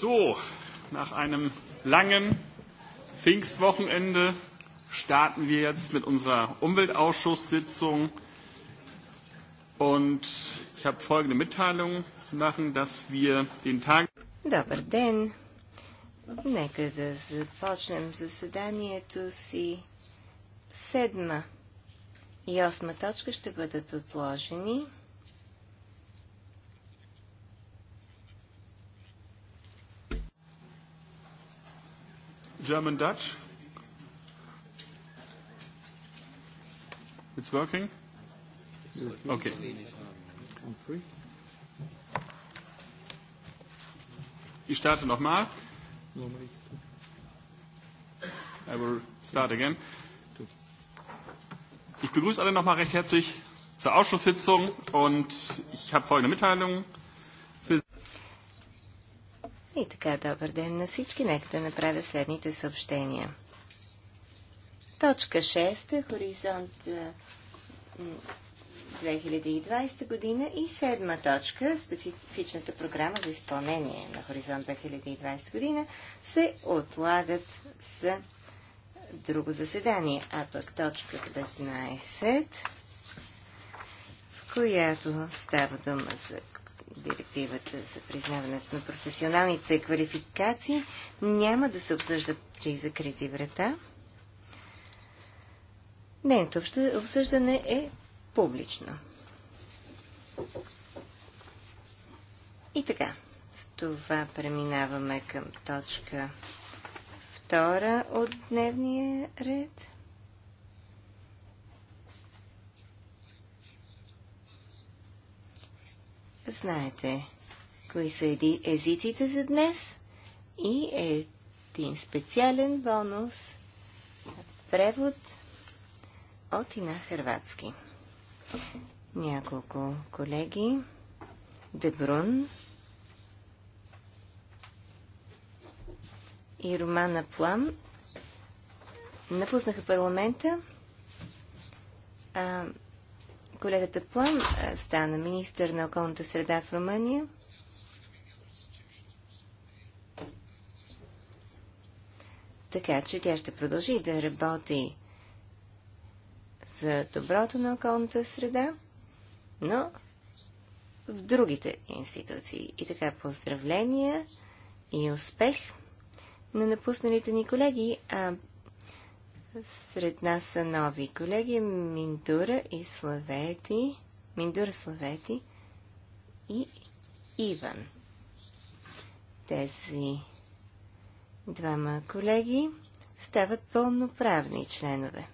So, nach einem langen Pfingstwochenende starten wir jetzt mit unserer Umweltausschusssitzung. Und ich habe folgende Mitteilung zu machen, dass wir den Tag. Добър ден! Нека да започнем заседанието си. Седма и осма точка ще бъдат отложени. German Dutch? It's working? Okay. Ich starte nochmal. I will start again. Ich begrüße alle nochmal recht herzlich zur Ausschusssitzung und ich habe folgende Mitteilungen. И така, добър ден на всички. Нека да направя следните съобщения. Точка 6. Хоризонт 2020 година и седма точка, специфичната програма за изпълнение на Хоризонт 2020 година, се отлагат с друго заседание. А пък точка 15, в която става дума за директивата за признаването на професионалните квалификации няма да се обсъжда при закрити врата. Нейното обсъждане е публично. И така, с това преминаваме към точка втора от дневния ред – Знаете кои са еди езиците за днес и един специален бонус превод от и на хрватски. Няколко колеги. Дебрун и Романа Плам напуснаха парламента. А, Колегата Плам е, стана министър на околната среда в Румъния. Така че тя ще продължи да работи за доброто на околната среда, но в другите институции. И така поздравления и успех на напусналите ни колеги, а сред нас са нови колеги Миндура и Славети. Миндура Славети и Иван. Тези двама колеги стават пълноправни членове.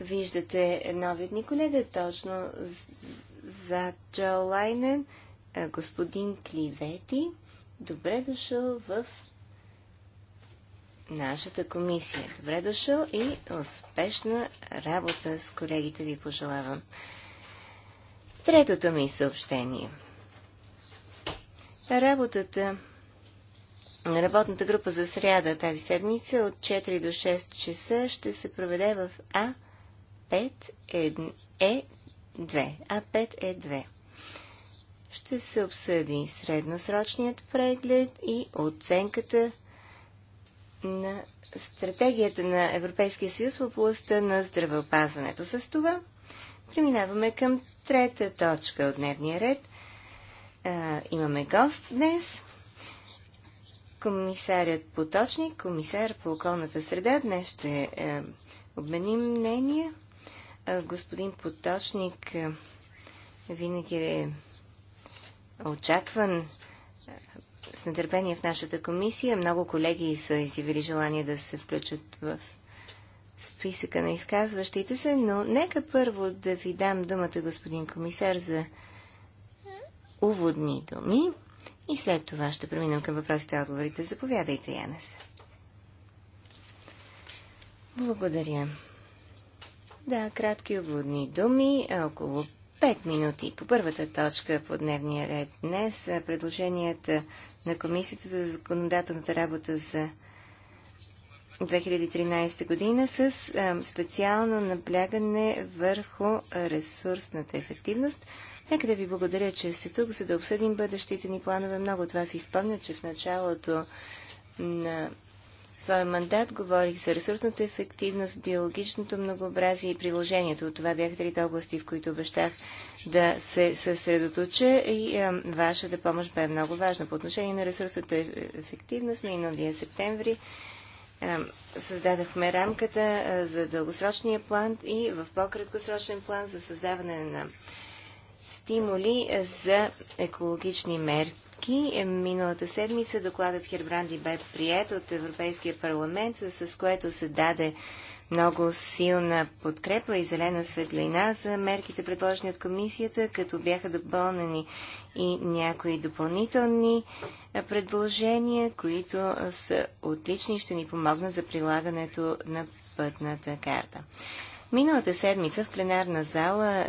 Виждате новият ни колега точно зад Джо Лайнен – е, господин Кливети. Добре дошъл в нашата комисия. Добре дошъл и успешна работа с колегите ви пожелавам. Третото ми съобщение. Работата на работната група за сряда тази седмица от 4 до 6 часа ще се проведе в А5Е2. Е А5Е2 ще се обсъди средносрочният преглед и оценката на стратегията на Европейския съюз в областта на здравеопазването. С това преминаваме към трета точка от дневния ред. А, имаме гост днес. Комисарят Поточник, комисар по околната среда. Днес ще е, обменим мнение. А, господин Поточник е, винаги е очакван е, с нетърпение в нашата комисия. Много колеги са изявили желание да се включат в списъка на изказващите се, но нека първо да ви дам думата, господин комисар, за уводни думи и след това ще преминем към въпросите и отговорите. Заповядайте, Янес. Благодаря. Да, кратки уводни думи, около 5 минути по първата точка по дневния ред днес. Предложенията на Комисията за законодателната работа за 2013 година с специално наблягане върху ресурсната ефективност. Нека да ви благодаря, че сте тук, за да обсъдим бъдещите ни планове. Много от вас изпълнят, че в началото на своя мандат говорих за ресурсната ефективност, биологичното многообразие и приложението. Това бяха трите области, в които обещах да се съсредоточа и а, вашата помощ бе много важна. По отношение на ресурсната ефективност, миналия септември а, създадахме рамката а, за дългосрочния план и в по-краткосрочен план за създаване на стимули за екологични мерки мерки. Миналата седмица докладът Хербранди бе прият от Европейския парламент, с което се даде много силна подкрепа и зелена светлина за мерките, предложени от комисията, като бяха допълнени и някои допълнителни предложения, които са отлични и ще ни помогнат за прилагането на пътната карта. Миналата седмица в пленарна зала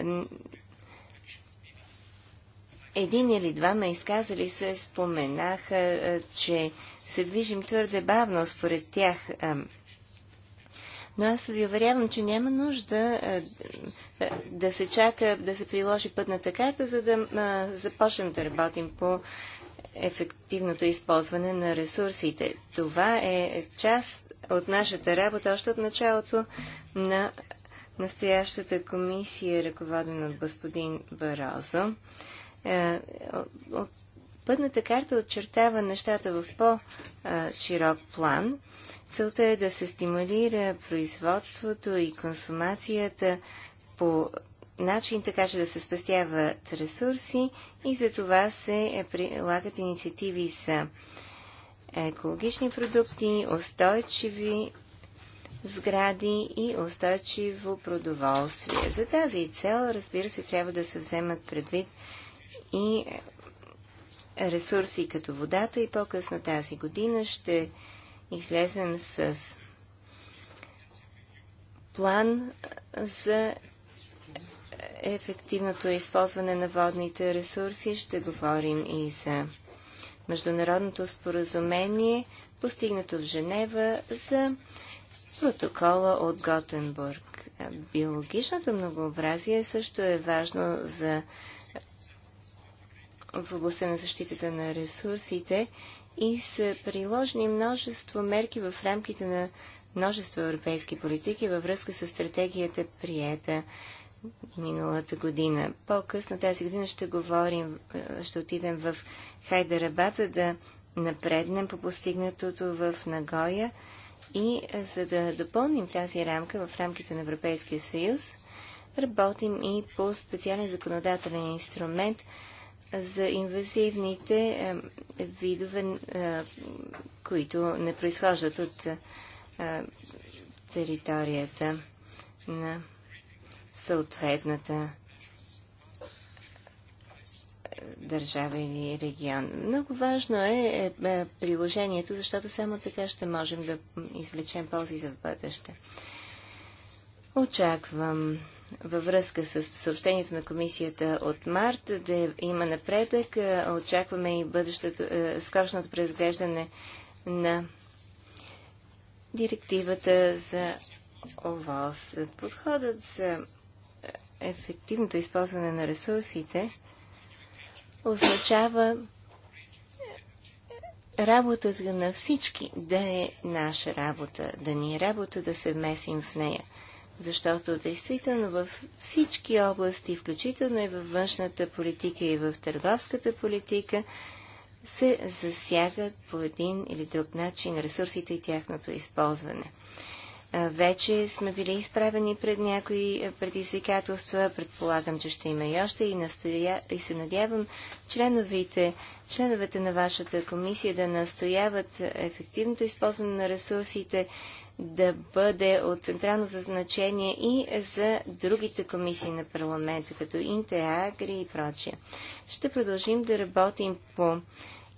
един или двама изказали се споменаха, е, че се движим твърде бавно според тях. Е, но аз ви уверявам, че няма нужда е, да се чака да се приложи пътната карта, за да започнем да работим по ефективното използване на ресурсите. Това е част от нашата работа още от началото на настоящата комисия, ръководена от господин Барозо. Е, пътната карта очертава нещата в по-широк план. Целта е да се стимулира производството и консумацията по начин, така че да се спестяват ресурси и за това се е прилагат инициативи за екологични продукти, устойчиви сгради и устойчиво продоволствие. За тази цел, разбира се, трябва да се вземат предвид и ресурси като водата и по-късно тази година ще излезем с план за ефективното използване на водните ресурси. Ще говорим и за международното споразумение, постигнато в Женева за протокола от Готенбург. Биологичното многообразие също е важно за в областта на защитата на ресурсите и са приложени множество мерки в рамките на множество европейски политики във връзка с стратегията приета миналата година. По-късно тази година ще говорим, е, ще отидем в Хайдарабата да напреднем по постигнатото в Нагоя и е, за да допълним тази рамка в рамките на Европейския съюз, работим и по специален законодателен инструмент – за инвазивните е, видове, е, които не произхождат от е, територията на съответната държава или регион. Много важно е приложението, защото само така ще можем да извлечем ползи за в бъдеще. Очаквам във връзка с съобщението на комисията от март да има напредък. Е, очакваме и бъдещето, е, скорошното преизглеждане на директивата за ОВАЛС. Подходът за ефективното използване на ресурсите означава работата на всички да е наша работа, да ни е работа да се вмесим в нея защото действително във всички области, включително и във външната политика и в търговската политика, се засягат по един или друг начин ресурсите и тяхното използване. Вече сме били изправени пред някои предизвикателства. Предполагам, че ще има и още и, настоя... и се надявам членовите, членовете на вашата комисия да настояват ефективното използване на ресурсите да бъде от централно значение и за другите комисии на парламента, като Интеагри и прочие. Ще продължим да работим по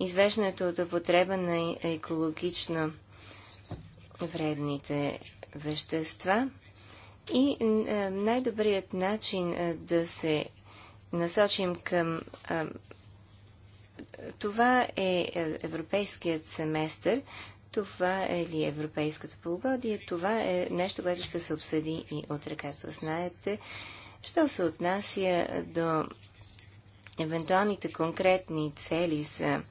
извеждането от употреба на екологично вредните вещества и е, най-добрият начин е, да се насочим към е, това е европейският семестър, това е ли европейското полугодие? Това е нещо, което ще се обсъди и утре, както знаете. Що се отнася до евентуалните конкретни цели за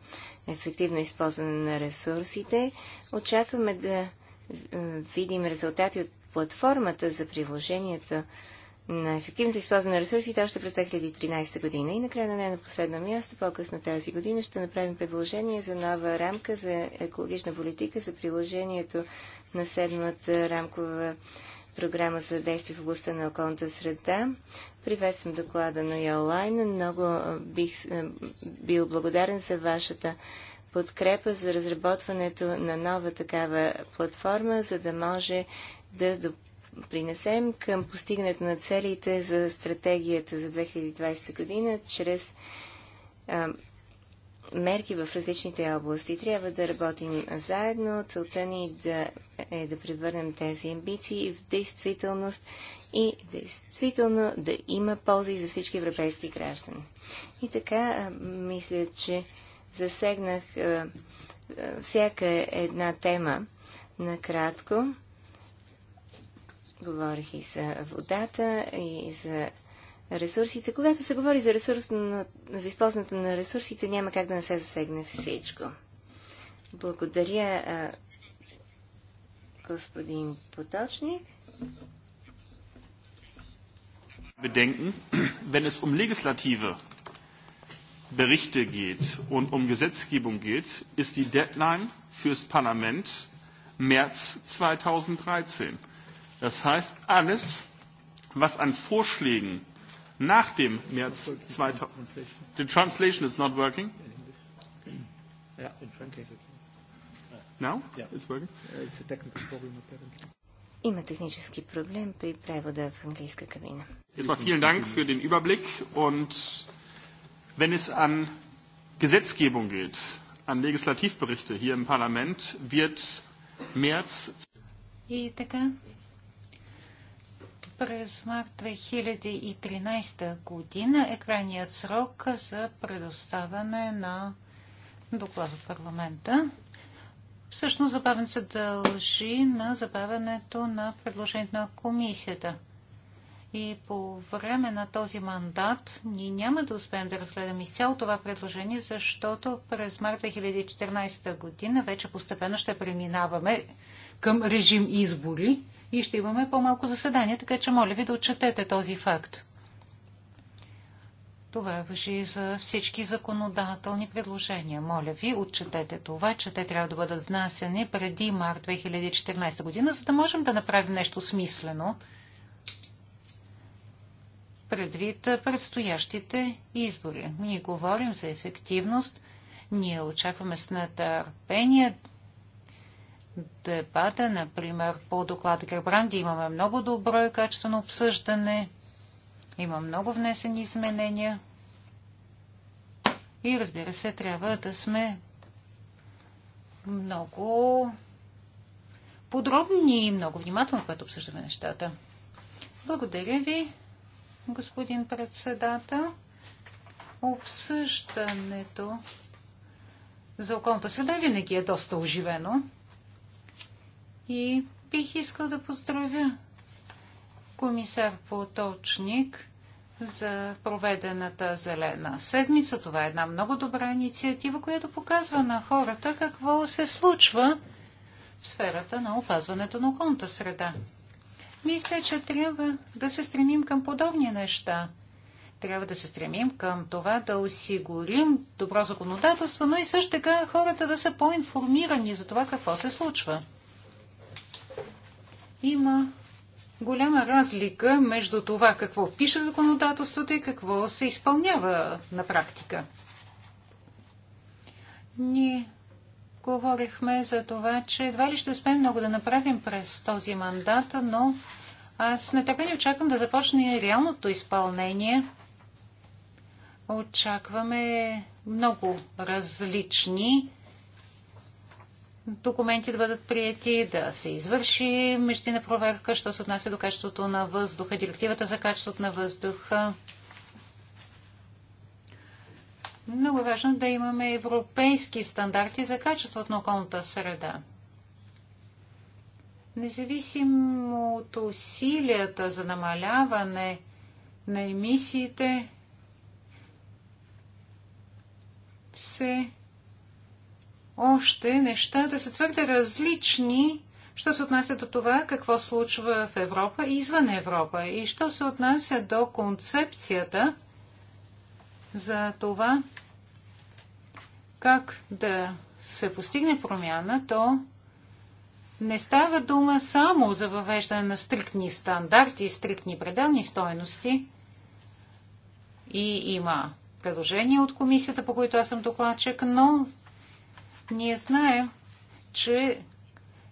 ефективно използване на ресурсите, очакваме да видим резултати от платформата за приложението на ефективното използване на ресурсите още през 2013 година. И накрая на не на последно място, по-късно тази година, ще направим предложение за нова рамка за екологична политика за приложението на седмата рамкова програма за действие в областта на околната среда. Приветствам доклада на Йолайн. Много бих бил благодарен за вашата подкрепа за разработването на нова такава платформа, за да може да допълнят допринесем към постигането на целите за стратегията за 2020 година чрез а, мерки в различните области. Трябва да работим заедно. Целта ни да, е да превърнем тези амбиции в действителност и действително да има ползи за всички европейски граждани. И така, а, мисля, че засегнах а, всяка една тема накратко. Говорих и за водата, и за ресурсите. Когато се говори за, ресурс, за използването на ресурсите, няма как да не се засегне всичко. Благодаря, господин Поточник. Bedenken, wenn es um legislative Berichte geht und um Gesetzgebung geht, ist die Deadline fürs Parlament März 2013. Das heißt, alles, was an Vorschlägen nach dem März 2000. The translation is not working. Yeah, in French. Now? Yeah. It's working? It's a technical problem apparently. Има технически проблем Erstmal vielen Dank für den Überblick und wenn es an Gesetzgebung geht, an Legislativberichte hier im Parlament, wird März. През март 2013 година е крайният срок за предоставяне на доклад в парламента. Всъщност забавен се дължи на забавянето на предложението на комисията. И по време на този мандат ние няма да успеем да разгледаме изцяло това предложение, защото през март 2014 година вече постепенно ще преминаваме към режим избори и ще имаме по-малко заседания, така че моля ви да отчетете този факт. Това въжи за всички законодателни предложения. Моля ви, отчетете това, че те трябва да бъдат внасяни преди март 2014 година, за да можем да направим нещо смислено предвид предстоящите избори. Ние говорим за ефективност, ние очакваме с нетърпение дебата, например, по доклада Гербранди имаме много добро и качествено обсъждане, има много внесени изменения и разбира се, трябва да сме много подробни и много внимателно, когато обсъждаме нещата. Благодаря ви, господин председател. Обсъждането за околната среда винаги е доста оживено. И бих искал да поздравя комисар Поточник за проведената зелена седмица. Това е една много добра инициатива, която показва на хората какво се случва в сферата на опазването на околната среда. Мисля, че трябва да се стремим към подобни неща. Трябва да се стремим към това да осигурим добро законодателство, но и също така хората да са по-информирани за това какво се случва. Има голяма разлика между това какво пише в законодателството и какво се изпълнява на практика. Ние говорихме за това, че едва ли ще успеем много да направим през този мандат, но аз не така не очаквам да започне реалното изпълнение. Очакваме много различни документи да бъдат прияти, да се извърши междинна проверка, що се отнася до качеството на въздуха, директивата за качеството на въздуха. Много е важно да имаме европейски стандарти за качеството на околната среда. Независимо от усилията за намаляване на емисиите, се още нещата са твърде различни, що се отнася до това какво случва в Европа и извън Европа. И що се отнася до концепцията за това как да се постигне промяна, то не става дума само за въвеждане на стриктни стандарти стриктни пределни стоености. И има предложения от комисията, по които аз съм докладчик, но ние знаем, че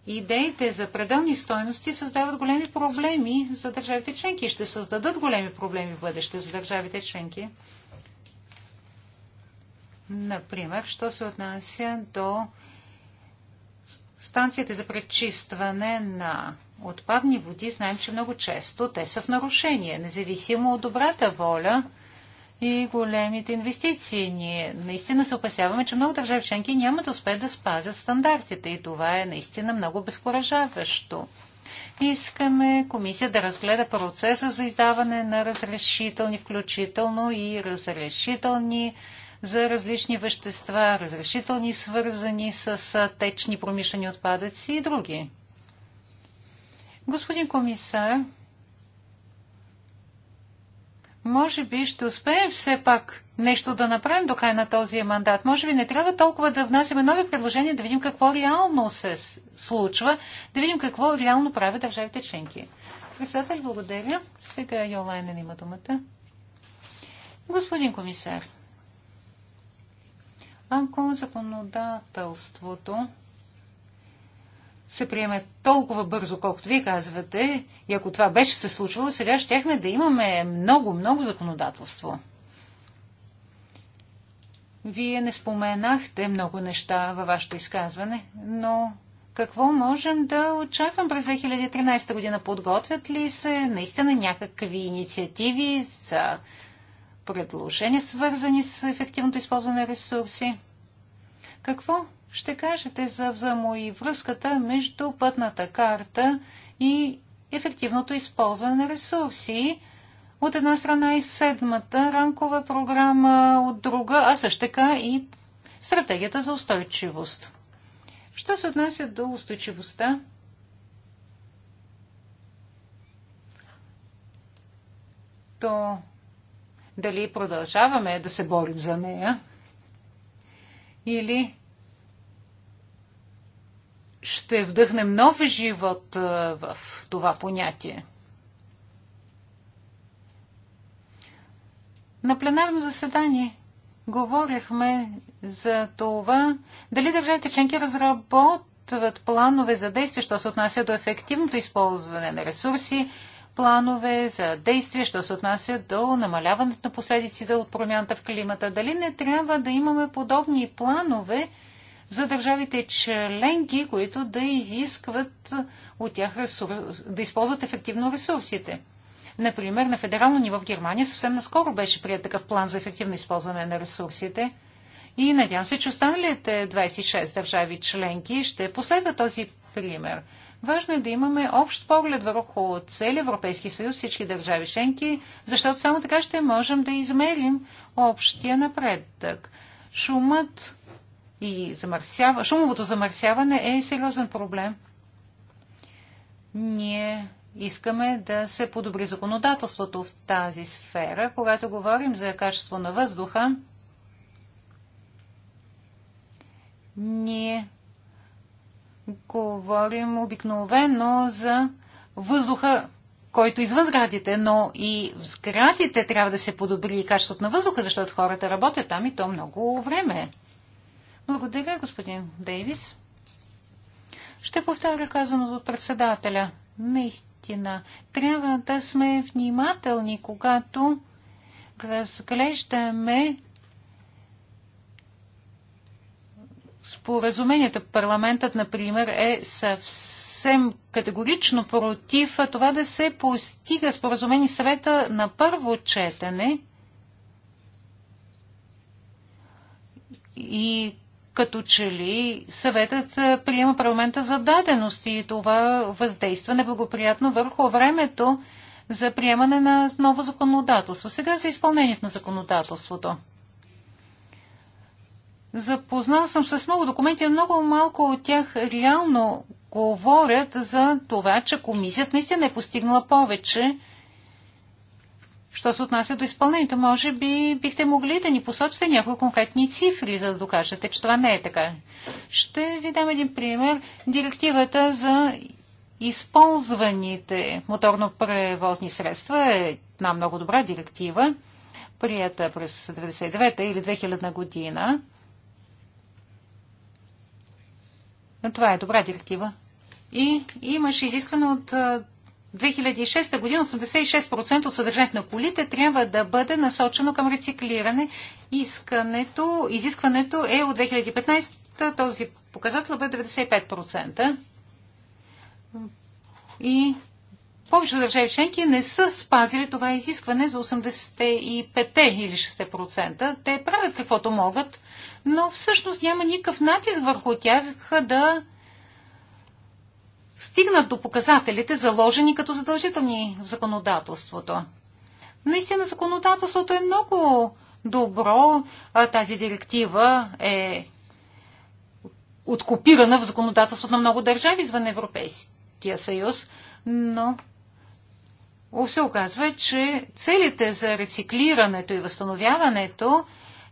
идеите за пределни стойности създават големи проблеми за държавите членки и ще създадат големи проблеми в бъдеще за държавите членки. Например, що се отнася до станциите за пречистване на отпадни води, знаем, че много често те са в нарушение. Независимо от добрата воля и големите инвестиции. Ние наистина се опасяваме, че много държави членки няма да успеят да спазят стандартите и това е наистина много безкуражаващо. Искаме комисия да разгледа процеса за издаване на разрешителни, включително и разрешителни за различни вещества, разрешителни свързани с течни промишлени отпадъци и други. Господин комисар, може би ще успеем все пак нещо да направим до края на този мандат. Може би не трябва толкова да внасяме нови предложения, да видим какво реално се случва, да видим какво реално правят държавите членки. Председател, благодаря. Сега Йолайнен има думата. Господин комисар, ако законодателството се приеме толкова бързо, колкото вие казвате, и ако това беше се случвало, сега щяхме да имаме много, много законодателство. Вие не споменахте много неща във вашето изказване, но какво можем да очаквам през 2013 година? Подготвят ли се наистина някакви инициативи за предложения, свързани с ефективното използване на ресурси? Какво ще кажете за взаимовръзката между пътната карта и ефективното използване на ресурси? От една страна и е седмата рамкова програма, от друга, а също така и стратегията за устойчивост. Що се отнася до устойчивостта? То дали продължаваме да се борим за нея или ще вдъхнем нов живот в това понятие. На пленарно заседание говорихме за това дали държавите членки разработват планове за действие, що се отнася до ефективното използване на ресурси, планове за действие, що се отнася до намаляването на последиците от промяната в климата. Дали не трябва да имаме подобни планове, за държавите членки, които да изискват от тях ресурс, да използват ефективно ресурсите. Например, на федерално ниво в Германия съвсем наскоро беше прият такъв план за ефективно използване на ресурсите. И надявам се, че останалите 26 държави членки ще последват този пример. Важно е да имаме общ поглед върху цели Европейски съюз, всички държави членки, защото само така ще можем да измерим общия напредък. Шумът и замърсява. Шумовото замърсяване е сериозен проблем. Ние искаме да се подобри законодателството в тази сфера. Когато говорим за качество на въздуха, ние говорим обикновено за въздуха, който извън сградите, но и в сградите трябва да се подобри качеството на въздуха, защото хората работят там и то много време. Благодаря, господин Дейвис. Ще повторя казаното от председателя. Наистина, трябва да сме внимателни, когато разглеждаме споразуменията. Парламентът, например, е съвсем категорично против това да се постига споразумени съвета на първо четене. И като че ли съветът приема парламента за даденост и това въздейства неблагоприятно върху времето за приемане на ново законодателство. Сега за изпълнението на законодателството. Запознал съм с много документи, много малко от тях реално говорят за това, че комисията наистина е постигнала повече Що се отнася до изпълнението, може би бихте могли да ни посочите някои конкретни цифри, за да докажете, че това не е така. Ще ви дам един пример. Директивата за използваните моторно-превозни средства е една много добра директива, прията през 1999 или 2000 година. Но това е добра директива. И имаше изискване от 2006 година 86% от съдържанието на полите трябва да бъде насочено към рециклиране. Искането, изискването е от 2015 този показател бе 95%. И повечето държави членки не са спазили това изискване за 85 или 6%. Те правят каквото могат, но всъщност няма никакъв натиск върху тях да стигнат до показателите, заложени като задължителни в законодателството. Наистина законодателството е много добро. Тази директива е откопирана в законодателството на много държави извън Европейския съюз, но се оказва, че целите за рециклирането и възстановяването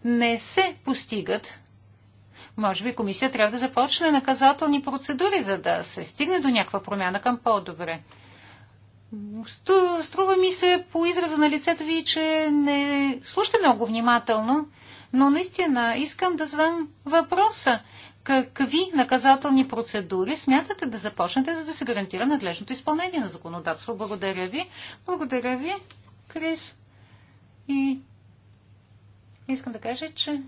не се постигат може би комисия трябва да започне наказателни процедури, за да се стигне до някаква промяна към по-добре. Струва ми се по израза на лицето ви, че не слушате много внимателно, но наистина искам да задам въпроса. Какви наказателни процедури смятате да започнете, за да се гарантира надлежното изпълнение на законодателство? Благодаря ви. Благодаря ви, Крис. И искам да кажа, че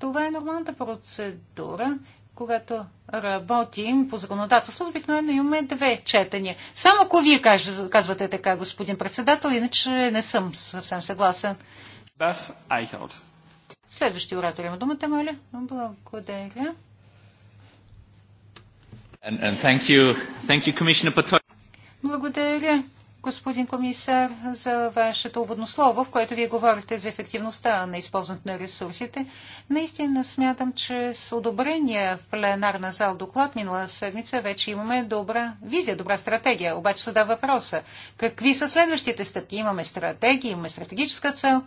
това е нормалната процедура. Когато работим по законодателство, обикновено имаме две четения. Само ако вие казвате така, господин председател, иначе не съм съвсем съгласен. Бас Eichhout. Следващия оратор има думата, моля. Благодаря. And, and thank you, thank you, Благодаря, господин комисар, за вашето уводно слово, в което вие говорихте за ефективността на използването на ресурсите. Наистина смятам, че с одобрения в пленарна зал доклад минала седмица вече имаме добра визия, добра стратегия. Обаче се въпроса. Какви са следващите стъпки? Имаме стратегия, имаме стратегическа цел.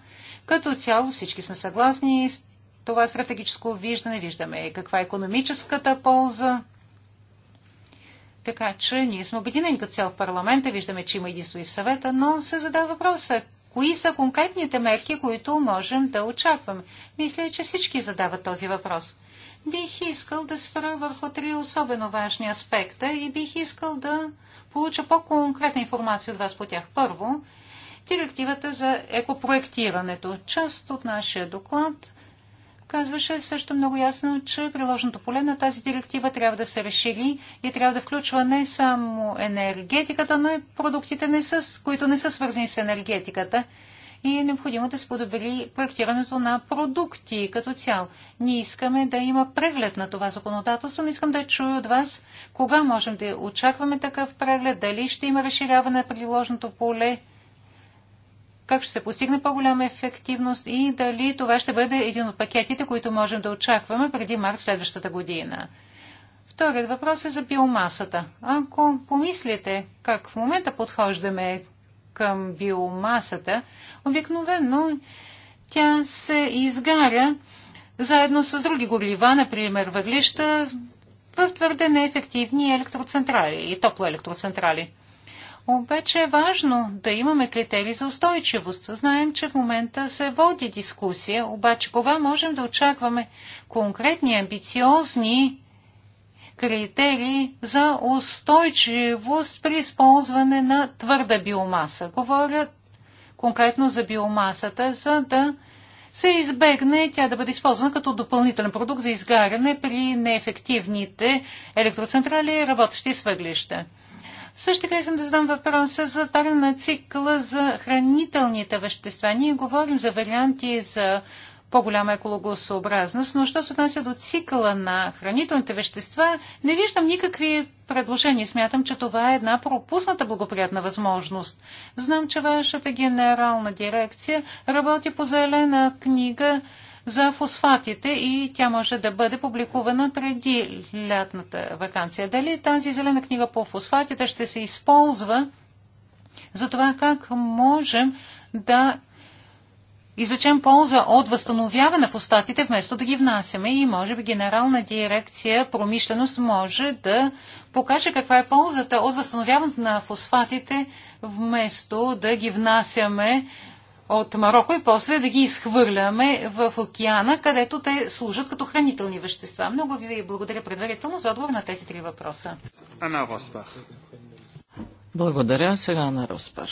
Като цяло всички сме съгласни с това стратегическо виждане. Виждаме каква е економическата полза така че ние сме обединени като цяло в парламента, виждаме, че има единство и в съвета, но се задава въпроса, кои са конкретните мерки, които можем да очакваме? Мисля, че всички задават този въпрос. Бих искал да спра върху три особено важни аспекта и бих искал да получа по-конкретна информация от вас по тях. Първо, директивата за екопроектирането. Част от нашия доклад казваше също много ясно, че приложното поле на тази директива трябва да се разшири и трябва да включва не само енергетиката, но и продуктите, не са, които не са свързани с енергетиката. И е необходимо да се подобри проектирането на продукти като цяло. Ние искаме да има преглед на това законодателство, но искам да чуя от вас кога можем да очакваме такъв преглед, дали ще има разширяване на приложното поле как ще се постигне по-голяма ефективност и дали това ще бъде един от пакетите, които можем да очакваме преди март следващата година. Вторият въпрос е за биомасата. Ако помислите как в момента подхождаме към биомасата, обикновено тя се изгаря заедно с други горива, например въглища, в твърде неефективни електроцентрали и топлоелектроцентрали. Обаче е важно да имаме критерии за устойчивост. Знаем, че в момента се води дискусия, обаче кога можем да очакваме конкретни, амбициозни критерии за устойчивост при използване на твърда биомаса. Говоря конкретно за биомасата, за да се избегне тя да бъде използвана като допълнителен продукт за изгаряне при неефективните електроцентрали, работещи с въглища. Също така искам да задам въпроса за затваряне на цикъла за хранителните вещества. Ние говорим за варианти за по-голяма екологосъобразност, но що се отнася до цикъла на хранителните вещества, не виждам никакви предложения. Смятам, че това е една пропусната благоприятна възможност. Знам, че вашата генерална дирекция работи по зелена книга за фосфатите и тя може да бъде публикувана преди лятната вакансия. Дали тази зелена книга по фосфатите ще се използва за това как можем да извлечем полза от възстановяване в остатите, вместо да ги внасяме. И може би генерална дирекция промишленост може да покаже каква е ползата от възстановяването на фосфатите, вместо да ги внасяме от Марокко и после да ги изхвърляме в океана, където те служат като хранителни вещества. Много ви благодаря предварително за отговор на тези три въпроса. Ана Роспар. Благодаря. Сега Ана Роспар.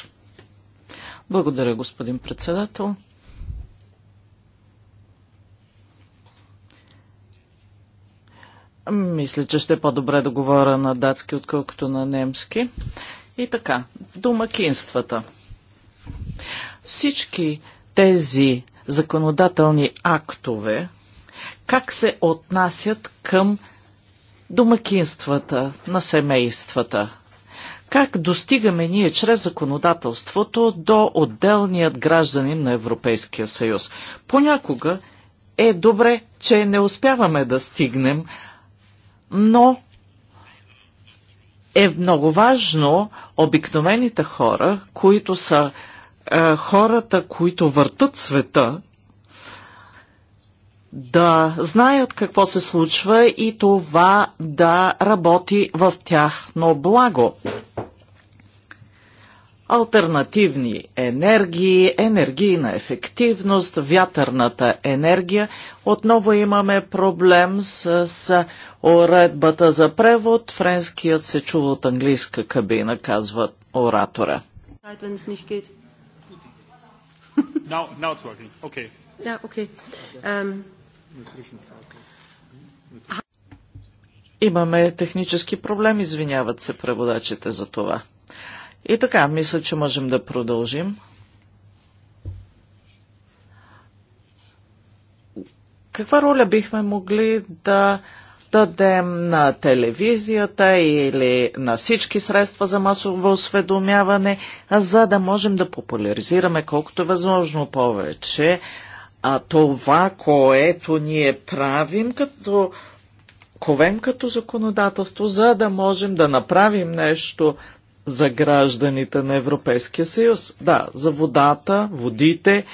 Благодаря, господин председател. Мисля, че ще е по-добре да говоря на датски, отколкото на немски. И така, домакинствата всички тези законодателни актове, как се отнасят към домакинствата на семействата. Как достигаме ние чрез законодателството до отделният гражданин на Европейския съюз? Понякога е добре, че не успяваме да стигнем, но е много важно обикновените хора, които са е, хората, които въртат света, да знаят какво се случва и това да работи в тях, но благо. Алтернативни енергии, енергийна ефективност, вятърната енергия. Отново имаме проблем с, с уредбата за превод. Френският се чува от английска кабина, казва оратора. Now, now it's working. Okay. Yeah, okay. Um... Имаме технически проблем, извиняват се преводачите за това. И така, мисля, че можем да продължим. Каква роля бихме могли да дадем на телевизията или на всички средства за масово осведомяване, за да можем да популяризираме колкото е възможно повече а това, което ние правим като ковем като законодателство, за да можем да направим нещо за гражданите на Европейския съюз. Да, за водата, водите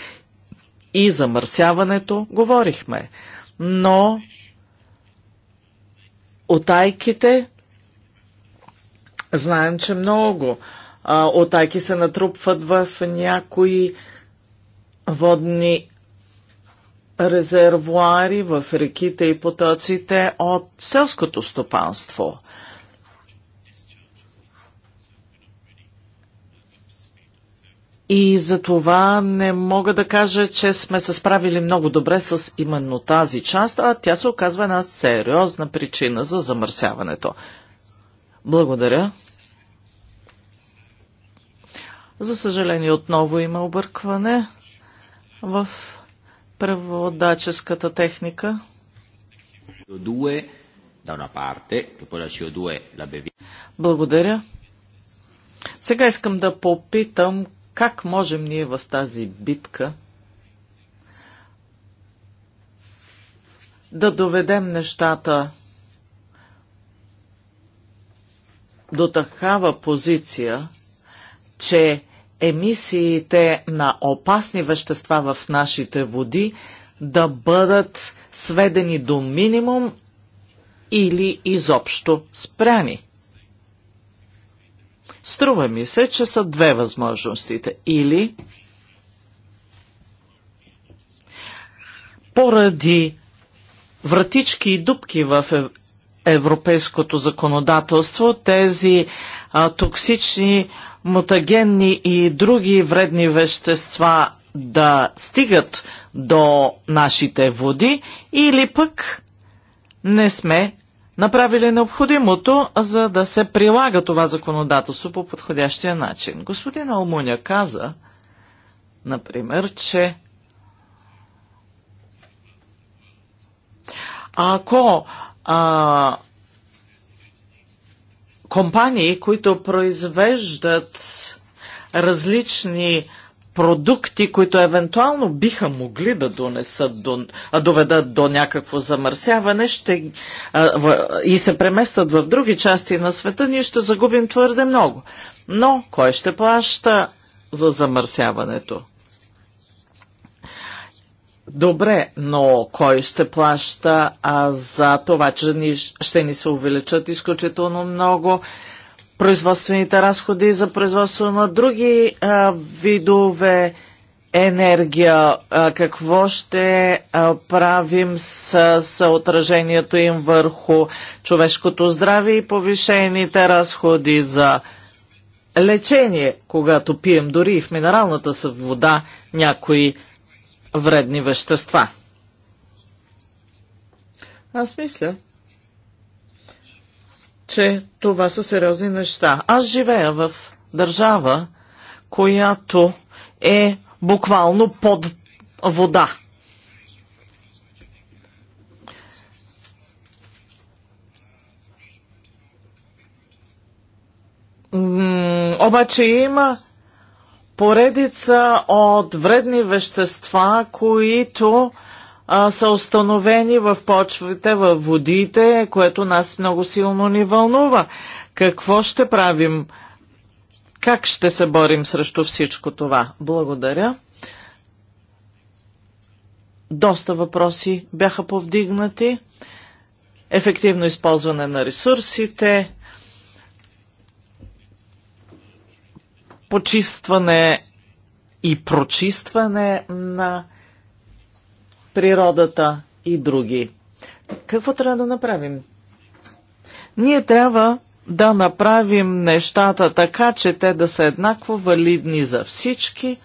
и замърсяването говорихме. Но отайките, знаем, че много а, отайки се натрупват в някои водни резервуари, в реките и потоците от селското стопанство – И за това не мога да кажа, че сме се справили много добре с именно тази част, а тя се оказва една сериозна причина за замърсяването. Благодаря. За съжаление, отново има объркване в преводаческата техника. Благодаря. Сега искам да попитам как можем ние в тази битка да доведем нещата до такава позиция, че емисиите на опасни вещества в нашите води да бъдат сведени до минимум или изобщо спряни. Струва ми се, че са две възможностите. Или поради вратички и дупки в европейското законодателство, тези а, токсични, мутагенни и други вредни вещества да стигат до нашите води или пък не сме направили необходимото, за да се прилага това законодателство по подходящия начин. Господин Алмуня каза, например, че ако а, компании, които произвеждат различни продукти, които евентуално биха могли да донесат до, доведат до някакво замърсяване ще, а, в, и се преместят в други части на света, ние ще загубим твърде много. Но кой ще плаща за замърсяването? Добре, но кой ще плаща а, за това, че ни, ще ни се увеличат изключително много производствените разходи за производство на други а, видове енергия. А, какво ще а, правим с, с отражението им върху човешкото здраве и повишените разходи за лечение, когато пием дори и в минералната вода някои вредни вещества. Аз мисля, че това са сериозни неща. Аз живея в държава, която е буквално под вода. обаче има поредица от вредни вещества, които а, са установени в почвите, в водите, което нас много силно ни вълнува. Какво ще правим? Как ще се борим срещу всичко това? Благодаря. Доста въпроси бяха повдигнати. Ефективно използване на ресурсите, почистване и прочистване на природата и други. Какво трябва да направим? Ние трябва да направим нещата така, че те да са еднакво валидни за всички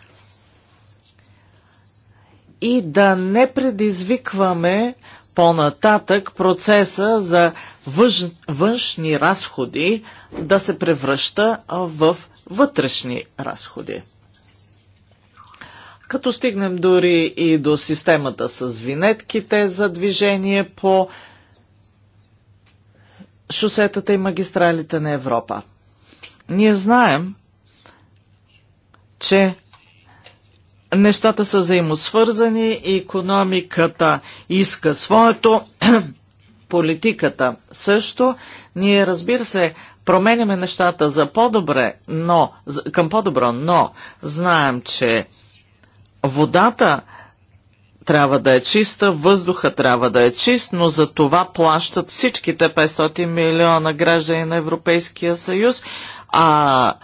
и да не предизвикваме по-нататък процеса за въж, външни разходи да се превръща в вътрешни разходи като стигнем дори и до системата с винетките за движение по шосетата и магистралите на Европа. Ние знаем, че нещата са взаимосвързани и економиката иска своето, политиката също. Ние, разбира се, променяме нещата за по-добре, но, към по-добро, но знаем, че водата трябва да е чиста, въздуха трябва да е чист, но за това плащат всичките 500 милиона граждани на Европейския съюз, а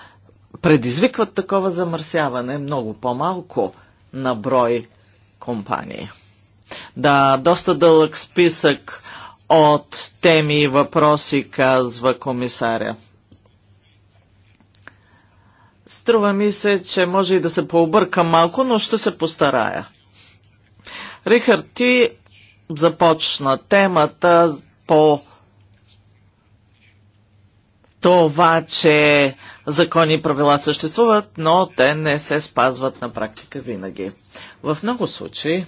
предизвикват такова замърсяване много по-малко на брой компании. Да, доста дълъг списък от теми и въпроси, казва комисаря. Струва ми се, че може и да се пообърка малко, но ще се постарая. Рихард, ти започна темата по това, че закони и правила съществуват, но те не се спазват на практика винаги. В много случаи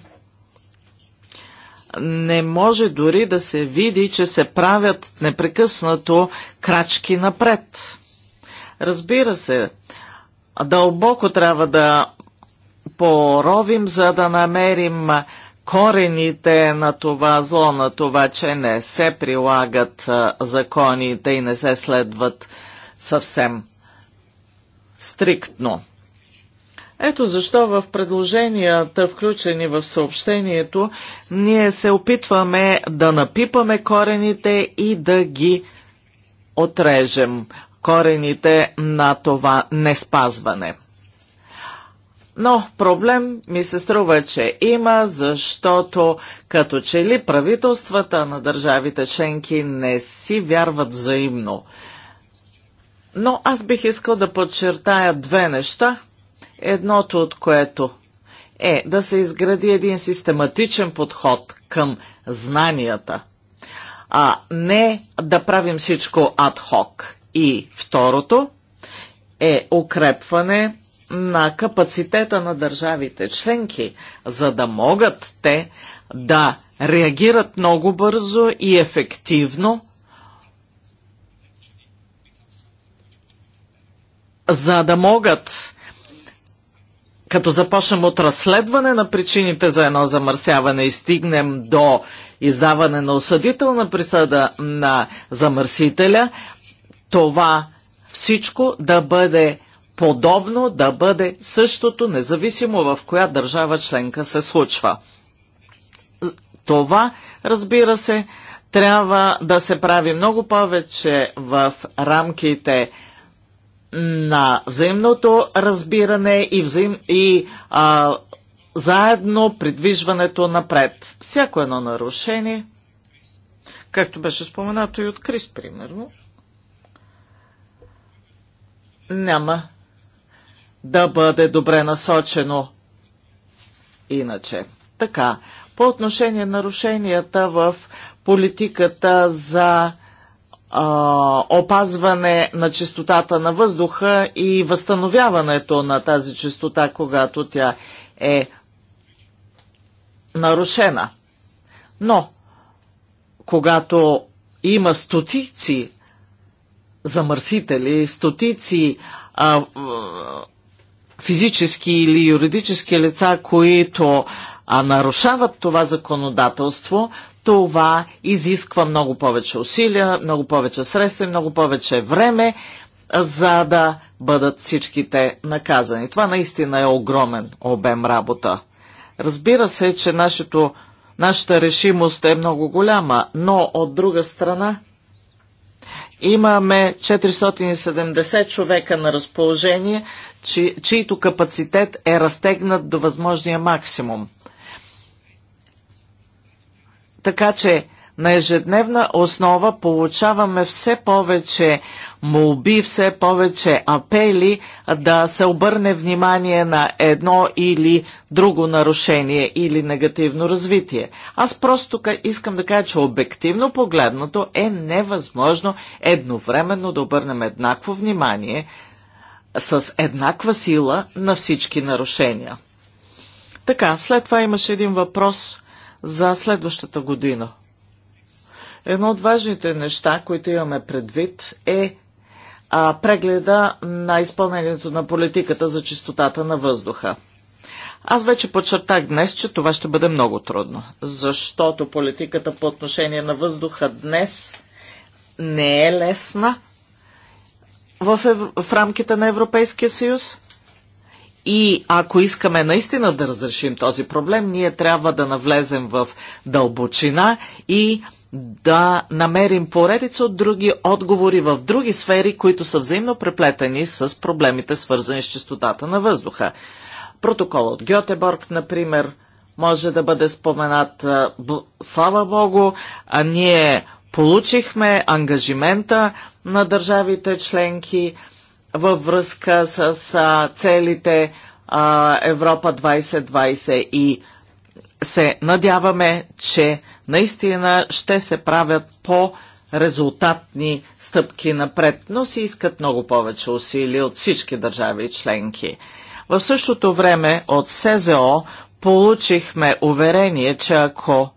не може дори да се види, че се правят непрекъснато крачки напред. Разбира се, дълбоко трябва да поровим, за да намерим корените на това зло, на това, че не се прилагат законите и не се следват съвсем стриктно. Ето защо в предложенията, включени в съобщението, ние се опитваме да напипаме корените и да ги отрежем корените на това неспазване. Но проблем ми се струва, че има, защото като че ли правителствата на държавите членки не си вярват взаимно. Но аз бих искал да подчертая две неща, едното от което е да се изгради един систематичен подход към знанията, а не да правим всичко адхок и второто е укрепване на капацитета на държавите членки, за да могат те да реагират много бързо и ефективно, за да могат като започнем от разследване на причините за едно замърсяване и стигнем до издаване на осъдителна присъда на замърсителя, това всичко да бъде подобно, да бъде същото, независимо в коя държава членка се случва. Това, разбира се, трябва да се прави много повече в рамките на взаимното разбиране и, взаим... и а, заедно придвижването напред. Всяко едно нарушение, както беше споменато и от Крис, примерно, няма да бъде добре насочено иначе. Така, по отношение на нарушенията в политиката за а, опазване на чистотата на въздуха и възстановяването на тази чистота, когато тя е нарушена. Но, когато има стотици замърсители, стотици а, физически или юридически лица, които а, нарушават това законодателство, това изисква много повече усилия, много повече средства и много повече време, за да бъдат всичките наказани. Това наистина е огромен обем работа. Разбира се, че нашето, нашата решимост е много голяма, но от друга страна Имаме 470 човека на разположение, чи, чието капацитет е разтегнат до възможния максимум. Така че на ежедневна основа получаваме все повече молби, все повече апели да се обърне внимание на едно или друго нарушение или негативно развитие. Аз просто искам да кажа, че обективно погледнато е невъзможно едновременно да обърнем еднакво внимание с еднаква сила на всички нарушения. Така, след това имаше един въпрос за следващата година. Едно от важните неща, които имаме предвид е а, прегледа на изпълнението на политиката за чистотата на въздуха. Аз вече подчертах днес, че това ще бъде много трудно, защото политиката по отношение на въздуха днес не е лесна в, ев... в рамките на Европейския съюз. И ако искаме наистина да разрешим този проблем, ние трябва да навлезем в дълбочина и да намерим поредица от други отговори в други сфери, които са взаимно преплетени с проблемите, свързани с чистотата на въздуха. Протокол от Гьотеборг, например, може да бъде споменат, слава Богу, а ние получихме ангажимента на държавите членки във връзка с целите Европа 2020 и се надяваме, че наистина ще се правят по резултатни стъпки напред, но си искат много повече усилия от всички държави и членки. В същото време от СЗО получихме уверение, че ако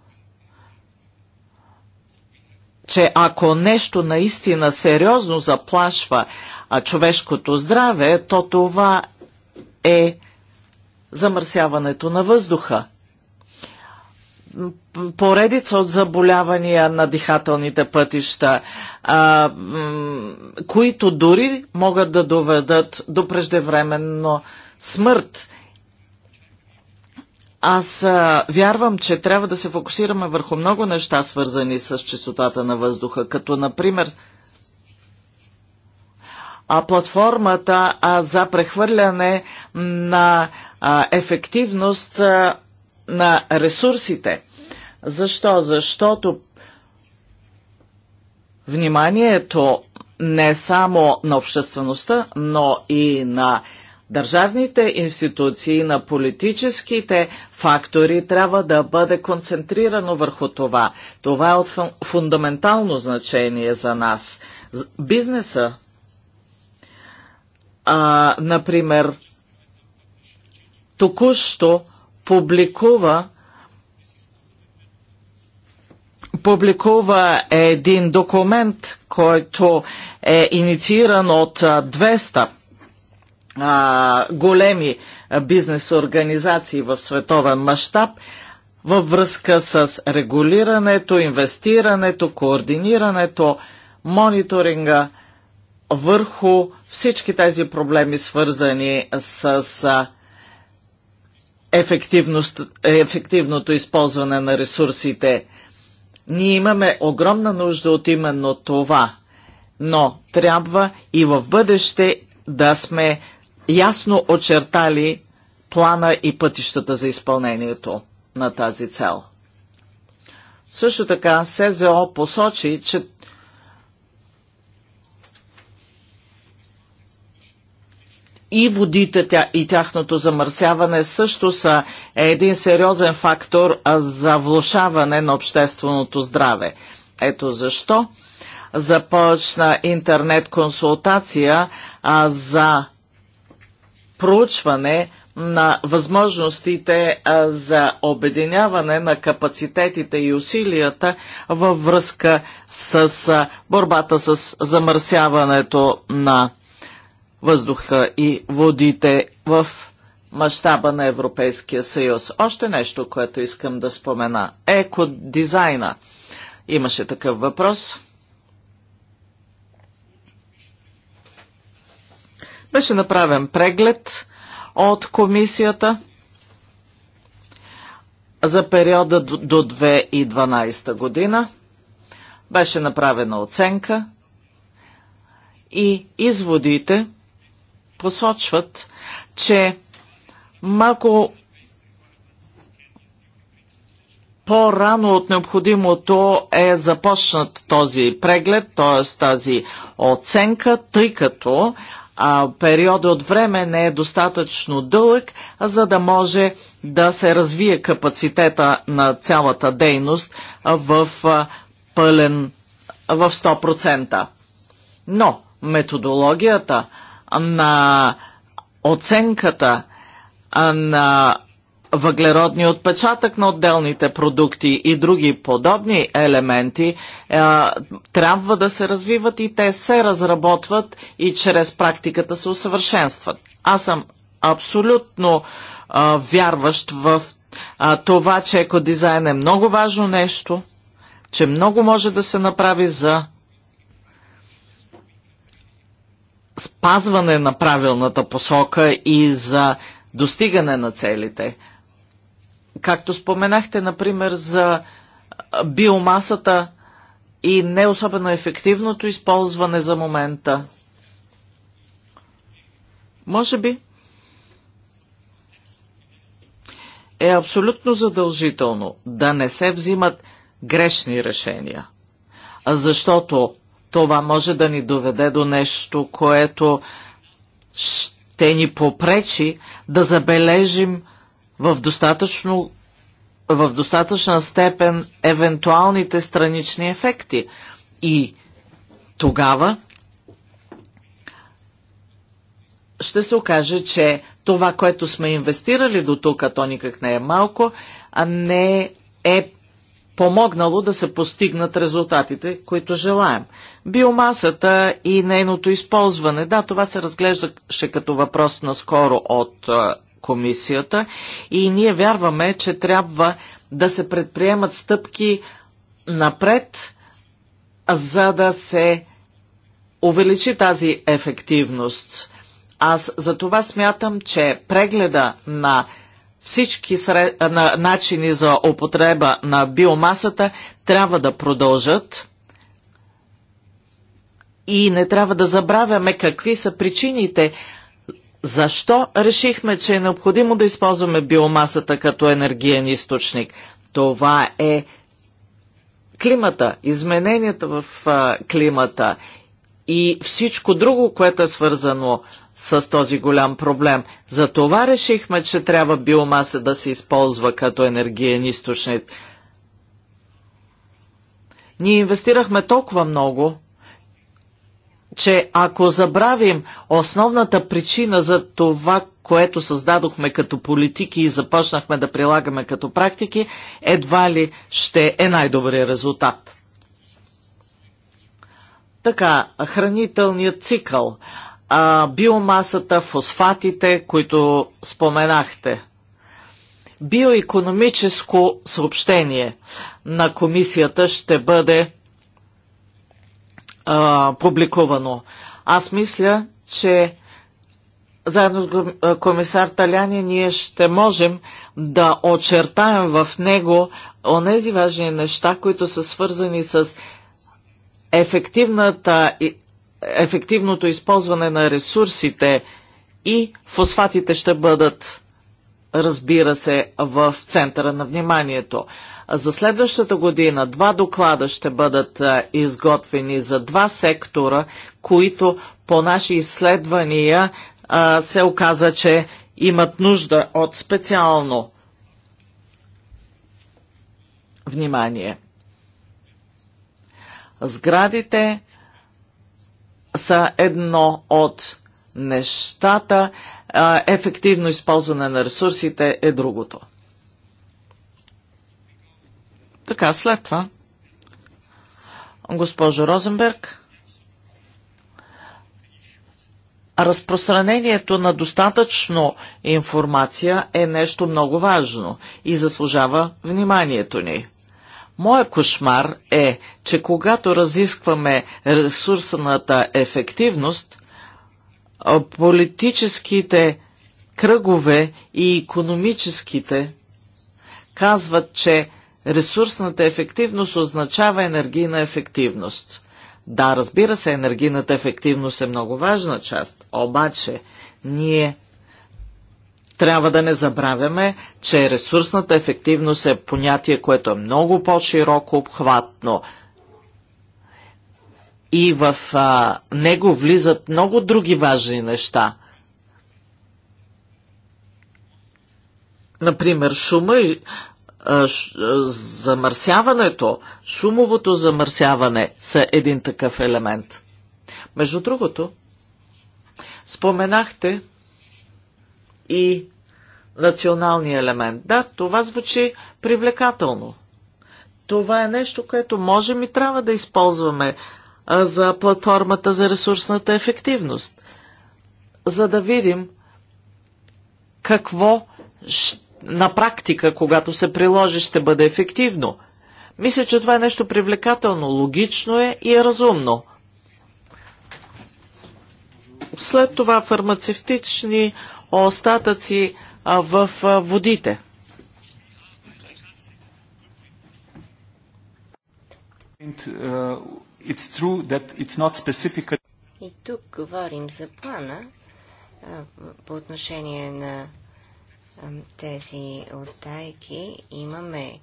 че ако нещо наистина сериозно заплашва а човешкото здраве, то това е замърсяването на въздуха поредица от заболявания на дихателните пътища, а, които дори могат да доведат до преждевременно смърт. Аз а, вярвам, че трябва да се фокусираме върху много неща, свързани с чистотата на въздуха, като например а, платформата а, за прехвърляне на а, ефективност а, на ресурсите. Защо? Защото вниманието не само на обществеността, но и на държавните институции, на политическите фактори трябва да бъде концентрирано върху това. Това е от фундаментално значение за нас. Бизнеса, а, например, току-що публикува публикува един документ, който е иницииран от 200 а, големи бизнес организации в световен мащаб във връзка с регулирането, инвестирането, координирането, мониторинга върху всички тези проблеми, свързани с а, ефективното използване на ресурсите. Ние имаме огромна нужда от именно това, но трябва и в бъдеще да сме ясно очертали плана и пътищата за изпълнението на тази цел. Също така СЗО посочи, че и водите и тяхното замърсяване също са един сериозен фактор за влушаване на общественото здраве. Ето защо започна интернет-консултация за проучване на възможностите а, за обединяване на капацитетите и усилията във връзка с а, борбата с замърсяването на въздуха и водите в мащаба на Европейския съюз. Още нещо, което искам да спомена. Екодизайна. Имаше такъв въпрос. Беше направен преглед от комисията за периода до 2012 година. Беше направена оценка и изводите – посочват, че малко по-рано от необходимото е започнат този преглед, т.е. тази оценка, тъй като а, период от време не е достатъчно дълъг, за да може да се развие капацитета на цялата дейност в а, пълен в 100%. Но методологията, на оценката на въглеродния отпечатък на отделните продукти и други подобни елементи е, трябва да се развиват и те се разработват и чрез практиката се усъвършенстват. Аз съм абсолютно е, вярващ в е, това, че екодизайн е много важно нещо, че много може да се направи за спазване на правилната посока и за достигане на целите. Както споменахте, например, за биомасата и не особено ефективното използване за момента. Може би е абсолютно задължително да не се взимат грешни решения, защото това може да ни доведе до нещо, което ще ни попречи да забележим в достатъчно в достатъчна степен евентуалните странични ефекти. И тогава ще се окаже, че това, което сме инвестирали до тук, а то никак не е малко, а не е помогнало да се постигнат резултатите, които желаем. Биомасата и нейното използване, да, това се разглеждаше като въпрос наскоро от комисията и ние вярваме, че трябва да се предприемат стъпки напред, за да се увеличи тази ефективност. Аз за това смятам, че прегледа на всички сред... на... начини за употреба на биомасата трябва да продължат и не трябва да забравяме какви са причините, защо решихме, че е необходимо да използваме биомасата като енергиен източник. Това е климата, измененията в климата и всичко друго, което е свързано с с този голям проблем. Затова решихме, че трябва биомаса да се използва като енергиен източник. Ние инвестирахме толкова много, че ако забравим основната причина за това, което създадохме като политики и започнахме да прилагаме като практики, едва ли ще е най-добрият резултат. Така, хранителният цикъл а, биомасата, фосфатите, които споменахте. Биоекономическо съобщение на комисията ще бъде а, публикувано. Аз мисля, че заедно с комисар Таляни ние ще можем да очертаем в него онези важни неща, които са свързани с ефективната ефективното използване на ресурсите и фосфатите ще бъдат, разбира се, в центъра на вниманието. За следващата година два доклада ще бъдат изготвени за два сектора, които по наши изследвания се оказа, че имат нужда от специално внимание. Сградите са едно от нещата, ефективно използване на ресурсите е другото. Така, след това, госпожо Розенберг, разпространението на достатъчно информация е нещо много важно и заслужава вниманието ни. Моя кошмар е, че когато разискваме ресурсната ефективност, политическите кръгове и економическите казват, че ресурсната ефективност означава енергийна ефективност. Да, разбира се, енергийната ефективност е много важна част, обаче ние трябва да не забравяме, че ресурсната ефективност е понятие, което е много по-широко обхватно. И в а, него влизат много други важни неща. Например, шума и замърсяването, шумовото замърсяване са един такъв елемент. Между другото, споменахте и националния елемент. Да, това звучи привлекателно. Това е нещо, което можем и трябва да използваме а, за платформата за ресурсната ефективност, за да видим какво на практика, когато се приложи, ще бъде ефективно. Мисля, че това е нещо привлекателно, логично е и е разумно. След това фармацевтични остатъци в водите. Uh, И тук говорим за плана по отношение на тези оттайки. Имаме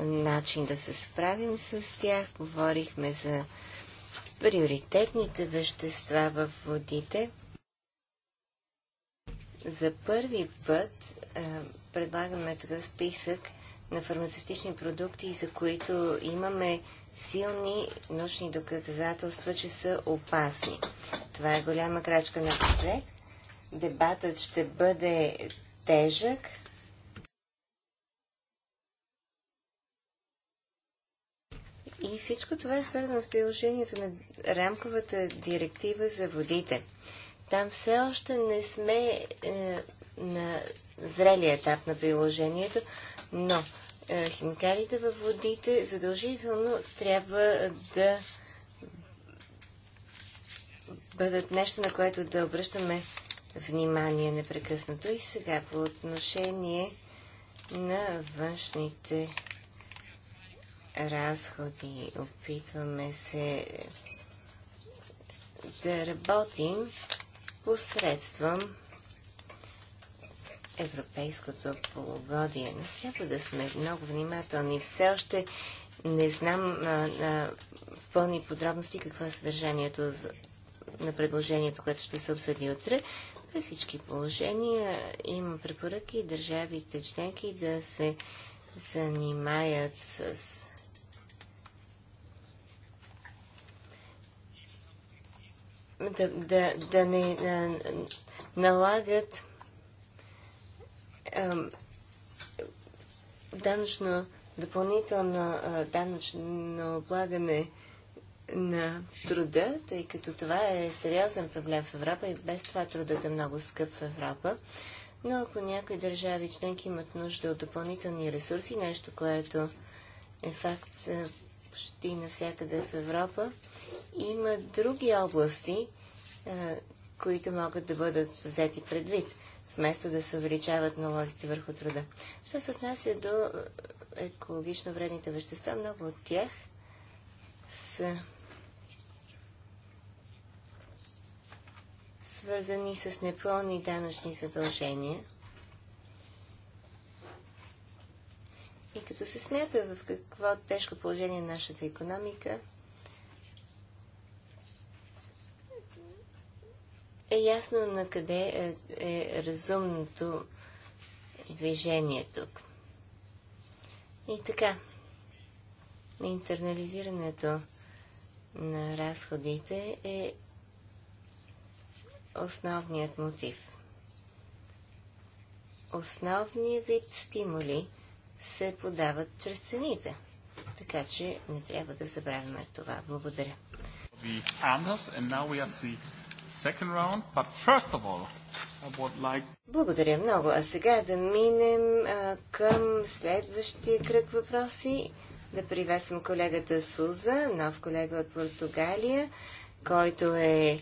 начин да се справим с тях. Говорихме за приоритетните вещества в водите. За първи път а, предлагаме такъв списък на фармацевтични продукти, за които имаме силни научни доказателства, че са опасни. Това е голяма крачка на напред. Дебатът ще бъде тежък. И всичко това е свързано с приложението на рамковата директива за водите. Там все още не сме е, на зрелия етап на приложението, но е, химикалите във водите задължително трябва да бъдат нещо, на което да обръщаме внимание непрекъснато. И сега по отношение на външните разходи. Опитваме се да работим посредством европейското полугодие. Но трябва да сме много внимателни. Все още не знам а, а, в пълни подробности какво е съдържанието на предложението, което ще се обсъди утре. При всички положения има препоръки държавите членки да се занимаят с да, да, да не да, налагат а, данъчно, допълнително а, данъчно облагане на труда, тъй като това е сериозен проблем в Европа и без това трудът е много скъп в Европа. Но ако някои държави членки имат нужда от допълнителни ресурси, нещо, което е факт почти навсякъде в Европа, има други области, които могат да бъдат взети предвид, вместо да се увеличават налозите върху труда. Що се отнася до екологично вредните вещества, много от тях са свързани с непълни данъчни задължения. И като се смята в какво тежко положение е нашата економика, е ясно на къде е, е разумното движение тук. И така, интернализирането на разходите е основният мотив. Основният вид стимули се подават чрез цените. Така че не трябва да забравяме това. Благодаря round, all, like... Благодаря много. А сега да минем а, към следващия кръг въпроси. Да приветствам колегата Суза, нов колега от Португалия, който е, е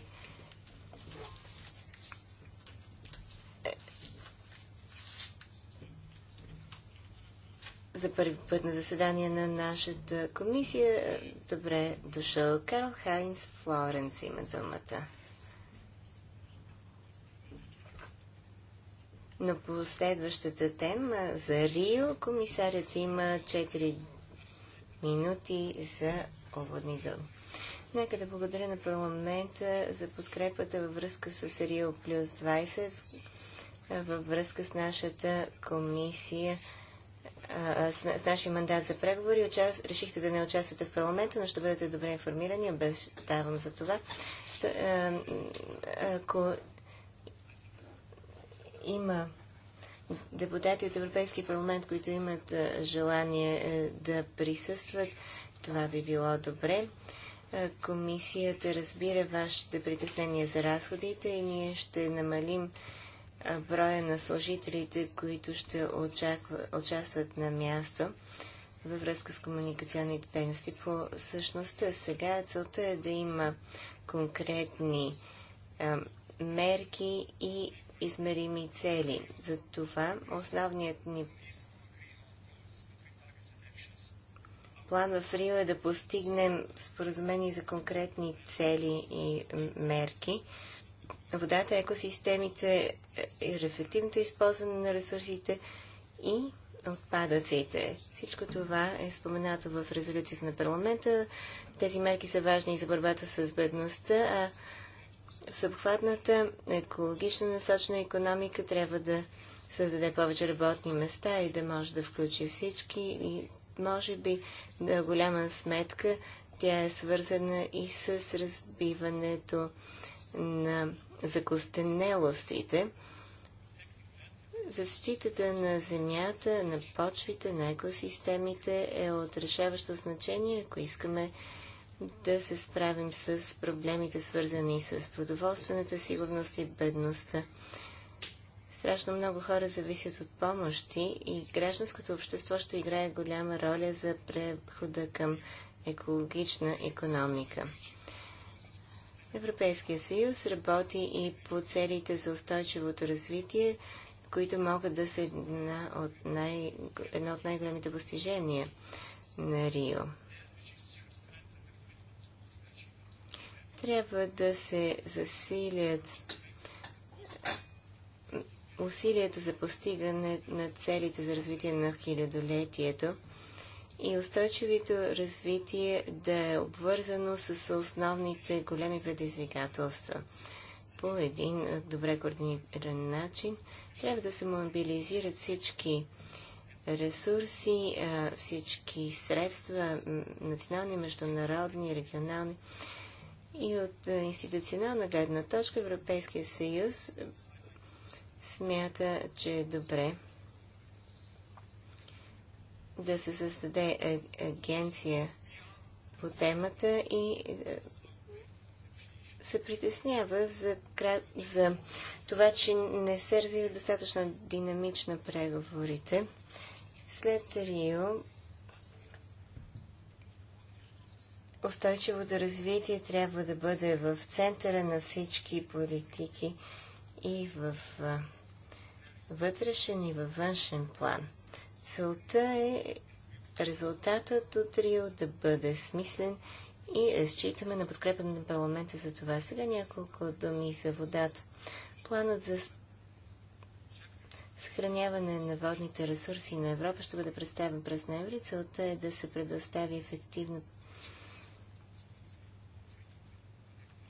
за първи път на заседание на нашата комисия. Добре дошъл. Карл Хайнс Флоренс има думата. На последващата тема за Рио, комисарят има 4 минути за оводни думи. Нека да благодаря на парламента за подкрепата във връзка с Рио плюс 20, във връзка с нашата комисия, с, нашия мандат за преговори. Решихте да не участвате в парламента, но ще бъдете добре информирани, обещавам за това. ако има депутати от Европейския парламент, които имат желание е, да присъстват, това би било добре. Комисията разбира вашите притеснения за разходите и ние ще намалим броя на служителите, които ще очаква, участват на място във връзка с комуникационните дейности. По същността сега целта е да има конкретни мерки и измерими цели. Затова основният ни план в Рио е да постигнем споразумение за конкретни цели и мерки. Водата, екосистемите, ефективното използване на ресурсите и отпадъците. Всичко това е споменато в резолюцията на парламента. Тези мерки са важни и за борбата с бедността, а Събхватната екологична, насочена економика трябва да създаде повече работни места и да може да включи всички. И може би на голяма сметка тя е свързана и с разбиването на закостенелостите. Защитата на земята, на почвите, на екосистемите е от решаващо значение, ако искаме да се справим с проблемите, свързани с продоволствената сигурност и бедността. Страшно много хора зависят от помощи и гражданското общество ще играе голяма роля за прехода към екологична економика. Европейския съюз работи и по целите за устойчивото развитие, които могат да са една от най- едно от най-големите постижения на Рио. Трябва да се засилят усилията за постигане на целите за развитие на хилядолетието и устойчивото развитие да е обвързано с основните големи предизвикателства. По един добре координиран начин трябва да се мобилизират всички ресурси, всички средства, национални, международни, регионални, и от е, институционална гледна точка Европейския съюз смята, че е добре да се създаде е, агенция по темата и е, се притеснява за, за това, че не се развива достатъчно динамично преговорите. След Рио устойчивото развитие трябва да бъде в центъра на всички политики и в вътрешен и във външен план. Целта е резултатът от Рио да бъде смислен и разчитаме на подкрепа на парламента за това. Сега няколко думи за водата. Планът за съхраняване на водните ресурси на Европа ще бъде представен през ноември. Целта е да се предостави ефективно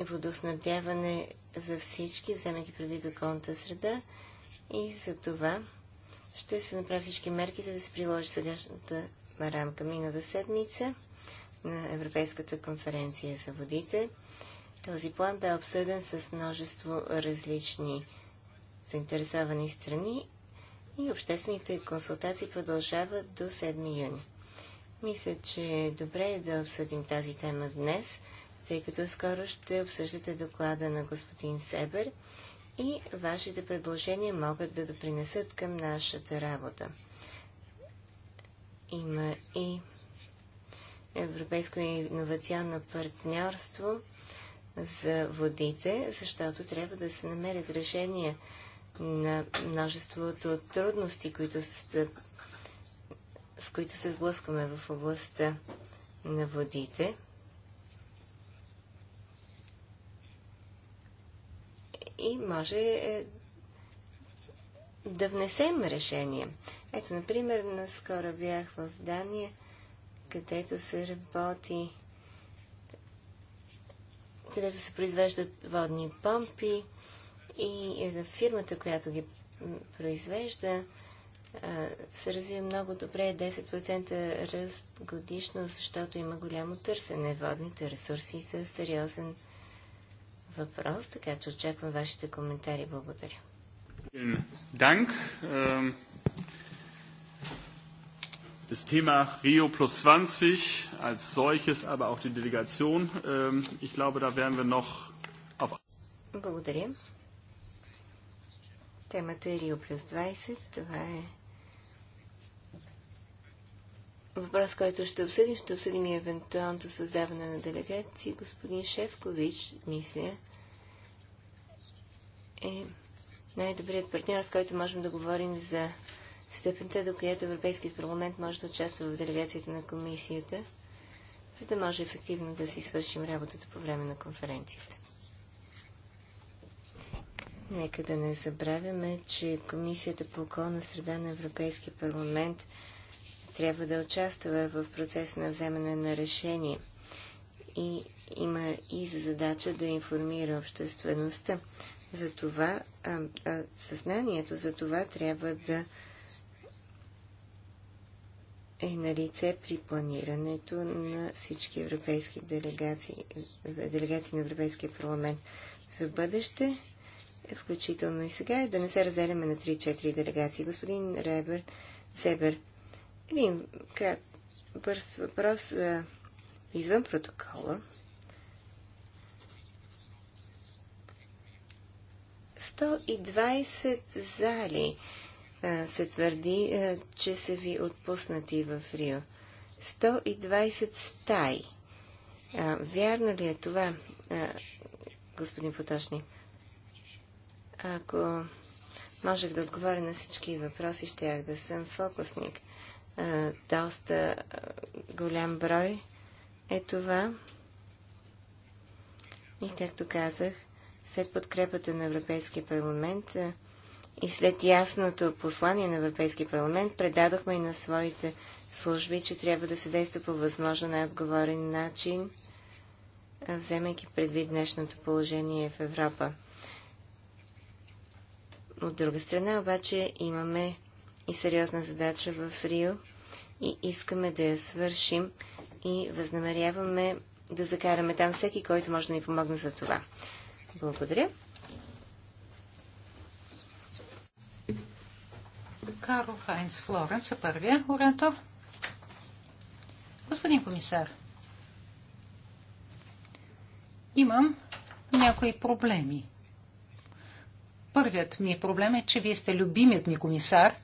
водоснабдяване за всички, вземайки преди околната среда и за това ще се направят всички мерки, за да се приложи сегашната рамка. Миналата седмица на Европейската конференция за водите. Този план бе обсъден с множество различни заинтересовани страни и обществените консултации продължават до 7 юни. Мисля, че е добре да обсъдим тази тема днес – тъй като скоро ще обсъждате доклада на господин Себер и вашите предложения могат да допринесат към нашата работа. Има и Европейско инновационно партньорство за водите, защото трябва да се намерят решения на множеството трудности, които са, с които се сблъскваме в областта на водите. и може е, да внесем решение. Ето, например, наскоро бях в Дания, където се работи, където се произвеждат водни помпи и е, фирмата, която ги произвежда, е, се развива много добре, 10% ръст годишно, защото има голямо търсене. Водните ресурси са сериозен въпрос, така че очаквам вашите коментари. Благодаря. Dank. Das Thema Rio plus 20 als solches, aber auch die Delegation. Ich glaube, da werden wir noch auf. Благодаря. Темата е Рио плюс 20. Това е въпрос, който ще обсъдим, ще обсъдим и евентуалното създаване на делегации. Господин Шевкович, мисля, е най-добрият партньор, с който можем да говорим за степента, до която Европейският парламент може да участва в делегацията на комисията, за да може ефективно да си свършим работата по време на конференцията. Нека да не забравяме, че Комисията по околна среда на Европейския парламент – трябва да участва в процеса на вземане на решение и има и за задача да информира обществеността. За това, а, а, съзнанието за това трябва да е на лице при планирането на всички европейски делегации, делегации на Европейския парламент за бъдеще, включително и сега, и е да не се разделяме на 3-4 делегации. Господин Ребер, Себер, един крат, бърз въпрос а, извън протокола. 120 зали а, се твърди, а, че са ви отпуснати в Рио. 120 стаи. А, вярно ли е това, а, господин Поточник? Ако можех да отговоря на всички въпроси, щях да съм фокусник доста голям брой е това. И както казах, след подкрепата на Европейския парламент и след ясното послание на Европейския парламент, предадохме и на своите служби, че трябва да се действа по възможно най-отговорен начин, вземайки предвид днешното положение в Европа. От друга страна обаче имаме и сериозна задача в Рио и искаме да я свършим и възнамеряваме да закараме там всеки, който може да ни помогне за това. Благодаря. Карл Хайнс Флоренс е първия оратор. Господин комисар, имам някои проблеми. Първият ми проблем е, че вие сте любимият ми комисар –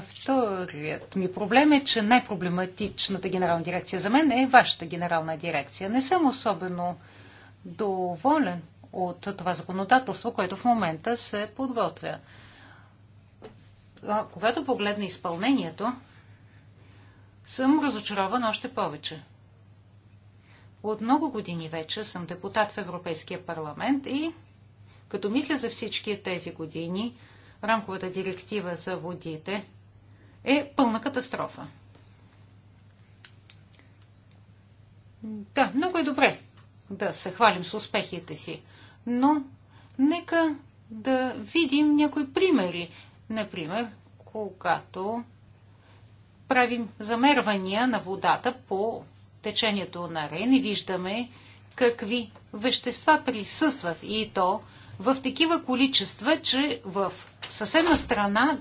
Вторият ми проблем е, че най-проблематичната генерална дирекция за мен е вашата генерална дирекция. Не съм особено доволен от това законодателство, което в момента се подготвя. Когато погледна изпълнението, съм разочарован още повече. От много години вече съм депутат в Европейския парламент и като мисля за всички тези години, рамковата директива за водите е пълна катастрофа. Да, много е добре да се хвалим с успехите си, но нека да видим някои примери. Например, когато правим замервания на водата по течението на Рен и виждаме какви вещества присъстват и то в такива количества, че в съседна страна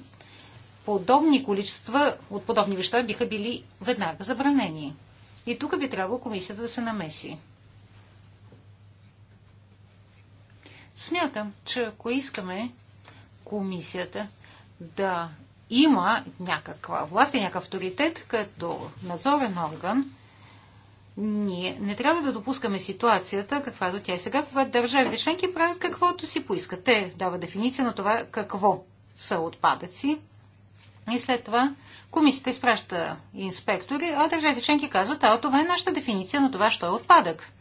подобни количества от подобни вещества биха били веднага забранени. И тук би трябвало комисията да се намеси. Смятам, че ако искаме комисията да има някаква власт и някакъв авторитет като надзорен орган, ние не трябва да допускаме ситуацията, каквато тя е сега, когато държавите членки правят каквото си поискат. Те дават дефиниция на това какво са отпадъци и след това комисията изпраща инспектори, а държавите членки казват, а това е нашата дефиниция на това, що е отпадък.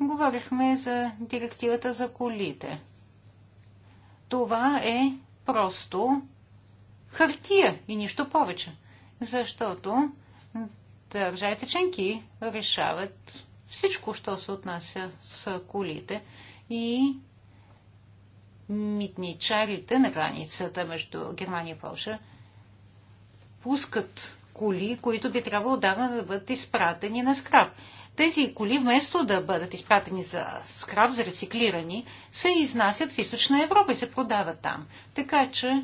Говорихме за директивата за колите. Това е просто хартия и нищо повече. Защото държавите членки решават всичко, що се отнася с колите и митничарите на границата между Германия и Польша пускат коли, които би трябвало отдавна да бъдат изпратени на скраб. Тези коли, вместо да бъдат изпратени за скраб, за рециклирани, се изнасят в източна Европа и се продават там. Така че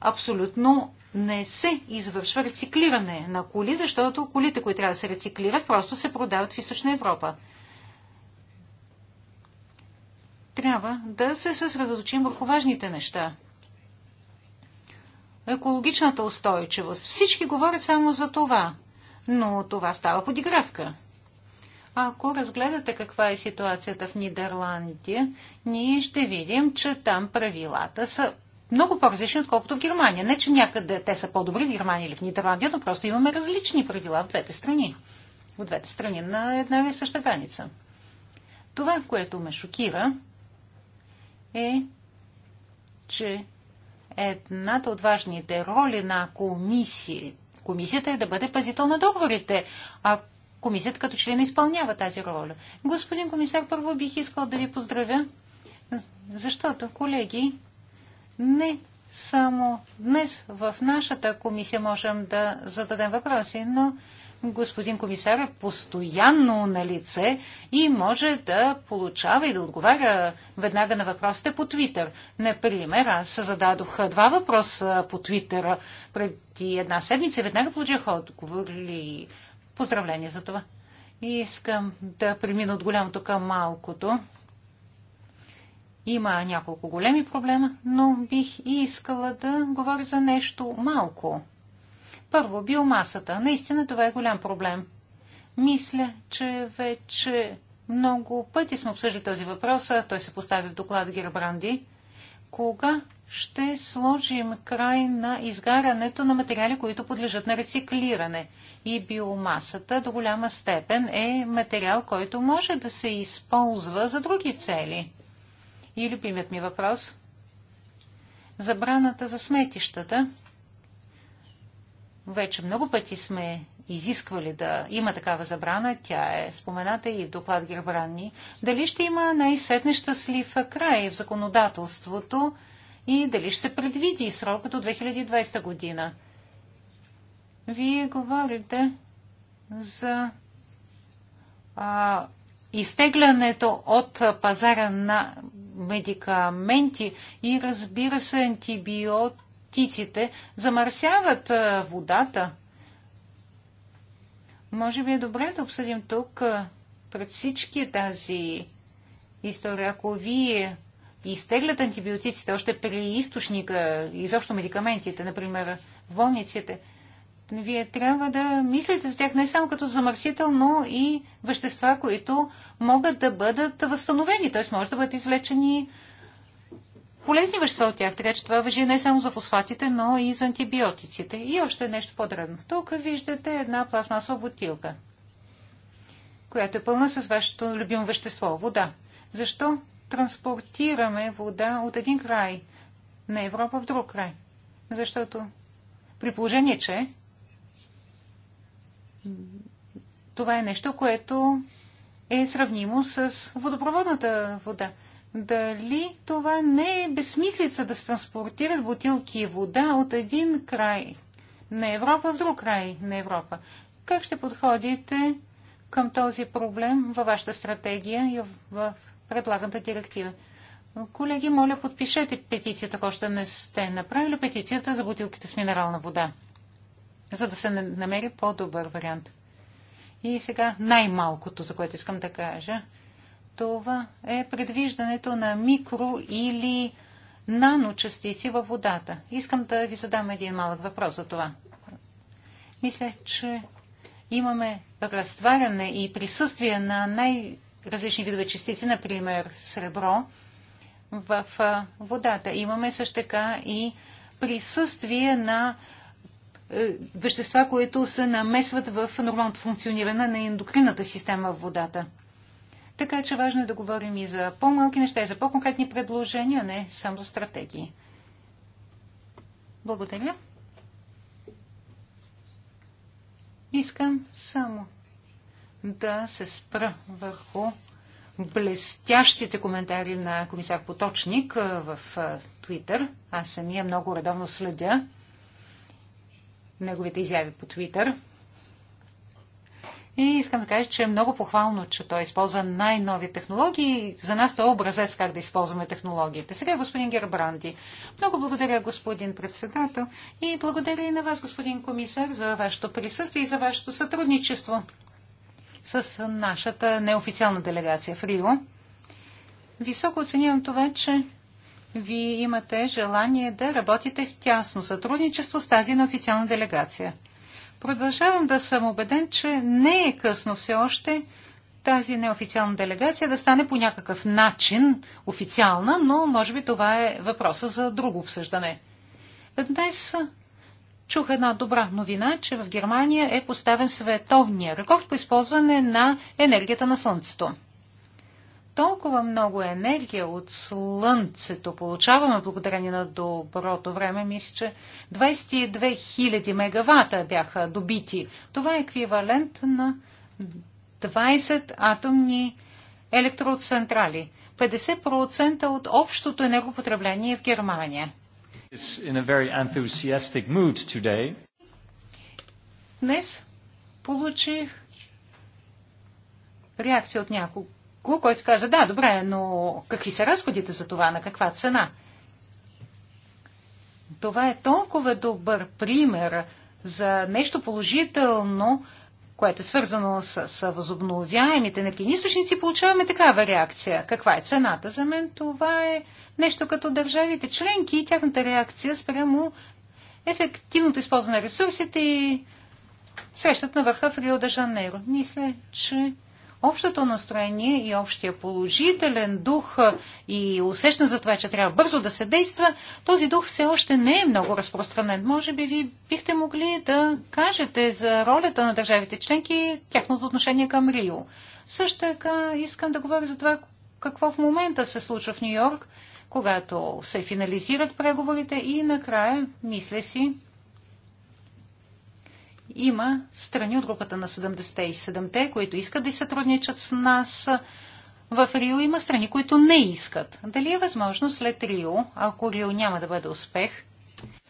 абсолютно не се извършва рециклиране на коли, защото колите, които трябва да се рециклират, просто се продават в източна Европа трябва да се съсредоточим върху важните неща. Екологичната устойчивост. Всички говорят само за това, но това става подигравка. Ако разгледате каква е ситуацията в Нидерландия, ние ще видим, че там правилата са много по-различни, отколкото в Германия. Не, че някъде те са по-добри в Германия или в Нидерландия, но просто имаме различни правила в двете страни. От двете страни на една и съща граница. Това, което ме шокира, е, че едната от важните роли на комисии, комисията е да бъде пазител на договорите, а комисията като член изпълнява тази роля. Господин комисар, първо бих искал да ви поздравя, защото, колеги, не само днес в нашата комисия можем да зададем въпроси, но господин комисар е постоянно на лице и може да получава и да отговаря веднага на въпросите по Твитър. Например, аз зададох два въпроса по Твитър преди една седмица и веднага получих отговор и поздравление за това. И искам да премина от голямото към малкото. Има няколко големи проблема, но бих искала да говоря за нещо малко. Първо, биомасата. Наистина това е голям проблем. Мисля, че вече много пъти сме обсъждали този въпрос, а той се постави в доклад Гербранди. Кога ще сложим край на изгарянето на материали, които подлежат на рециклиране? И биомасата до голяма степен е материал, който може да се използва за други цели. И любимият ми въпрос – забраната за сметищата – вече много пъти сме изисквали да има такава забрана, тя е спомената и в доклад Гербранни, дали ще има най-сетне щастлив край в законодателството и дали ще се предвиди срок до 2020 година. Вие говорите за а, изтеглянето от пазара на медикаменти и разбира се антибиот птиците замърсяват водата. Може би е добре да обсъдим тук пред всички тази история. Ако вие изтеглят антибиотиците още при източника, изобщо медикаментите, например, в болниците, вие трябва да мислите за тях не само като замърсител, но и вещества, които могат да бъдат възстановени, т.е. може да бъдат извлечени полезни вещества от тях, така че това въжи не само за фосфатите, но и за антибиотиците. И още нещо по-древно. Тук виждате една пластмасова бутилка, която е пълна с вашето любимо вещество – вода. Защо транспортираме вода от един край на Европа в друг край? Защото при положение, че това е нещо, което е сравнимо с водопроводната вода дали това не е безсмислица да се транспортират бутилки и вода от един край на Европа в друг край на Европа. Как ще подходите към този проблем във вашата стратегия и в предлаганата директива? Колеги, моля, подпишете петицията, ако още не сте направили петицията за бутилките с минерална вода, за да се намери по-добър вариант. И сега най-малкото, за което искам да кажа – това е предвиждането на микро или наночастици във водата. Искам да ви задам един малък въпрос за това. Мисля, че имаме разтваряне и присъствие на най-различни видове частици, например сребро, в водата. Имаме също така и присъствие на е, вещества, които се намесват в нормалното функциониране на ендокринната система в водата. Така че важно е да говорим и за по-малки неща, и за по-конкретни предложения, а не само за стратегии. Благодаря. Искам само да се спра върху блестящите коментари на комисар Поточник в Твитър. Аз самия много редовно следя неговите изяви по Твитър. И искам да кажа, че е много похвално, че той използва най-нови технологии. За нас той е образец как да използваме технологиите. Сега господин Гербранди. Много благодаря, господин председател. И благодаря и на вас, господин комисар, за вашето присъствие и за вашето сътрудничество с нашата неофициална делегация в Рио. Високо оценявам това, че вие имате желание да работите в тясно сътрудничество с тази неофициална делегация. Продължавам да съм убеден, че не е късно все още тази неофициална делегация да стане по някакъв начин официална, но може би това е въпроса за друго обсъждане. Днес чух една добра новина, че в Германия е поставен световния рекорд по използване на енергията на Слънцето толкова много енергия от слънцето получаваме благодарение на доброто време. Мисля, че 22 000 мегавата бяха добити. Това е еквивалент на 20 атомни електроцентрали. 50% от общото енергопотребление в Германия. Днес получих реакция от няколко Ку, който каза, да, добре, но какви са разходите за това, на каква цена? Това е толкова добър пример за нещо положително, което е свързано с, с възобновяемите енергийни източници, получаваме такава реакция. Каква е цената? За мен това е нещо като държавите членки и тяхната реакция спрямо ефективното използване на ресурсите и срещат на върха в Рио де Жанейро. Мисля, че общото настроение и общия положителен дух и усещане за това, че трябва бързо да се действа, този дух все още не е много разпространен. Може би ви бихте могли да кажете за ролята на държавите членки и тяхното отношение към Рио. Също така искам да говоря за това какво в момента се случва в Нью Йорк, когато се финализират преговорите и накрая, мисля си, има страни от групата на 77 те те които искат да сътрудничат с нас. В Рио има страни, които не искат. Дали е възможно след Рио, ако Рио няма да бъде успех,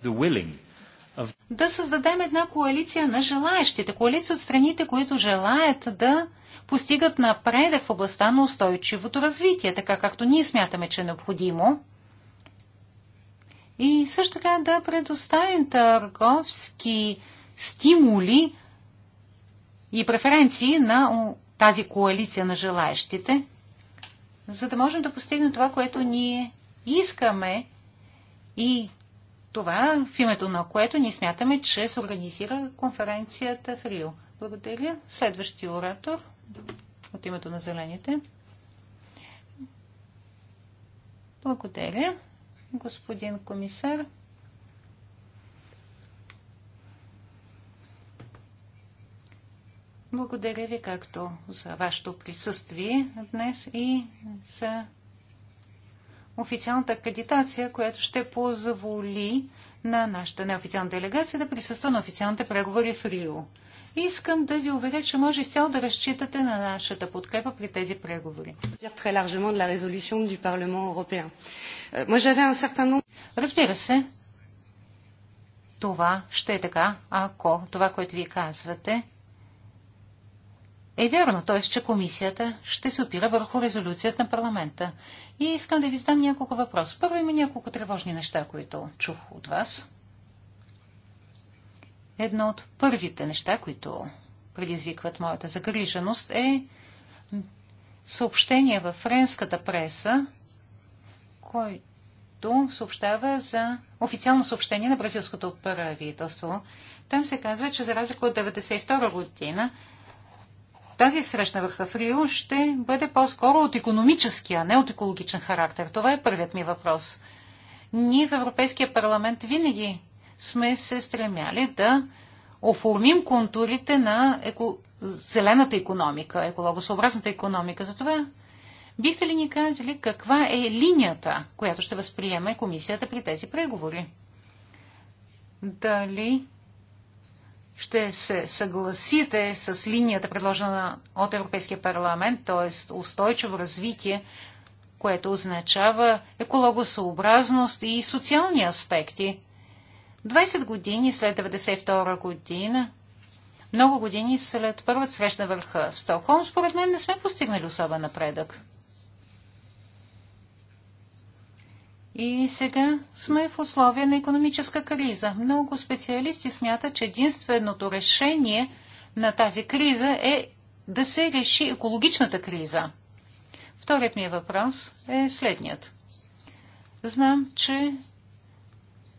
of... да създадем една коалиция на желаящите, коалиция от страните, които желаят да постигат напредък в областта на устойчивото развитие, така както ние смятаме, че е необходимо. И също така да предоставим търговски стимули и преференции на тази коалиция на желаящите, за да можем да постигнем това, което ние искаме и това, в името на което ние смятаме, че се организира конференцията в Рио. Благодаря. Следващия оратор от името на зелените. Благодаря, господин комисар. Благодаря ви както за вашето присъствие днес и за официалната акредитация, която ще позволи на нашата неофициална делегация да присъства на официалните преговори в Рио. Искам да ви уверя, че може изцяло да разчитате на нашата подкрепа при тези преговори. Euh, Разбира се, това ще е така, ако това, което вие казвате, е вярно, т.е. че комисията ще се опира върху резолюцията на парламента. И искам да ви задам няколко въпроса. Първо има няколко тревожни неща, които чух от вас. Едно от първите неща, които предизвикват моята загриженост е съобщение във френската преса, който съобщава за официално съобщение на бразилското правителство. Там се казва, че за разлика от 1992 година, тази среща в Рио ще бъде по-скоро от економическия, а не от екологичен характер. Това е първият ми въпрос. Ние в Европейския парламент винаги сме се стремяли да оформим контурите на еко... зелената економика, екологосъобразната економика. Затова бихте ли ни казали каква е линията, която ще възприеме комисията при тези преговори? Дали ще се съгласите с линията, предложена от Европейския парламент, т.е. устойчиво развитие, което означава екологосъобразност и социални аспекти. 20 години след 1992 година, много години след първата среща върха в Стокхолм, според мен не сме постигнали особен напредък. И сега сме в условия на економическа криза. Много специалисти смятат, че единственото решение на тази криза е да се реши екологичната криза. Вторият ми въпрос е следният. Знам, че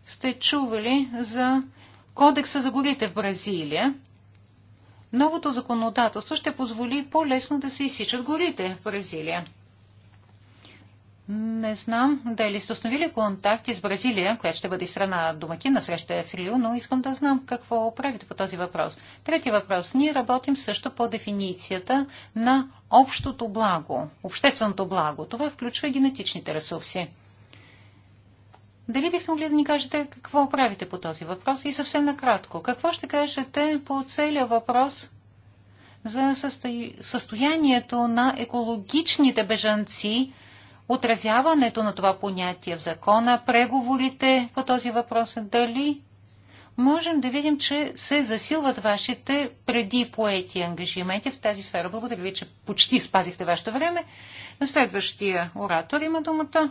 сте чували за Кодекса за горите в Бразилия. Новото законодателство ще позволи по-лесно да се изсичат горите в Бразилия. Не знам дали сте установили контакти с Бразилия, която ще бъде страна домакин на среща в Рио, но искам да знам какво правите по този въпрос. Трети въпрос. Ние работим също по дефиницията на общото благо, общественото благо. Това включва генетичните ресурси. Дали бихте могли да ни кажете какво правите по този въпрос и съвсем накратко, какво ще кажете по целия въпрос за състоянието на екологичните бежанци, отразяването на това понятие в закона, преговорите по този въпрос, дали можем да видим, че се засилват вашите преди поети ангажименти в тази сфера. Благодаря ви, че почти спазихте вашето време. Следващия оратор има думата.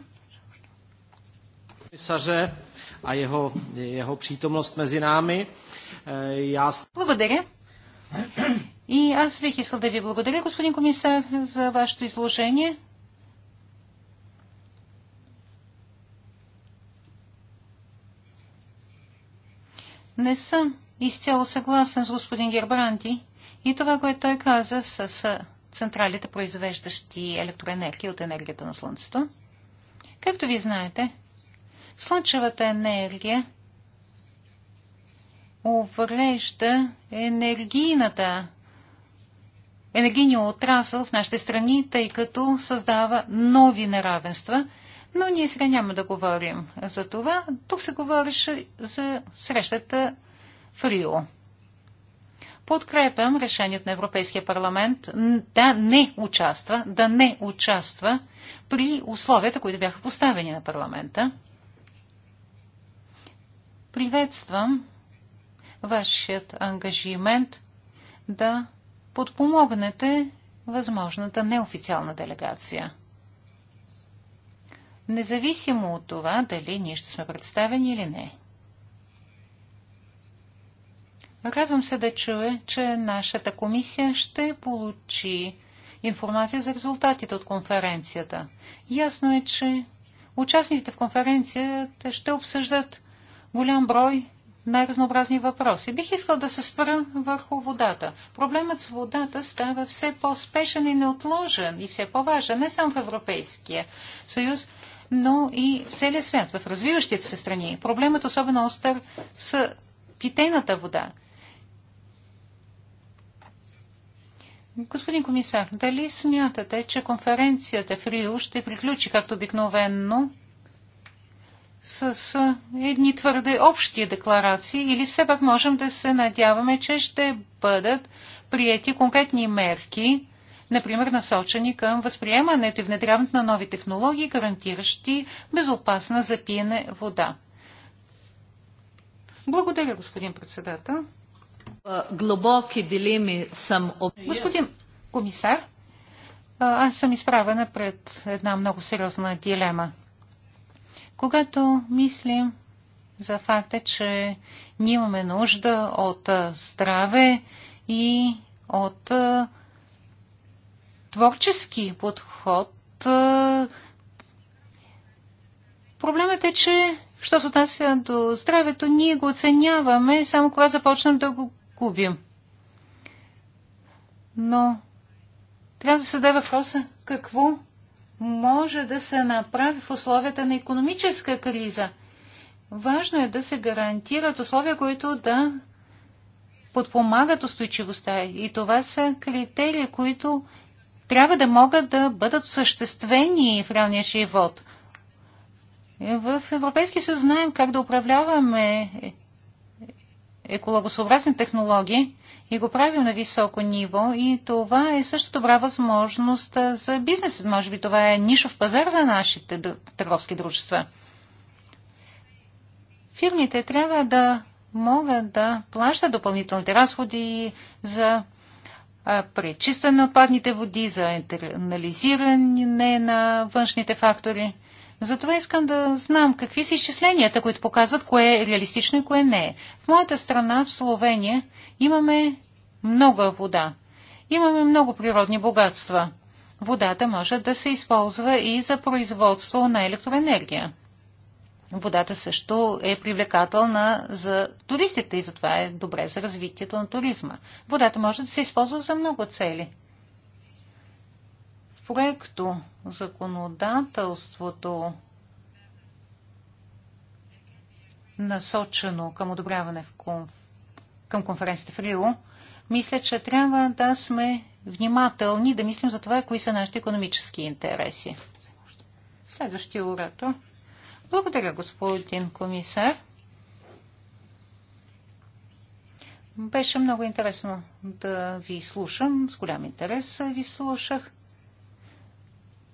Комисаже, а его, jeho přítomnost mezi námi. Аз... E, благодаря. И аз бих искал да ви благодаря, господин комисар, за вашето изложение. Не съм изцяло съгласен с господин Гербранди и това, което той каза с централите, произвеждащи електроенергия от енергията на Слънцето. Както ви знаете, слънчевата енергия уврежда енергийната енергийния отрасъл в нашите страни, тъй като създава нови неравенства – но ние сега няма да говорим за това. Тук се говореше за срещата в Рио. Подкрепям решението на Европейския парламент да не участва, да не участва при условията, които бяха поставени на парламента. Приветствам вашият ангажимент да подпомогнете възможната неофициална делегация независимо от това дали ние ще сме представени или не. Радвам се да чуя, че нашата комисия ще получи информация за резултатите от конференцията. Ясно е, че участниците в конференцията ще обсъждат голям брой най-разнообразни въпроси. Бих искал да се спра върху водата. Проблемът с водата става все по-спешен и неотложен и все по-важен, не само в Европейския съюз, но и в целия свят, в развиващите се страни. Проблемът е особено остър с питейната вода. Господин комисар, дали смятате, че конференцията в Рио ще приключи както обикновенно с едни твърде общи декларации или все пак можем да се надяваме, че ще бъдат приети конкретни мерки например, насочени към възприемането и внедряването на нови технологии, гарантиращи безопасна за пиене вода. Благодаря, господин председател. Глубоки дилеми съм... Господин комисар, аз съм изправена пред една много сериозна дилема. Когато мислим за факта, че ние имаме нужда от здраве и от творчески подход. Проблемът е, че, що се отнася до здравето, ние го оценяваме само когато започнем да го губим. Но трябва да се даде въпроса какво може да се направи в условията на економическа криза. Важно е да се гарантират условия, които да подпомагат устойчивостта. И това са критерии, които трябва да могат да бъдат съществени в реалния живот. В Европейския съюз знаем как да управляваме екологосъобразни технологии и го правим на високо ниво и това е също добра възможност за бизнесът. Може би това е нишов пазар за нашите търговски дружества. Фирмите трябва да могат да плащат допълнителните разходи за пречистване на отпадните води, за интернализиране на външните фактори. Затова искам да знам какви са изчисленията, които показват кое е реалистично и кое не е. В моята страна, в Словения, имаме много вода. Имаме много природни богатства. Водата може да се използва и за производство на електроенергия водата също е привлекателна за туристите и затова е добре за развитието на туризма. Водата може да се използва за много цели. В проекто законодателството насочено към одобряване в конф... към конференцията в Рио, мисля, че трябва да сме внимателни, да мислим за това, кои са нашите економически интереси. Следващия оратор. Благодаря, господин комисар. Беше много интересно да ви слушам. С голям интерес ви слушах.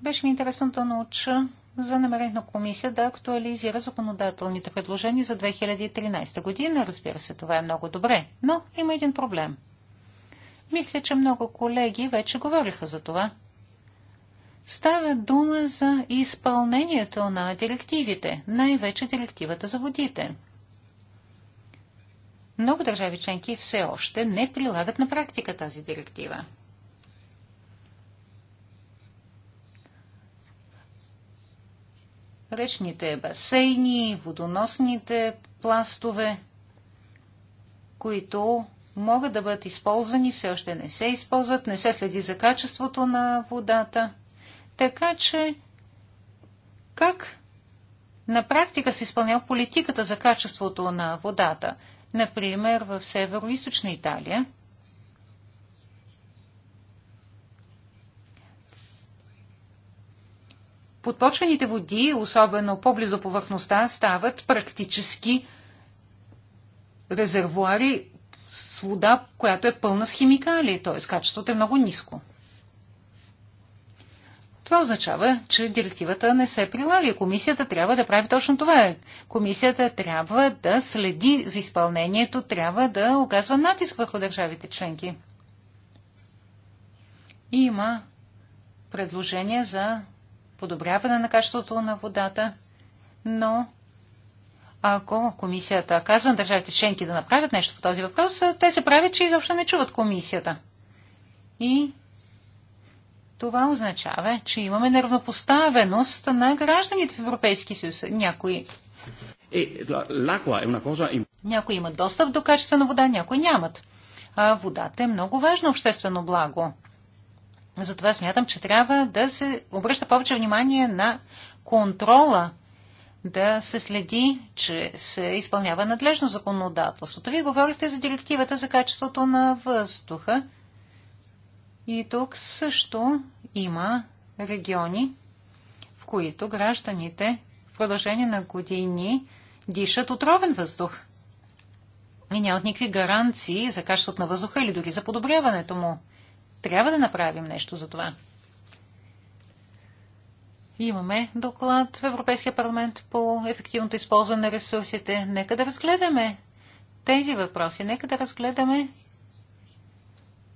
Беше ми интересно да науча за намерение на комисия да актуализира законодателните предложения за 2013 година. Разбира се, това е много добре, но има един проблем. Мисля, че много колеги вече говориха за това – Става дума за изпълнението на директивите, най-вече директивата за водите. Много държави членки все още не прилагат на практика тази директива. Речните басейни, водоносните пластове, които могат да бъдат използвани, все още не се използват, не се следи за качеството на водата – така че как на практика се изпълнява политиката за качеството на водата? Например, в северо-источна Италия. Подпочвените води, особено по-близо повърхността, стават практически резервуари с вода, която е пълна с химикали, т.е. качеството е много ниско. Това означава, че директивата не се прилага. Комисията трябва да прави точно това. Комисията трябва да следи за изпълнението, трябва да оказва натиск върху държавите членки. И има предложение за подобряване на качеството на водата, но ако комисията казва на държавите членки да направят нещо по този въпрос, те се правят, че изобщо не чуват комисията. И това означава, че имаме неравнопоставеност на гражданите в Европейски съюз. Някои е, е някои имат достъп до качествена вода, някои нямат. А водата е много важно обществено благо. Затова смятам, че трябва да се обръща повече внимание на контрола, да се следи, че се изпълнява надлежно законодателството. Вие говорихте за директивата за качеството на въздуха. И тук също има региони, в които гражданите в продължение на години дишат отровен въздух. И нямат никакви гаранции за качеството на въздуха или дори за подобряването му. Трябва да направим нещо за това. Имаме доклад в Европейския парламент по ефективното използване на ресурсите. Нека да разгледаме тези въпроси. Нека да разгледаме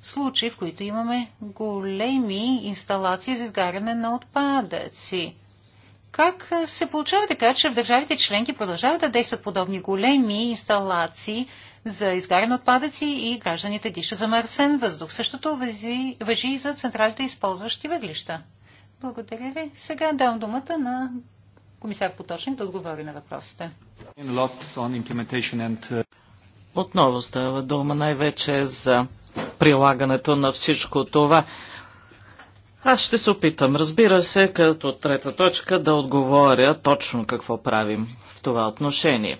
случаи, в които имаме големи инсталации за изгаряне на отпадъци. Как се получава така, че в държавите членки продължават да действат подобни големи инсталации за изгаряне на отпадъци и гражданите дишат замърсен въздух? Същото въжи, въжи и за централите, използващи въглища. Благодаря ви. Сега давам думата на комисар Поточник да отговори на въпросите. Uh, Отново става дума най-вече за прилагането на всичко това. Аз ще се опитам, разбира се, като трета точка да отговоря точно какво правим в това отношение.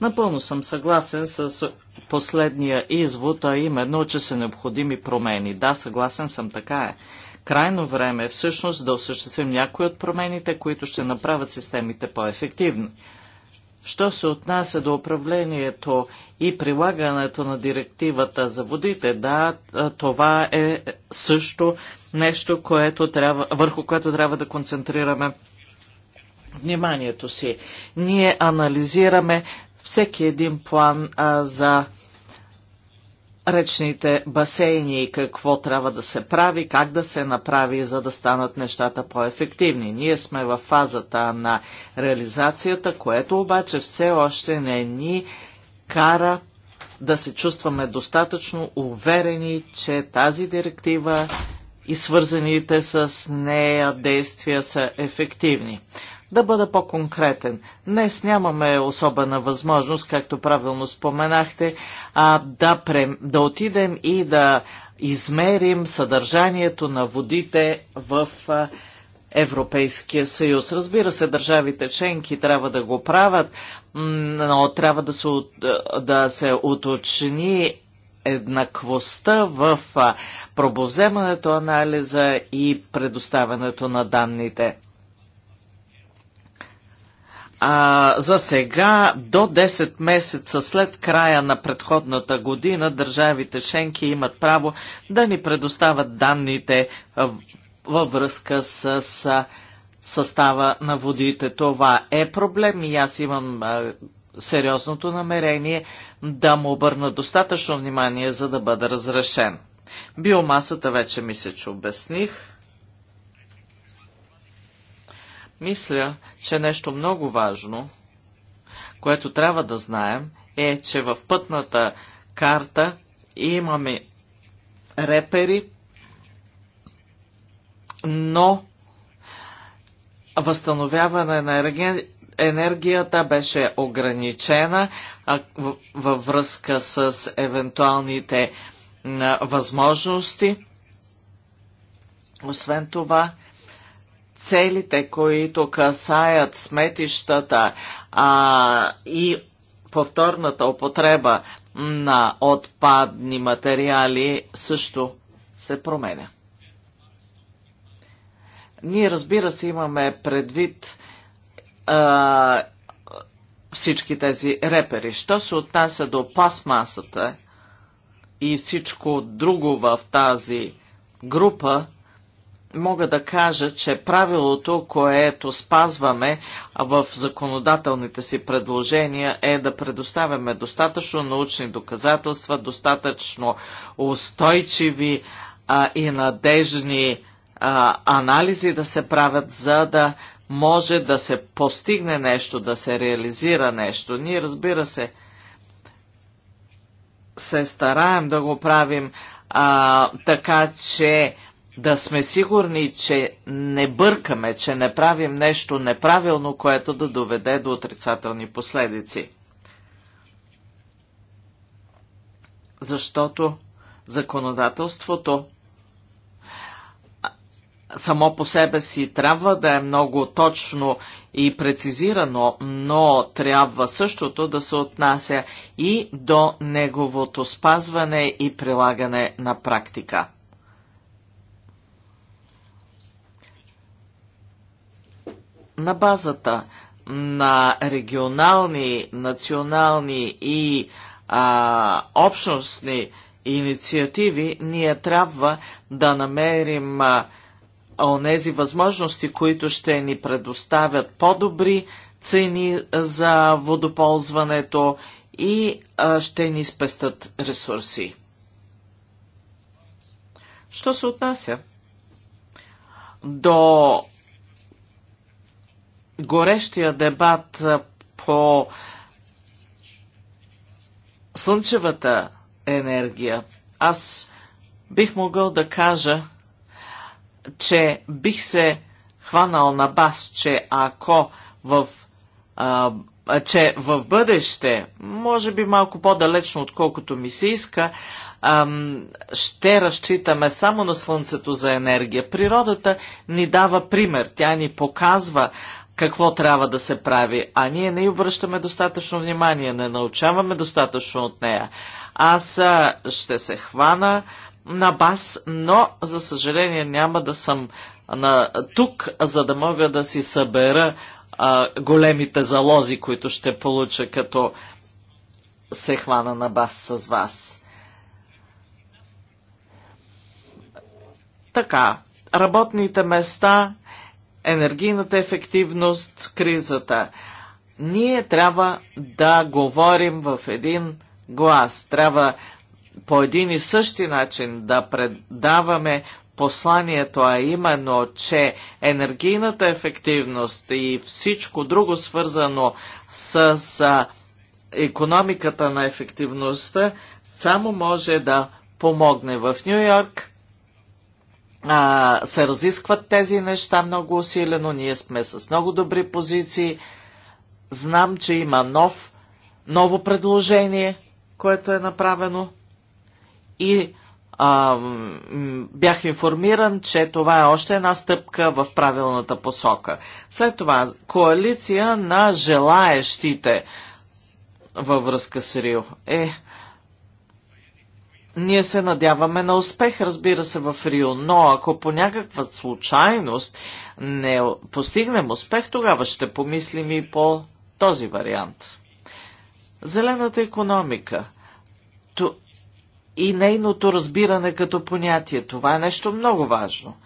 Напълно съм съгласен с последния извод, а именно, че са необходими промени. Да, съгласен съм, така е. Крайно време е всъщност да осъществим някои от промените, които ще направят системите по-ефективни. Що се отнася до управлението и прилагането на директивата за водите, да, това е също нещо, което трябва, върху което трябва да концентрираме вниманието си. Ние анализираме всеки един план а, за речните басейни и какво трябва да се прави, как да се направи, за да станат нещата по-ефективни. Ние сме в фазата на реализацията, което обаче все още не ни кара да се чувстваме достатъчно уверени, че тази директива и свързаните с нея действия са ефективни. Да бъда по-конкретен. Днес нямаме особена възможност, както правилно споменахте, а да, прем... да отидем и да измерим съдържанието на водите в Европейския съюз. Разбира се, държавите членки трябва да го правят, но трябва да се, да се уточни еднаквостта в пробовземането, анализа и предоставянето на данните. А, за сега, до 10 месеца след края на предходната година, държавите Шенки имат право да ни предоставят данните във връзка с, с състава на водите. Това е проблем и аз имам а, сериозното намерение да му обърна достатъчно внимание, за да бъде разрешен. Биомасата вече мисля, че обясних. Мисля, че нещо много важно, което трябва да знаем, е, че в пътната карта имаме репери, но възстановяване на енергията беше ограничена във връзка с евентуалните възможности. Освен това, целите, които касаят сметищата а, и повторната употреба на отпадни материали също се променя. Ние, разбира се, имаме предвид а, всички тези репери. Що се отнася до пасмасата и всичко друго в тази група, мога да кажа, че правилото, което спазваме в законодателните си предложения е да предоставяме достатъчно научни доказателства, достатъчно устойчиви а, и надежни а, анализи да се правят, за да може да се постигне нещо, да се реализира нещо. Ние, разбира се, се стараем да го правим а, така, че да сме сигурни, че не бъркаме, че не правим нещо неправилно, което да доведе до отрицателни последици. Защото законодателството само по себе си трябва да е много точно и прецизирано, но трябва същото да се отнася и до неговото спазване и прилагане на практика. на базата на регионални, национални и а, общностни инициативи, ние трябва да намерим а, онези възможности, които ще ни предоставят по-добри цени за водоползването и а, ще ни спестат ресурси. Що се отнася до горещия дебат по слънчевата енергия, аз бих могъл да кажа, че бих се хванал на бас, че ако в, а, че в бъдеще, може би малко по-далечно, отколкото ми се иска, ще разчитаме само на Слънцето за енергия. Природата ни дава пример, тя ни показва какво трябва да се прави, а ние не обръщаме достатъчно внимание, не научаваме достатъчно от нея. Аз ще се хвана на бас, но за съжаление няма да съм на, тук, за да мога да си събера а, големите залози, които ще получа като се хвана на бас с вас. Така, работните места енергийната ефективност, кризата. Ние трябва да говорим в един глас. Трябва по един и същи начин да предаваме посланието, а именно, че енергийната ефективност и всичко друго свързано с економиката на ефективността само може да помогне. В Нью Йорк а, се разискват тези неща много усилено. Ние сме с много добри позиции. Знам, че има нов, ново предложение, което е направено. И а, бях информиран, че това е още една стъпка в правилната посока. След това, коалиция на желаещите във връзка с Рио. Е, ние се надяваме на успех, разбира се, в Рио, но ако по някаква случайност не постигнем успех, тогава ще помислим и по този вариант. Зелената економика то и нейното разбиране като понятие, това е нещо много важно,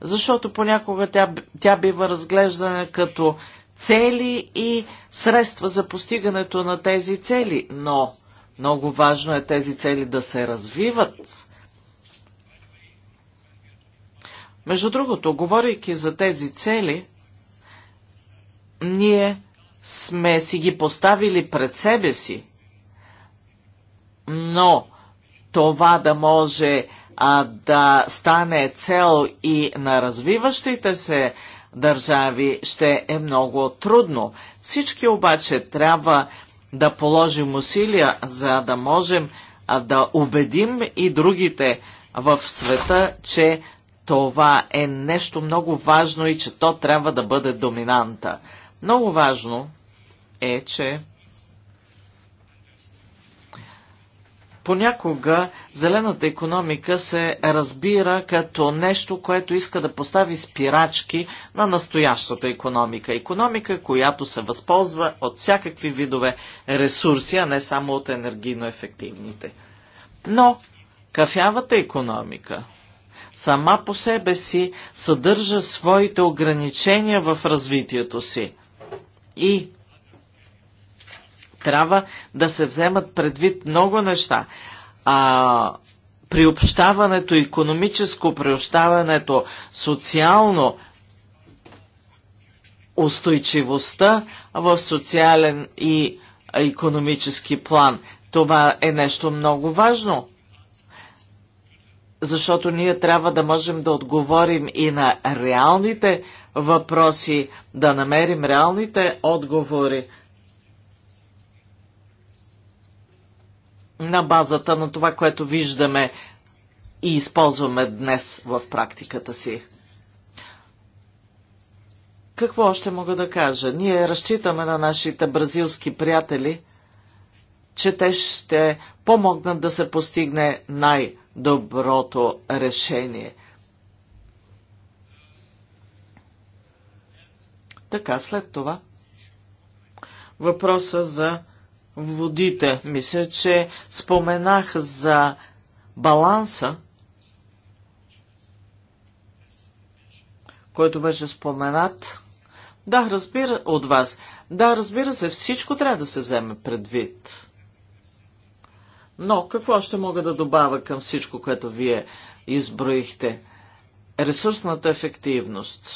защото понякога тя, тя бива разглеждана като цели и средства за постигането на тези цели, но много важно е тези цели да се развиват. Между другото, говорейки за тези цели, ние сме си ги поставили пред себе си. Но това да може а, да стане цел и на развиващите се държави ще е много трудно. Всички обаче трябва да положим усилия, за да можем да убедим и другите в света, че това е нещо много важно и че то трябва да бъде доминанта. Много важно е, че Понякога зелената економика се разбира като нещо, което иска да постави спирачки на настоящата економика. Економика, която се възползва от всякакви видове ресурси, а не само от енергийно ефективните. Но кафявата економика сама по себе си съдържа своите ограничения в развитието си. И трябва да се вземат предвид много неща. А, приобщаването, економическо приобщаването, социално устойчивостта в социален и економически план. Това е нещо много важно, защото ние трябва да можем да отговорим и на реалните въпроси, да намерим реалните отговори на базата на това, което виждаме и използваме днес в практиката си. Какво още мога да кажа? Ние разчитаме на нашите бразилски приятели, че те ще помогнат да се постигне най-доброто решение. Така след това. Въпроса за водите. Мисля, че споменах за баланса, който беше споменат. Да, разбира от вас. Да, разбира се, всичко трябва да се вземе предвид. Но какво ще мога да добавя към всичко, което вие изброихте? Ресурсната ефективност.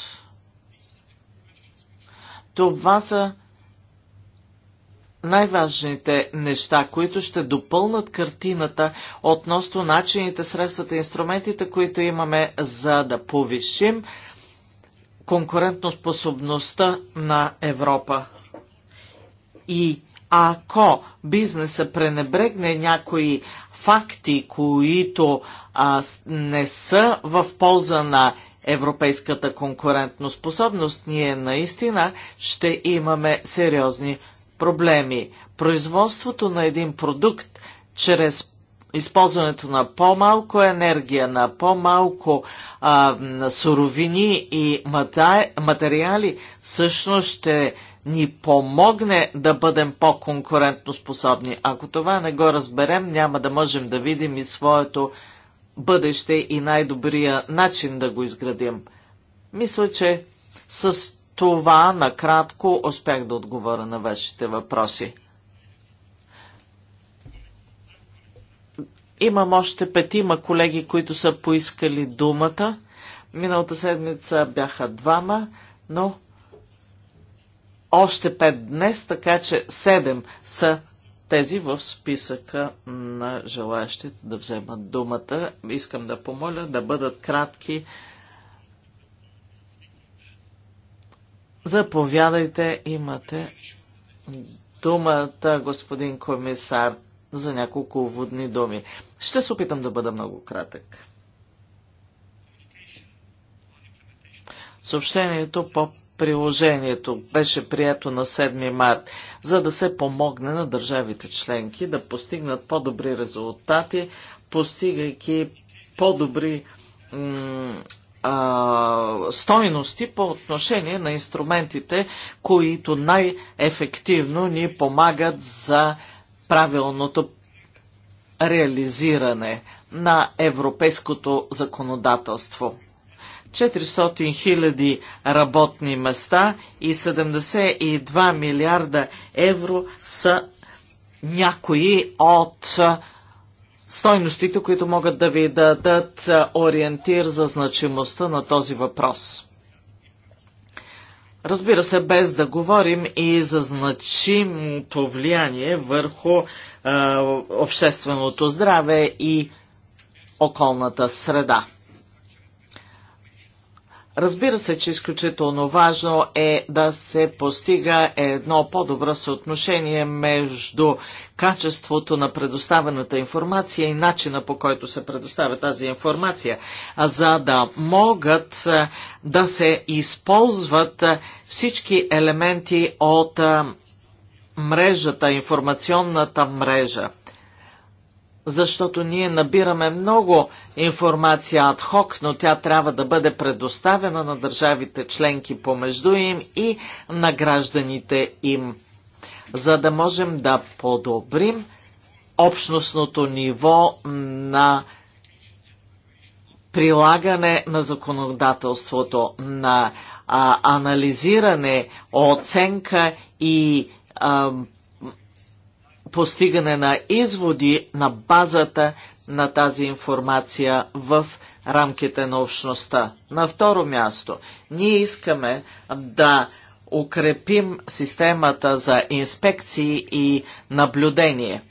Това са най-важните неща, които ще допълнат картината относно начините, средствата и инструментите, които имаме за да повишим конкурентоспособността на Европа. И ако бизнеса пренебрегне някои факти, които а, не са в полза на европейската конкурентноспособност, ние наистина ще имаме сериозни проблеми. Производството на един продукт чрез използването на по-малко енергия, на по-малко суровини и материали, всъщност ще ни помогне да бъдем по-конкурентно способни. Ако това не го разберем, няма да можем да видим и своето бъдеще и най-добрия начин да го изградим. Мисля, че с това накратко успях да отговоря на вашите въпроси. Имам още петима колеги, които са поискали думата. Миналата седмица бяха двама, но още пет днес, така че седем са тези в списъка на желаящите да вземат думата. Искам да помоля да бъдат кратки Заповядайте, имате думата, господин комисар, за няколко уводни думи. Ще се опитам да бъда много кратък. Съобщението по приложението беше прието на 7 март, за да се помогне на държавите членки да постигнат по-добри резултати, постигайки по-добри а, стойности по отношение на инструментите, които най-ефективно ни помагат за правилното реализиране на европейското законодателство. 400 хиляди работни места и 72 милиарда евро са някои от стойностите, които могат да ви дадат ориентир за значимостта на този въпрос. Разбира се, без да говорим и за значимото влияние върху е, общественото здраве и околната среда. Разбира се, че изключително важно е да се постига едно по-добро съотношение между качеството на предоставената информация и начина по който се предоставя тази информация, за да могат да се използват всички елементи от мрежата, информационната мрежа защото ние набираме много информация ад хок, но тя трябва да бъде предоставена на държавите членки помежду им и на гражданите им, за да можем да подобрим общностното ниво на прилагане на законодателството, на а, анализиране, оценка и а, постигане на изводи на базата на тази информация в рамките на общността. На второ място, ние искаме да укрепим системата за инспекции и наблюдение,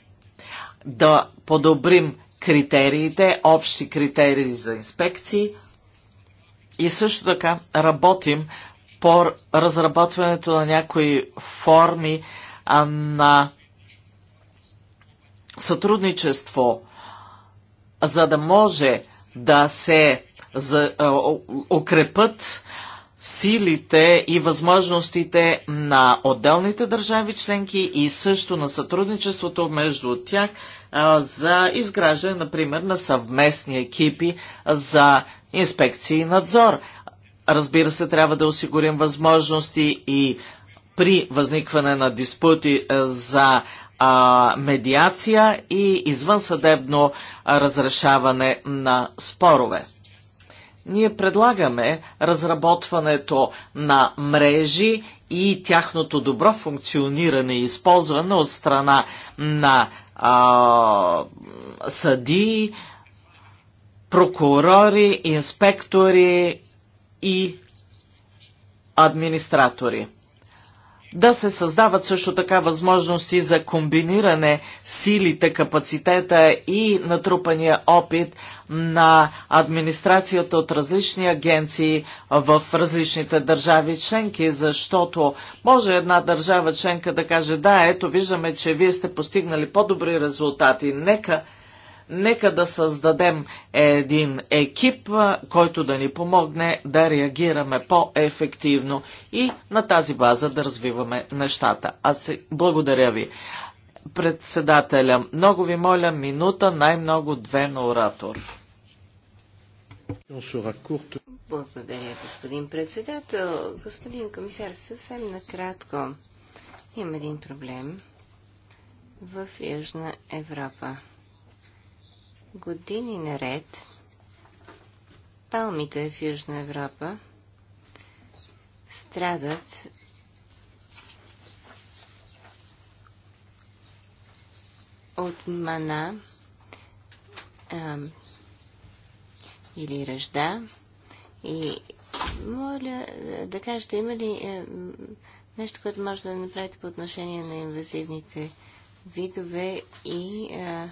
да подобрим критериите, общи критерии за инспекции и също така работим по разработването на някои форми на сътрудничество, за да може да се за, укрепят силите и възможностите на отделните държави членки и също на сътрудничеството между тях а, за изграждане, например, на съвместни екипи за инспекции и надзор. Разбира се, трябва да осигурим възможности и при възникване на диспути за а, медиация и извънсъдебно разрешаване на спорове. Ние предлагаме разработването на мрежи и тяхното добро функциониране и използване от страна на а, съдии, прокурори, инспектори и администратори да се създават също така възможности за комбиниране силите, капацитета и натрупания опит на администрацията от различни агенции в различните държави членки, защото може една държава членка да каже да, ето виждаме, че вие сте постигнали по-добри резултати, нека нека да създадем един екип, който да ни помогне да реагираме по-ефективно и на тази база да развиваме нещата. Аз се... благодаря ви. Председателя, много ви моля, минута, най-много две на оратор. Благодаря, господин председател. Господин комисар, съвсем накратко. Има един проблем в Южна Европа години наред палмите в Южна Европа страдат от мана а, или ръжда. И моля да кажете, има ли а, нещо, което може да направите по отношение на инвазивните видове и а,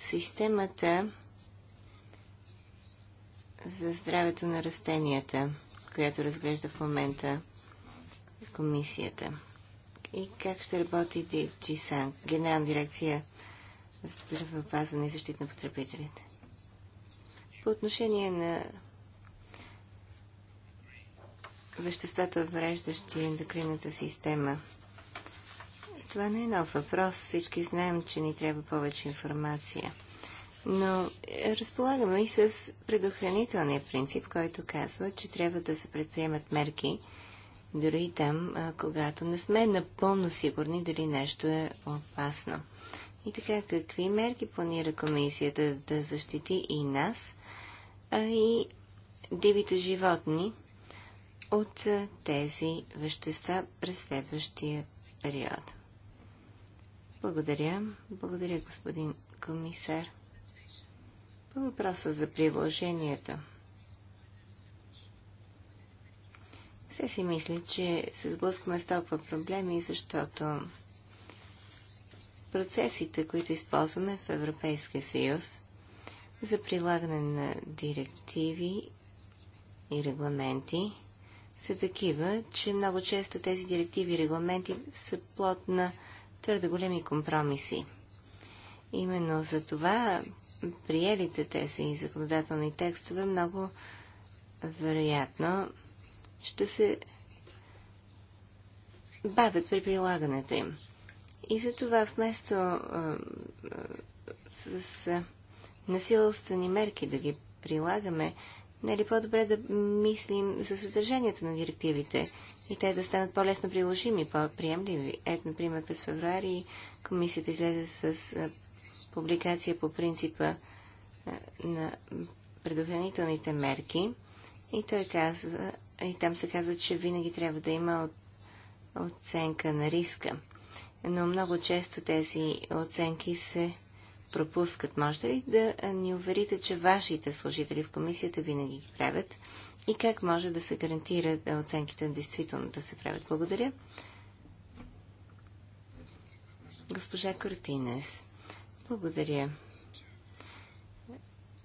Системата за здравето на растенията, която разглежда в момента комисията. И как ще работи DGSAN, Генерална дирекция здравеопазване и защита на потребителите? По отношение на веществата, вреждащи ендокринната система – това не е нов въпрос. Всички знаем, че ни трябва повече информация. Но е, разполагаме и с предохранителния принцип, който казва, че трябва да се предприемат мерки, дори и там, когато не сме напълно сигурни дали нещо е опасно. И така, какви мерки планира комисията да защити и нас, а и дивите животни от тези вещества през следващия период? Благодаря. Благодаря, господин комисар. По въпроса за приложенията. Все си мисля, че се сблъскваме с толкова проблеми, защото процесите, които използваме в Европейския съюз за прилагане на директиви и регламенти, са такива, че много често тези директиви и регламенти са плод на твърде големи компромиси. Именно за това приелите тези законодателни текстове много вероятно ще се бавят при прилагането им. И за това вместо а, а, с а, насилствени мерки да ги прилагаме, не е ли по-добре да мислим за съдържанието на директивите и те да станат по-лесно приложими, по-приемливи. Ето, например, през февруари комисията излезе с публикация по принципа на предохранителните мерки и той казва, и там се казва, че винаги трябва да има оценка на риска. Но много често тези оценки се пропускат. Може ли да ни уверите, че вашите служители в комисията винаги ги правят? и как може да се гарантира да оценките действително да се правят. Благодаря. Госпожа Кортинес. Благодаря.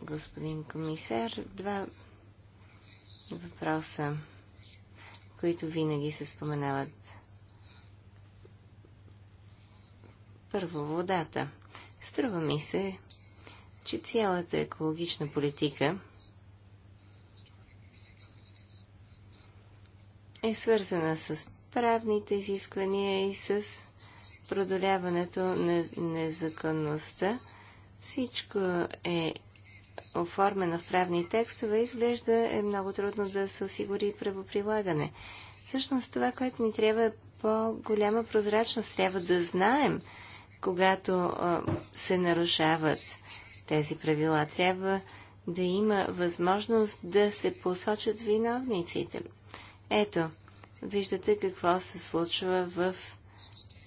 Господин комисар, два въпроса, които винаги се споменават. Първо, водата. Струва ми се, че цялата екологична политика – е свързана с правните изисквания и с продоляването на незаконността. Всичко е оформено в правни текстове, изглежда е много трудно да се осигури правоприлагане. Всъщност това, което ни трябва е по-голяма прозрачност. Трябва да знаем, когато а, се нарушават тези правила. Трябва да има възможност да се посочат виновниците. Ето, виждате какво се случва в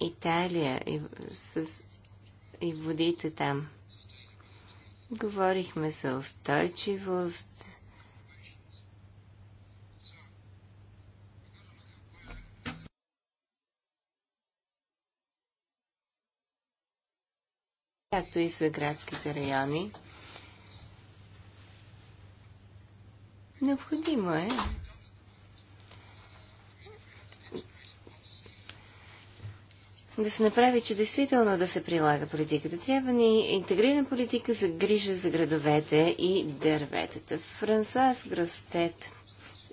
Италия и, с, и водите там. Говорихме за устойчивост. както и за градските райони. Необходимо е да се направи, че действително да се прилага политиката. Трябва ни интегрирана политика за грижа за градовете и дърветата. Франсуаз Гростет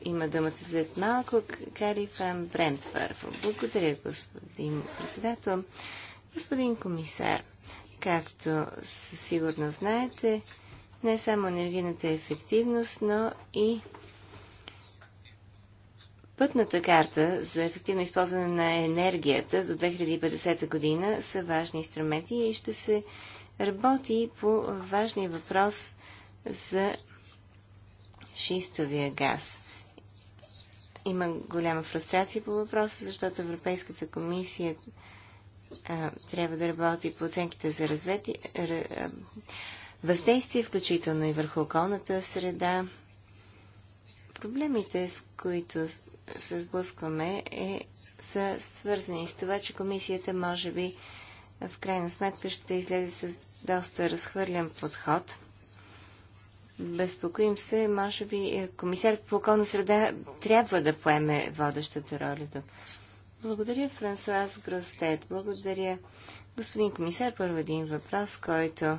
има думата след малко. Кари Фран Брент първо. Благодаря, господин председател. Господин комисар, както със сигурно знаете, не само енергийната ефективност, но и Пътната карта за ефективно използване на енергията до 2050 година са важни инструменти и ще се работи по важния въпрос за шистовия газ. Има голяма фрустрация по въпроса, защото Европейската комисия а, трябва да работи по оценките за а, въздействие, включително и върху околната среда, Проблемите, с които се сблъскваме, е, са свързани с това, че комисията може би в крайна сметка ще излезе с доста разхвърлен подход. Безпокоим се, може би е, комисарът по околна среда трябва да поеме водещата роля тук. Благодаря, Франсуаз Гростет. Благодаря, господин комисар. Първо един въпрос, който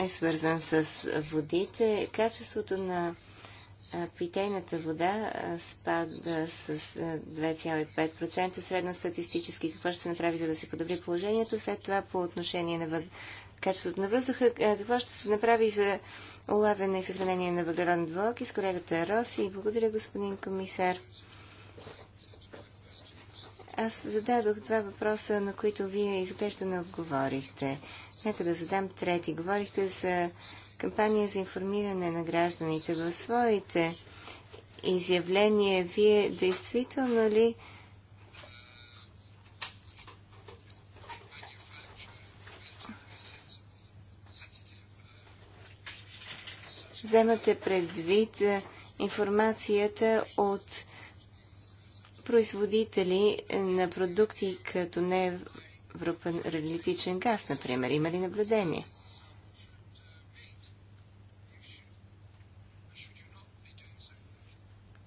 е свързан с водите. Качеството на питейната вода спада с 2,5% средно статистически. Какво ще се направи, за да се подобри положението? След това по отношение на въд... качеството на въздуха, какво ще се направи за улавяне и съхранение на въглероден двуокис? Колегата Роси, благодаря господин комисар. Аз зададох два въпроса, на които вие изглежда не отговорихте. Нека да задам трети. Говорихте за кампания за информиране на гражданите. В своите изявления вие действително ли вземате предвид информацията от производители на продукти като не европаралитичен газ, например? Има ли наблюдение?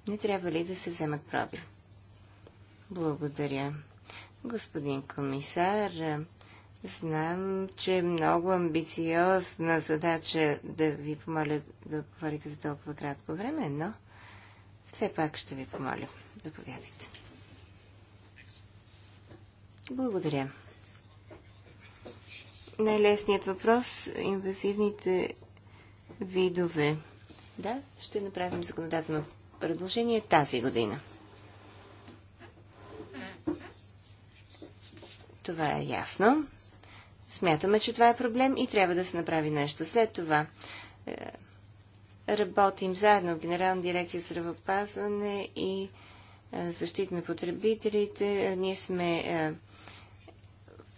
Не трябва ли да се вземат проби? Благодаря. Господин комисар, знам, че е много амбициозна задача да ви помоля да отговорите за толкова кратко време, но все пак ще ви помоля. Заповядайте. Благодаря. Най-лесният въпрос е – инвазивните видове. Да, ще направим законодателно предложение тази година. Това е ясно. Смятаме, че това е проблем и трябва да се направи нещо. След това е, работим заедно в Генерална дирекция здравеопазване и е, защита на потребителите. Е, ние сме е,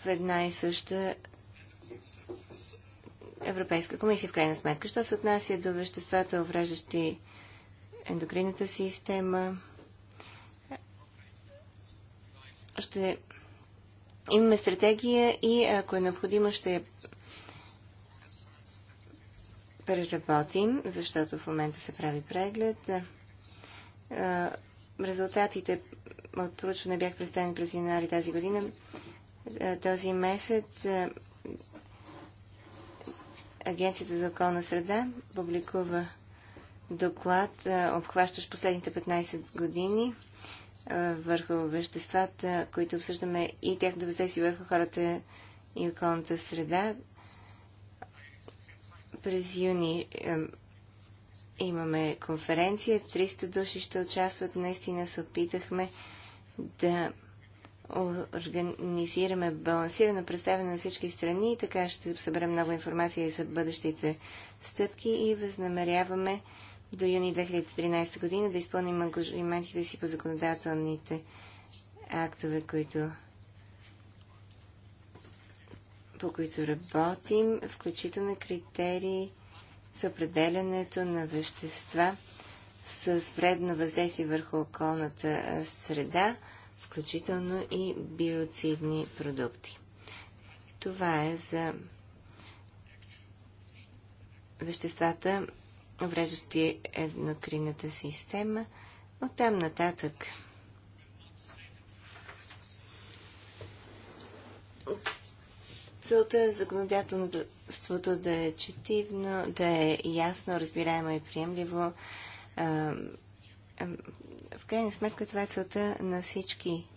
в една и съща Европейска комисия, в крайна сметка. Що се отнася до веществата, увреждащи ендокринната система, ще имаме стратегия и ако е необходимо, ще я преработим, защото в момента се прави преглед резултатите от проучване бях представени през януари тази година. Е, този месец е, Агенцията за околна среда публикува доклад, е, обхващащ последните 15 години върху веществата, които обсъждаме и тяхното въздействие върху хората и околната среда. През юни Имаме конференция, 300 души ще участват. Наистина се опитахме да организираме балансирано представяне на всички страни и така ще съберем много информация за бъдещите стъпки и възнамеряваме до юни 2013 година да изпълним ангажиментите си по законодателните актове, които по които работим, включително критерии с определянето на вещества с вредно въздействие върху околната среда, включително и биоцидни продукти. Това е за веществата, вреждащи еднокринната система. Оттам нататък Целта е законодателството да е четивно, да е ясно, разбираемо и приемливо. В крайна сметка това е целта на всички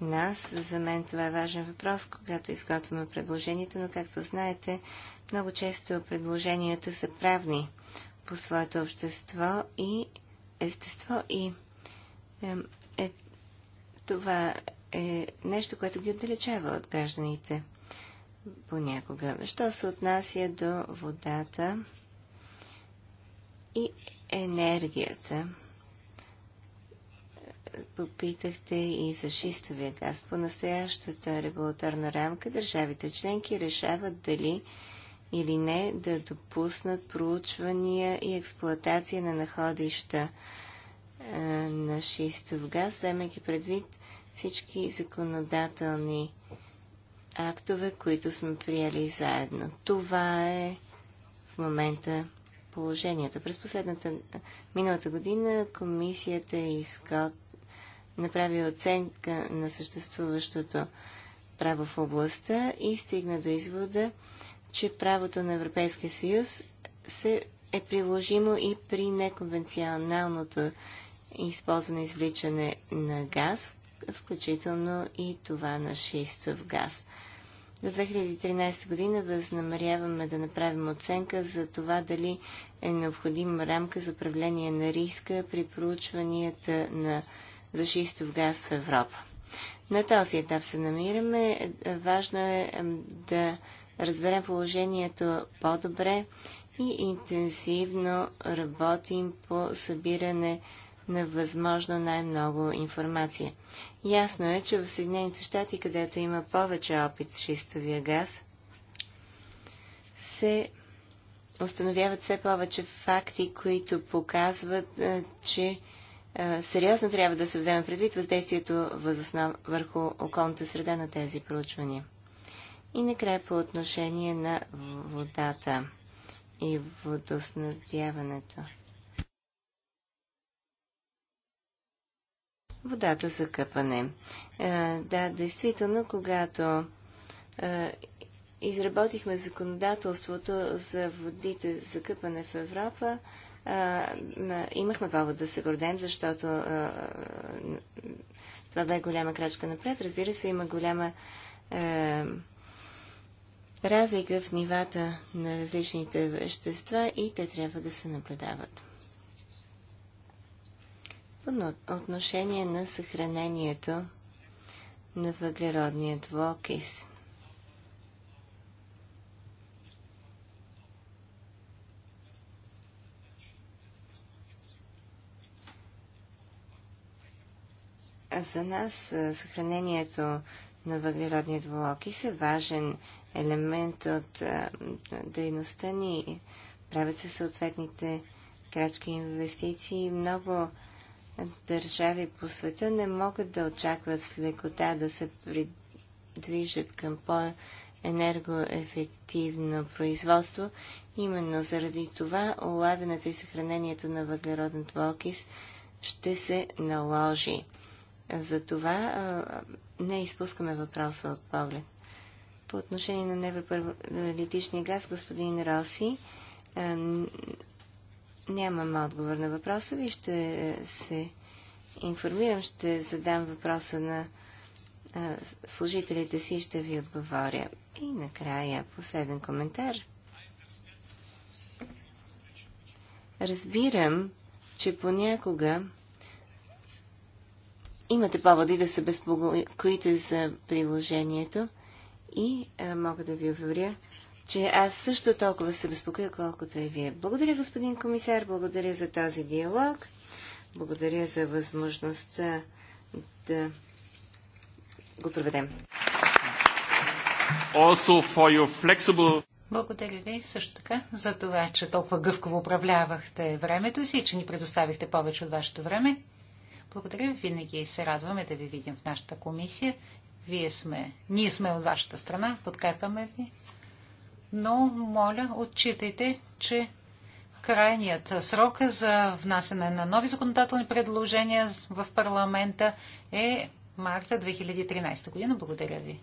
нас. За мен това е важен въпрос, когато изготвяме предложението, но както знаете, много често предложенията са правни по своето общество и естество и е, е, това е нещо, което ги отдалечава от гражданите понякога. Що се отнася до водата и енергията? Попитахте и за шистовия газ. По настоящата регулаторна рамка държавите членки решават дали или не да допуснат проучвания и експлоатация на находища е, на шистов газ, вземайки предвид всички законодателни актове, които сме приели заедно. Това е в момента положението. През последната миналата година комисията иска направи оценка на съществуващото право в областта и стигна до извода, че правото на Европейския съюз се е приложимо и при неконвенционалното използване и извличане на газ, включително и това на шистов газ. До 2013 година възнамеряваме да направим оценка за това дали е необходима рамка за управление на риска при проучванията на за шистов газ в Европа. На този етап се намираме. Важно е да разберем положението по-добре и интензивно работим по събиране на възможно най-много информация. Ясно е, че в Съединените щати, където има повече опит с шистовия газ, се установяват все повече факти, които показват, е, че е, сериозно трябва да се вземе предвид въздействието възоснов... върху околната среда на тези проучвания. И накрая по отношение на водата и водоснабдяването. водата за къпане. Е, да, действително, когато е, изработихме законодателството за водите за къпане в Европа, е, имахме повод да се гордем, защото това бе голяма крачка напред. Разбира се, има голяма разлика в нивата на различните вещества и те трябва да се наблюдават. По отношение на съхранението на въглеродния двокис. А за нас съхранението на въглеродния двокис е важен елемент от дейността ни. Правят се съответните крачки инвестиции. Много държави по света не могат да очакват с лекота да се придвижат към по-енергоефективно производство. Именно заради това улавянето и съхранението на въглероден двуокис ще се наложи. Затова това не изпускаме въпроса от поглед. По отношение на невропаралитичния газ, господин Роси, Нямам отговор на въпроса ви. Ще е, се информирам, ще задам въпроса на е, служителите си и ще ви отговоря. И накрая последен коментар. Разбирам, че понякога имате поводи да се безпокоите за приложението и а, е, мога да ви уверя, че аз също толкова се безпокоя, колкото и вие. Благодаря, господин комисар, благодаря за този диалог, благодаря за възможността да го проведем. Also for your flexible... Благодаря ви също така за това, че толкова гъвково управлявахте времето си и че ни предоставихте повече от вашето време. Благодаря ви. Винаги се радваме да ви видим в нашата комисия. Вие сме, ние сме от вашата страна. Подкрепяме ви но моля, отчитайте, че крайният срок за внасяне на нови законодателни предложения в парламента е марта 2013 година. Благодаря ви.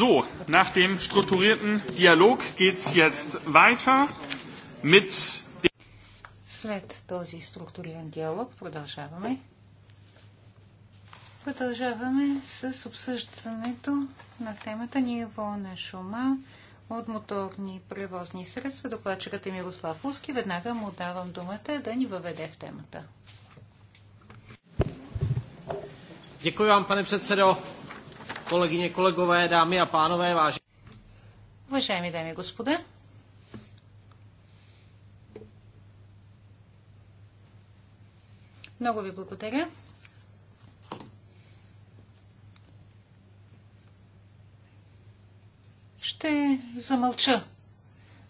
So, nach dem strukturierten Dialog es jetzt weiter mit След този структуриран диалог продължаваме. Продължаваме с обсъждането на темата ниво на шума от моторни превозни средства. Докладчикът е Мирослав Луски. Веднага му давам думата да ни въведе в темата. Děkuji vám, pane předsedo. Kolegyně, kolegové, dámy a pánové, vážení. Уважаеми дами и господа, много ви благодаря. Ще замълча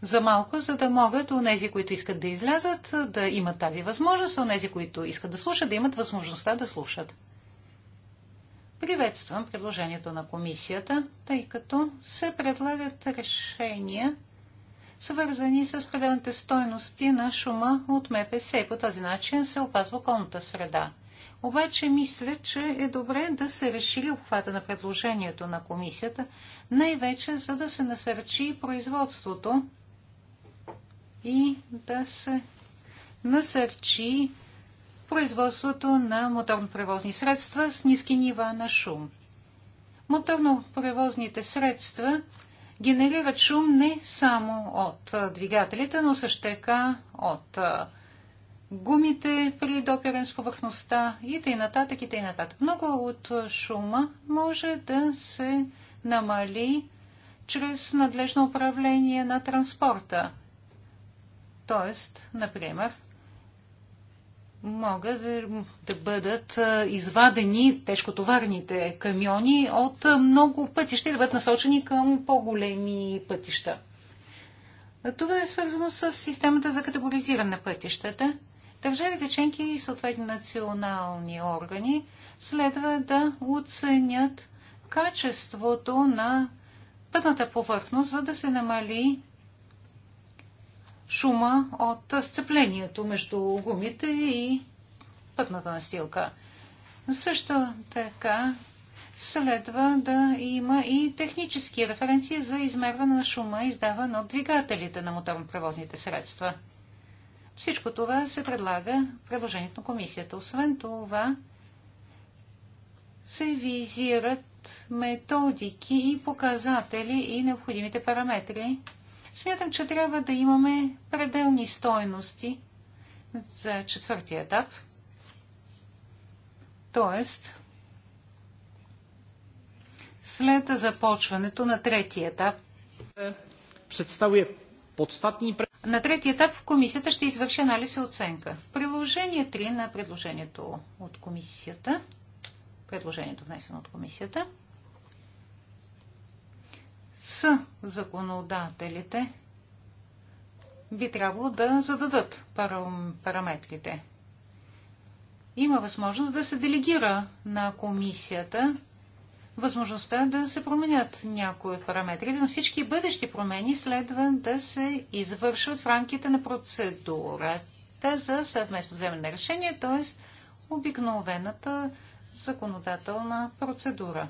за малко, за да могат онези, които искат да излязат, да имат тази възможност, а нези, които искат да слушат, да имат възможността да слушат. Приветствам предложението на комисията, тъй като се предлагат решения, свързани с пределните стойности на шума от МПС по този начин се опазва околната среда. Обаче мисля, че е добре да се разшири обхвата на предложението на комисията, най-вече за да се насърчи производството и да се насърчи производството на моторно превозни средства с ниски нива на шум. Моторно превозните средства генерират шум не само от двигателите, но също така от гумите при допирен с повърхността и т.н. и т.н. Много от шума може да се намали чрез надлежно управление на транспорта. Тоест, например, могат да бъдат извадени тежкотоварните камиони от много пътища и да бъдат насочени към по-големи пътища. Това е свързано с системата за категоризиране на пътищата. Държавите членки и съответни национални органи следва да оценят качеството на пътната повърхност, за да се намали шума от сцеплението между гумите и пътната настилка. Също така следва да има и технически референции за измерване на шума, издаван от двигателите на моторно-превозните средства. Всичко това се предлага в предложението на комисията. Освен това, се визират методики и показатели и необходимите параметри Смятам, че трябва да имаме пределни стойности за четвъртия етап. Тоест, след започването на третия етап, представя подстатни... На третия етап комисията ще извърши анализ и оценка. В приложение 3 на предложението от комисията, предложението внесено от комисията, с законодателите би трябвало да зададат параметрите. Има възможност да се делегира на комисията възможността да се променят някои от параметрите, но всички бъдещи промени следва да се извършват в рамките на процедурата за съвместно вземане на решение, т.е. обикновената законодателна процедура.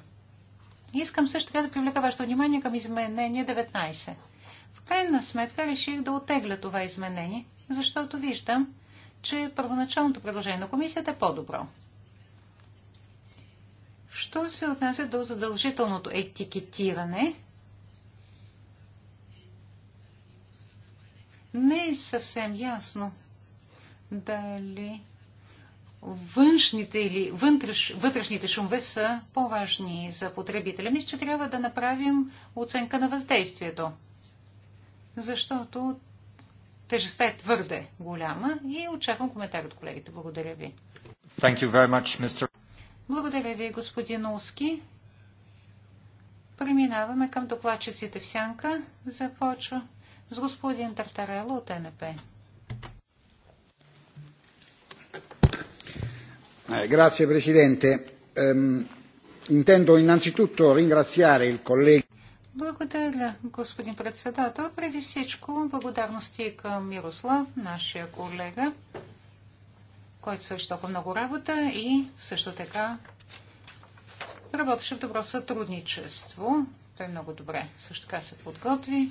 Искам също така да привлека вашето внимание към изменение 19. В крайна сметка реших да отегля това изменение, защото виждам, че първоначалното предложение на комисията е по-добро. Що се отнася до задължителното етикетиране, не е съвсем ясно дали външните или вътреш, вътрешните шумове са по-важни за потребителя. Мисля, че трябва да направим оценка на въздействието, защото тежестта е твърде голяма и очаквам коментар от колегите. Благодаря ви. Thank you very much, Mr. Благодаря ви, господин Уски. Преминаваме към докладчиците в сянка. Започва с господин Тартарело от НП. Eh, grazie Presidente. Ehm, intendo innanzitutto ringraziare il collega. Благодаря, господин председател. Преди всичко благодарности към Мирослав, нашия колега, който също много работа и също така работеше в добро сътрудничество. Той много добре също така се подготви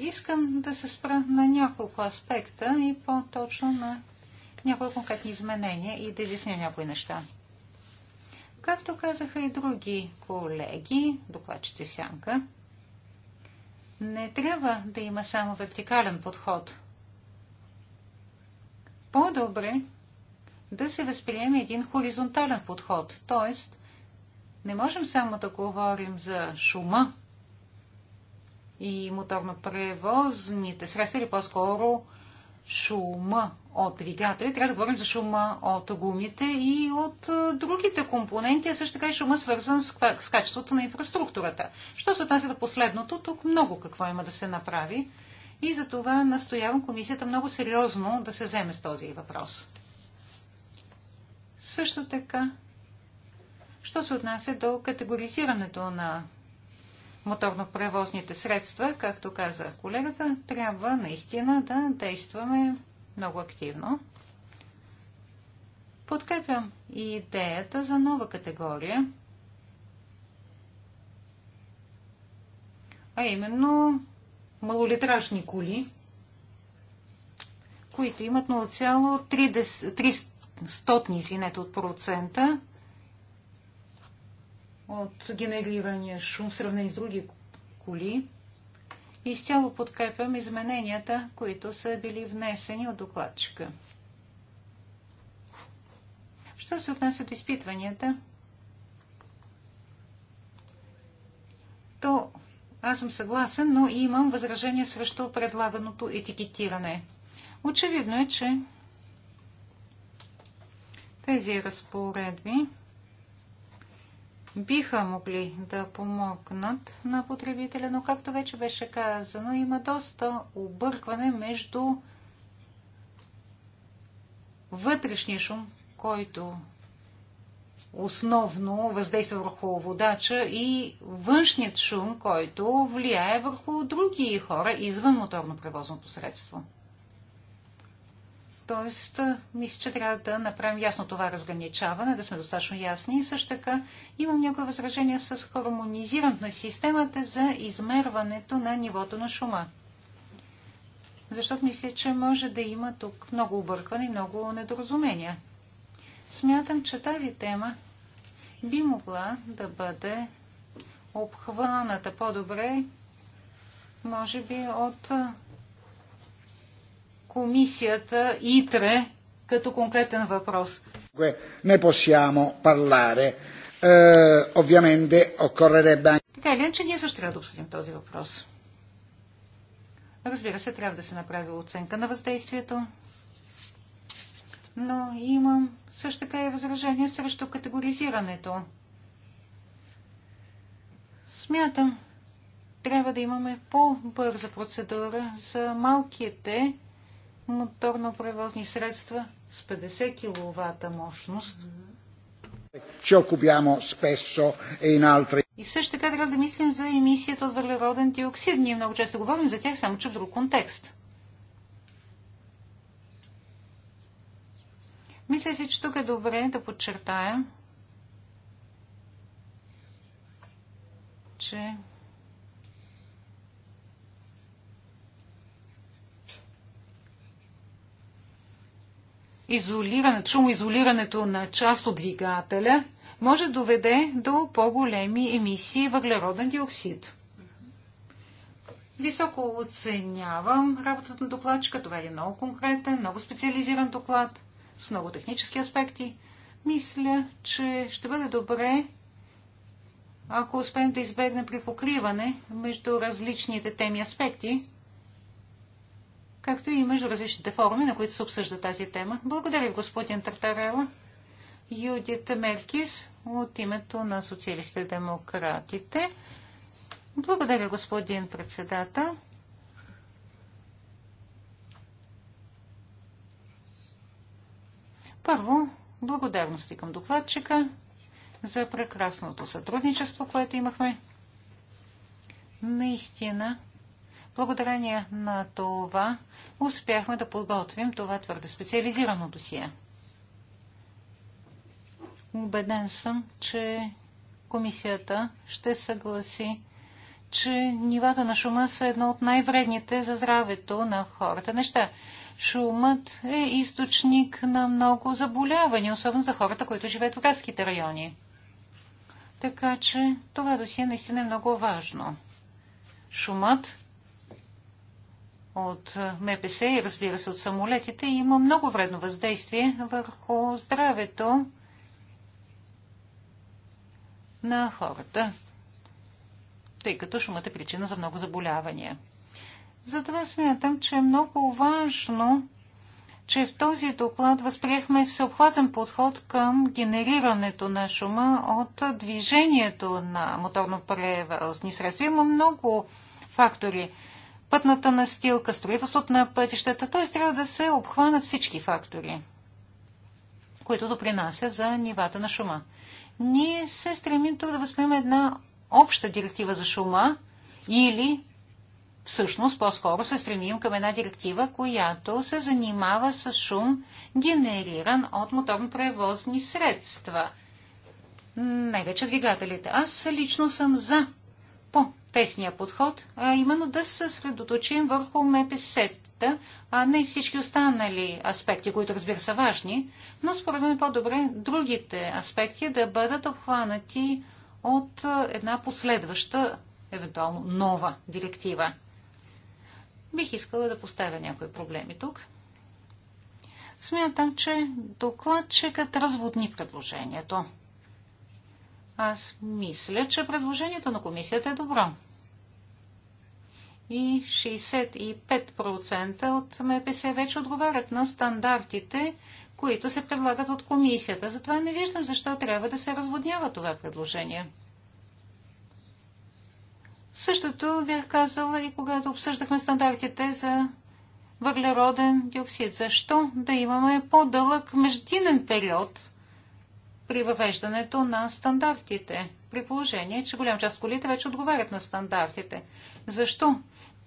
Искам да се спра на няколко аспекта и по-точно на някои конкретни изменения и да изясня някои неща. Както казаха и други колеги, докладчите сянка, не трябва да има само вертикален подход. По-добре да се възприеме един хоризонтален подход, т.е. не можем само да говорим за шума и моторно превозните средства или по-скоро шума от двигатели. Трябва да говорим за шума от гумите и от другите компоненти, а също така и шума свързан с, с качеството на инфраструктурата. Що се отнася до последното, тук много какво има да се направи и за това настоявам комисията много сериозно да се вземе с този въпрос. Също така, що се отнася до категоризирането на моторно-превозните средства, както каза колегата, трябва наистина да действаме много активно. Подкрепям и идеята за нова категория, а именно малолитражни коли, които имат 0,3 стотни, извинете, от процента от генерирания шум в сравнение с други коли. Изцяло подкрепям измененията, които са били внесени от докладчика. Що се отнася до изпитванията? То аз съм съгласен, но имам възражение срещу предлаганото етикетиране. Очевидно е, че тези разпоредби биха могли да помогнат на потребителя, но както вече беше казано, има доста объркване между вътрешния шум, който основно въздейства върху водача и външният шум, който влияе върху други хора извън моторно превозното средство. Тоест, мисля, че трябва да направим ясно това разграничаване, да сме достатъчно ясни. И също така имам някои възражения с хармонизирането на системата за измерването на нивото на шума. Защото мисля, че може да има тук много объркване и много недоразумения. Смятам, че тази тема би могла да бъде обхваната по-добре, може би от комисията ИТРЕ като конкретен въпрос. Не possiamo parlare. Eh, ovviamente occorrerebbe... Така или иначе, ние също трябва да обсъдим този въпрос. Разбира се, трябва да се направи оценка на въздействието. Но имам също така и възражение срещу категоризирането. Смятам, трябва да имаме по-бърза процедура за малките моторно превозни средства с 50 кВт мощност. E И също така трябва да мислим за емисията от въглероден диоксид. Ние много често говорим за тях, само че в друг контекст. Мисля си, че тук е добре да подчертая, че изолирането, шумоизолирането на част от двигателя може да доведе до по-големи емисии въглероден диоксид. Високо оценявам работата на докладчика. Това е много конкретен, много специализиран доклад с много технически аспекти. Мисля, че ще бъде добре, ако успеем да избегнем припокриване между различните теми аспекти, както и между различните форуми, на които се обсъжда тази тема. Благодаря ви, господин Тартарела. Юдит Меркис от името на социалистите демократите. Благодаря, господин председател. Първо, благодарности към докладчика за прекрасното сътрудничество, което имахме. Наистина, благодарение на това успяхме да подготвим това твърде специализирано досие. Убеден съм, че комисията ще съгласи, че нивата на шума са едно от най-вредните за здравето на хората неща. Шумът е източник на много заболявания, особено за хората, които живеят в градските райони. Така че това досие наистина е много важно. Шумът от МПС и разбира се от самолетите има много вредно въздействие върху здравето на хората, тъй като шумът е причина за много заболявания. Затова смятам, че е много важно, че в този доклад възприехме всеобхватен подход към генерирането на шума от движението на моторно превозни средства. Има много фактори пътната настилка, строителството на пътищата, т.е. трябва да се обхванат всички фактори, които допринасят за нивата на шума. Ние се стремим тук да възприемем една обща директива за шума или всъщност по-скоро се стремим към една директива, която се занимава с шум, генериран от моторно превозни средства. най вече двигателите. Аз лично съм за тесния подход, а именно да се съсредоточим върху МПС-та, а не всички останали аспекти, които разбира са важни, но според мен е по-добре другите аспекти да бъдат обхванати от една последваща, евентуално нова директива. Бих искала да поставя някои проблеми тук. Смятам, че докладчикът разводни предложението. Аз мисля, че предложението на комисията е добро. И 65% от МПС вече отговарят на стандартите, които се предлагат от комисията. Затова не виждам защо трябва да се разводнява това предложение. Същото бях казала и когато обсъждахме стандартите за въглероден диоксид. Защо да имаме по-дълъг междинен период при въвеждането на стандартите, при положение, че голям част от колите вече отговарят на стандартите. Защо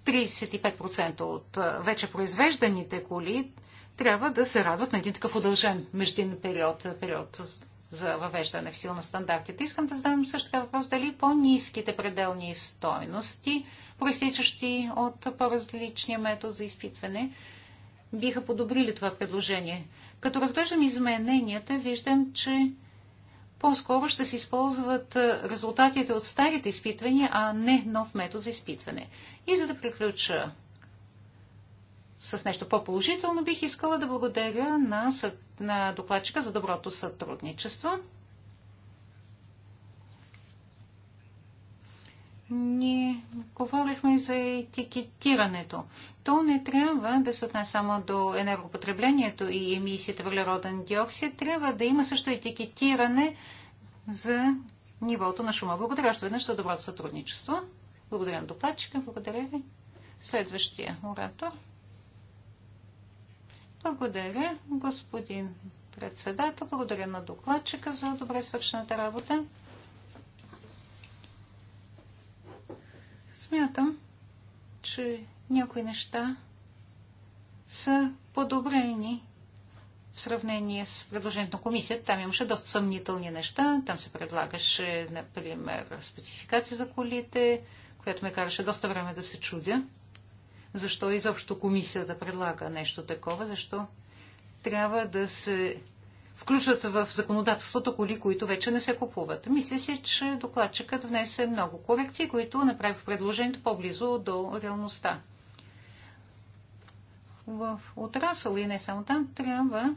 35% от вече произвежданите коли трябва да се радват на един такъв удължен междинен период, период за въвеждане в сила на стандартите. Искам да задам също така въпрос дали по-низките пределни стойности, проистичащи от по-различния метод за изпитване, биха подобрили това предложение. Като разглеждам измененията, виждам, че по-скоро ще се използват е, резултатите от старите изпитвания, а не нов метод за изпитване. И за да приключа с нещо по-положително, бих искала да благодаря на, на докладчика за доброто сътрудничество. Ние говорихме и за етикетирането то не трябва да се отнася само до енергопотреблението и емисията въглероден диоксид. Трябва да има също етикетиране за нивото на шума. Благодаря още веднъж за доброто сътрудничество. Благодаря на докладчика. Благодаря ви. Следващия оратор. Благодаря, господин председател. Благодаря на докладчика за добре свършената работа. Смятам, че някои неща са подобрени в сравнение с предложението на комисията. Там имаше доста съмнителни неща. Там се предлагаше, например, спецификация за колите, която ме караше доста време да се чудя. Защо изобщо комисията предлага нещо такова? Защо трябва да се включват в законодателството коли, които вече не се купуват. Мисля си, че докладчикът внесе много корекции, които направих предложението по-близо до реалността в отрасъл и не само там, трябва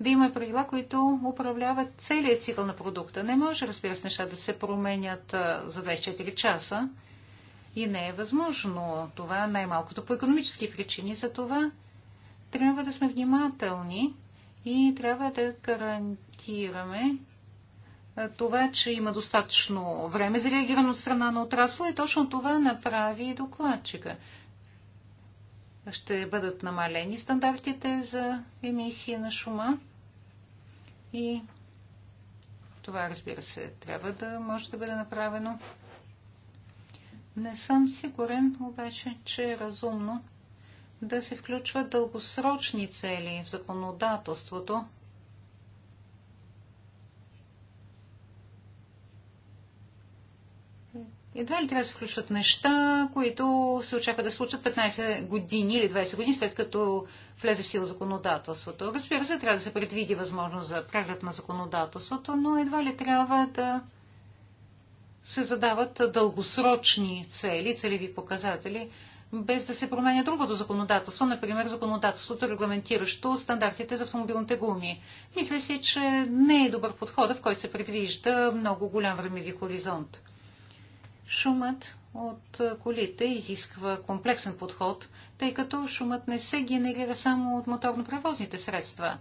да има правила, които управляват целият цикъл на продукта. Не може, разбира се, неща да се променят за 24 часа и не е възможно. Това е най-малкото по економически причини. За това трябва да сме внимателни и трябва да гарантираме това, че има достатъчно време за реагиране от страна на отрасла и точно това направи и докладчика ще бъдат намалени стандартите за емисии на шума и това, разбира се, трябва да може да бъде направено. Не съм сигурен обаче, че е разумно да се включват дългосрочни цели в законодателството, едва ли трябва да се включват неща, които се очаква да случат 15 години или 20 години след като влезе в сила законодателството. Разбира се, трябва да се предвиди възможност за преглед на законодателството, но едва ли трябва да се задават дългосрочни цели, целеви показатели, без да се променя другото законодателство, например законодателството, регламентиращо стандартите за автомобилните гуми. Мисля си, че не е добър подходът, в който се предвижда много голям времеви хоризонт. Шумът от колите изисква комплексен подход, тъй като шумът не се генерира само от моторно-превозните средства.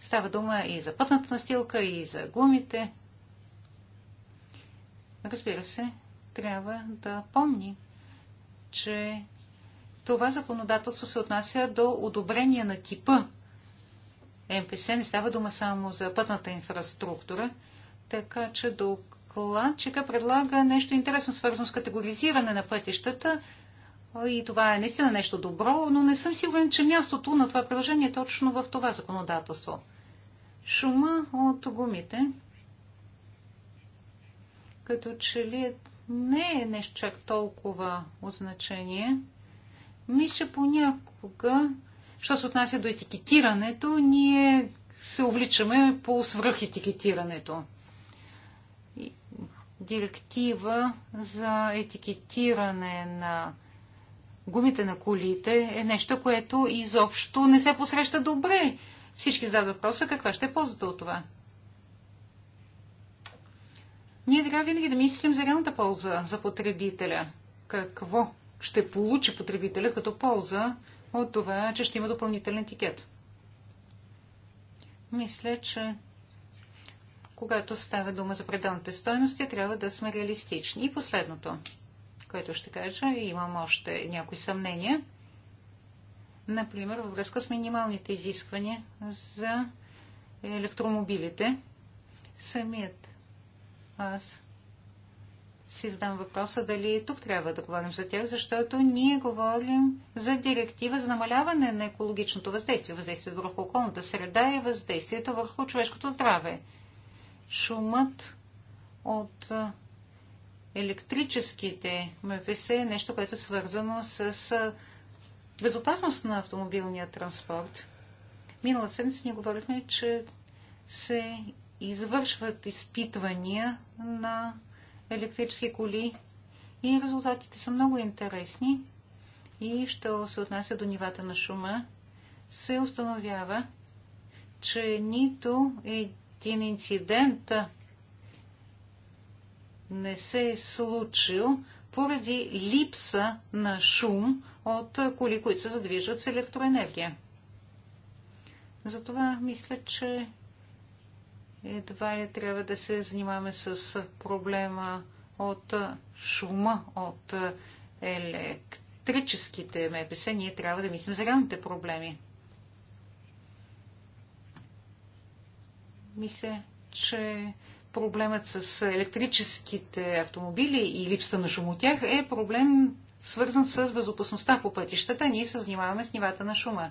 Става дума и за пътната настилка, и за гумите. Разбира се, трябва да помни, че това законодателство се отнася до одобрение на типа. МПС не става дума само за пътната инфраструктура, така че до докладчика предлага нещо интересно, свързано с категоризиране на пътищата. И това е наистина нещо добро, но не съм сигурен, че мястото на това приложение е точно в това законодателство. Шума от гумите, като че ли не е нещо чак толкова значение. Мисля, че понякога, що се отнася до етикетирането, ние се увличаме по свръхетикетирането директива за етикетиране на гумите на колите е нещо, което изобщо не се посреща добре. Всички задават въпроса каква ще е ползата от това. Ние трябва винаги да мислим за реалната полза за потребителя. Какво ще получи потребителят като полза от това, че ще има допълнителен етикет? Мисля, че когато става дума за пределните стойности, трябва да сме реалистични. И последното, което ще кажа, имам още някои съмнения. Например, във връзка с минималните изисквания за електромобилите. Самият аз си задам въпроса дали тук трябва да говорим за тях, защото ние говорим за директива за намаляване на екологичното въздействие, въздействието върху околната среда и въздействието върху човешкото здраве шумът от електрическите МПС е нещо, което е свързано с безопасност на автомобилния транспорт. минала седмица ни говорихме, че се извършват изпитвания на електрически коли и резултатите са много интересни. И що се отнася до нивата на шума, се установява, че нито един един инцидент не се е случил поради липса на шум от коли, които се задвижват с електроенергия. Затова мисля, че едва ли трябва да се занимаваме с проблема от шума, от електрическите МПС. Ние трябва да мислим за реалните проблеми. Мисля, че проблемът с електрическите автомобили и липса на шум от тях е проблем свързан с безопасността по пътищата. Ние се занимаваме с нивата на шума.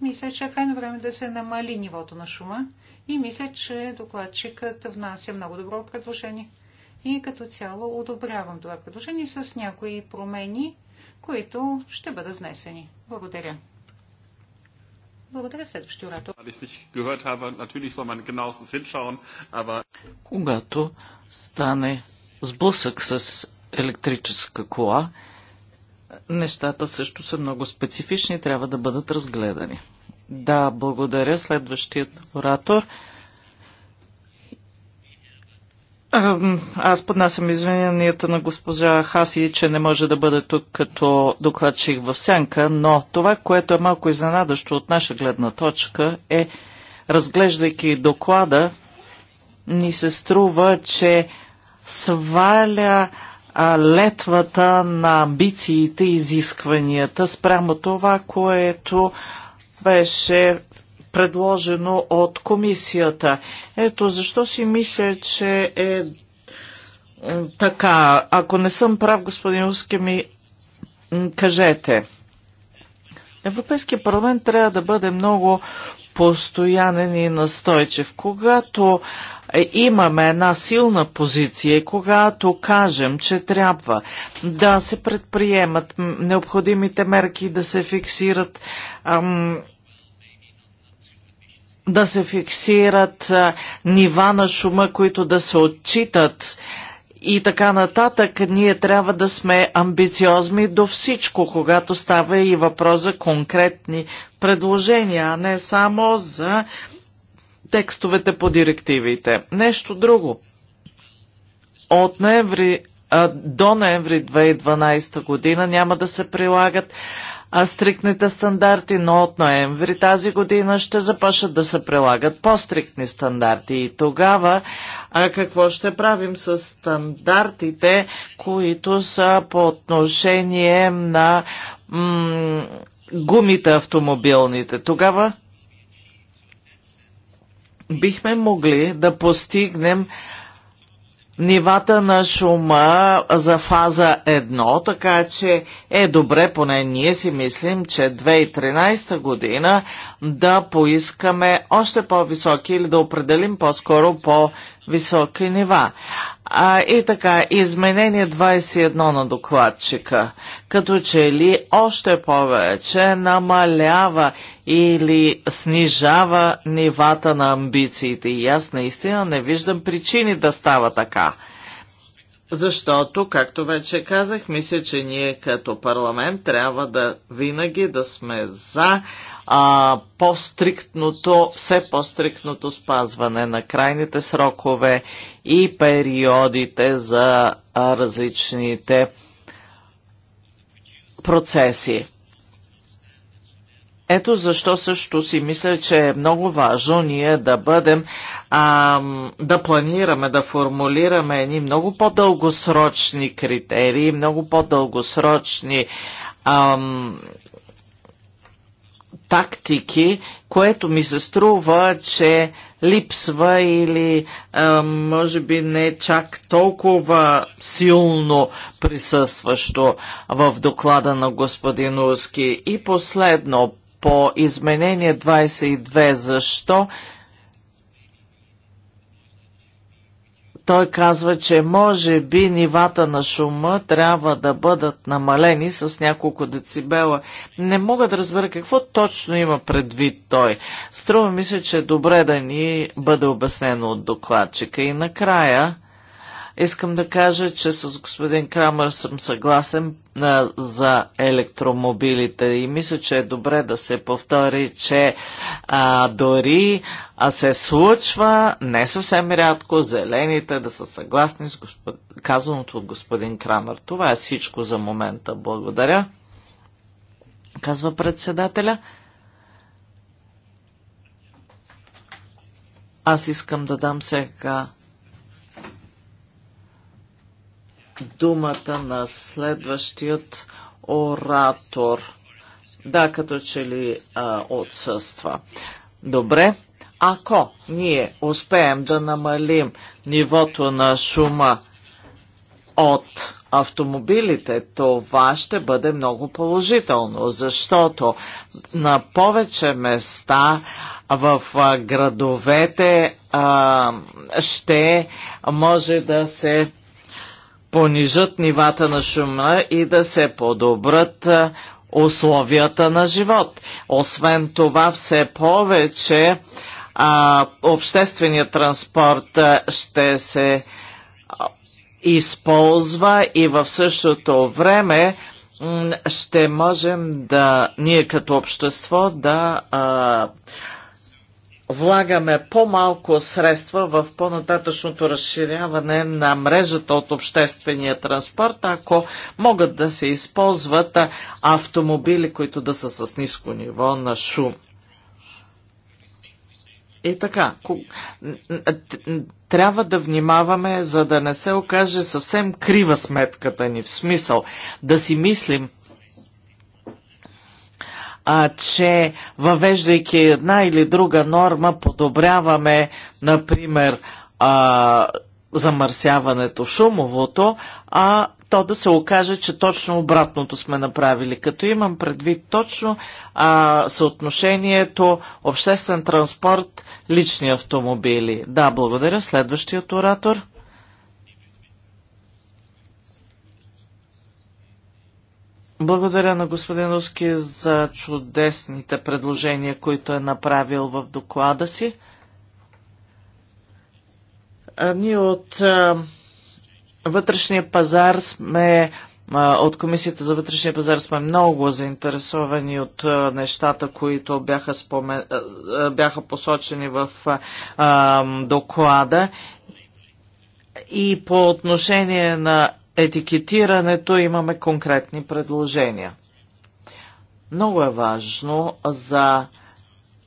Мисля, че е крайно време да се намали нивото на шума и мисля, че докладчикът внася много добро предложение. И като цяло одобрявам това предложение с някои промени, които ще бъдат внесени. Благодаря. Благодаря, следващия оратор. Когато стане сблъсък с електрическа кола, нещата също са много специфични и трябва да бъдат разгледани. Да, благодаря. Следващият оратор. Аз поднасям извиненията на госпожа Хаси, че не може да бъде тук като докладчик в сянка, но това, което е малко изненадащо от наша гледна точка е, разглеждайки доклада, ни се струва, че сваля а, летвата на амбициите и изискванията спрямо това, което беше предложено от комисията. Ето защо си мисля, че е, е така. Ако не съм прав, господин Уски, ми кажете. Европейския парламент трябва да бъде много постоянен и настойчив. Когато е, имаме една силна позиция и когато кажем, че трябва да се предприемат необходимите мерки, да се фиксират ам, да се фиксират нива на шума, които да се отчитат и така нататък, ние трябва да сме амбициозни до всичко, когато става и въпрос за конкретни предложения, а не само за текстовете по директивите. Нещо друго. От ноември до ноември 2012 година няма да се прилагат а стриктните стандарти, но от ноември тази година ще започнат да се прилагат по-стриктни стандарти. И тогава а какво ще правим с стандартите, които са по отношение на гумите автомобилните? Тогава бихме могли да постигнем нивата на шума за фаза 1, така че е добре, поне ние си мислим, че 2013 година да поискаме още по-високи или да определим по-скоро по-високи нива. А, и така, изменение 21 на докладчика, като че ли още повече намалява или снижава нивата на амбициите. И аз наистина не виждам причини да става така. Защото, както вече казах, мисля, че ние като парламент трябва да винаги да сме за а, по-стриктното, все по-стриктното спазване на крайните срокове и периодите за а, различните процеси. Ето защо също си мисля, че е много важно ние да бъдем, а, да планираме, да формулираме едни много по-дългосрочни критерии, много по-дългосрочни тактики, което ми се струва, че липсва или а, може би не чак толкова силно присъстващо в доклада на господин Уски. И последно, по изменение 22, защо Той казва, че може би нивата на шума трябва да бъдат намалени с няколко децибела. Не мога да разбера какво точно има предвид той. Струва ми се, че е добре да ни бъде обяснено от докладчика. И накрая Искам да кажа, че с господин Крамър съм съгласен а, за електромобилите и мисля, че е добре да се повтори, че а, дори а се случва не съвсем рядко зелените да са съгласни с господ... казаното от господин Крамър. Това е всичко за момента. Благодаря. Казва председателя. Аз искам да дам сега думата на следващият оратор. Да, като че ли а, отсъства. Добре. Ако ние успеем да намалим нивото на шума от автомобилите, това ще бъде много положително, защото на повече места в градовете а, ще може да се понижат нивата на шума и да се подобрат условията на живот. Освен това, все повече а, общественият транспорт ще се използва и в същото време ще можем да, ние като общество, да а, влагаме по-малко средства в по-нататъчното разширяване на мрежата от обществения транспорт, ако могат да се използват автомобили, които да са с ниско ниво на шум. И така, трябва да внимаваме, за да не се окаже съвсем крива сметката ни, в смисъл да си мислим, а, че въвеждайки една или друга норма подобряваме, например, а, замърсяването, шумовото, а то да се окаже, че точно обратното сме направили. Като имам предвид точно а, съотношението обществен транспорт, лични автомобили. Да, благодаря. Следващият оратор. Благодаря на господин Руски за чудесните предложения, които е направил в доклада си. Ние от вътрешния пазар сме от Комисията за вътрешния пазар сме много заинтересовани от нещата, които бяха, спомен... бяха посочени в а, доклада. И по отношение на етикетирането имаме конкретни предложения. Много е важно за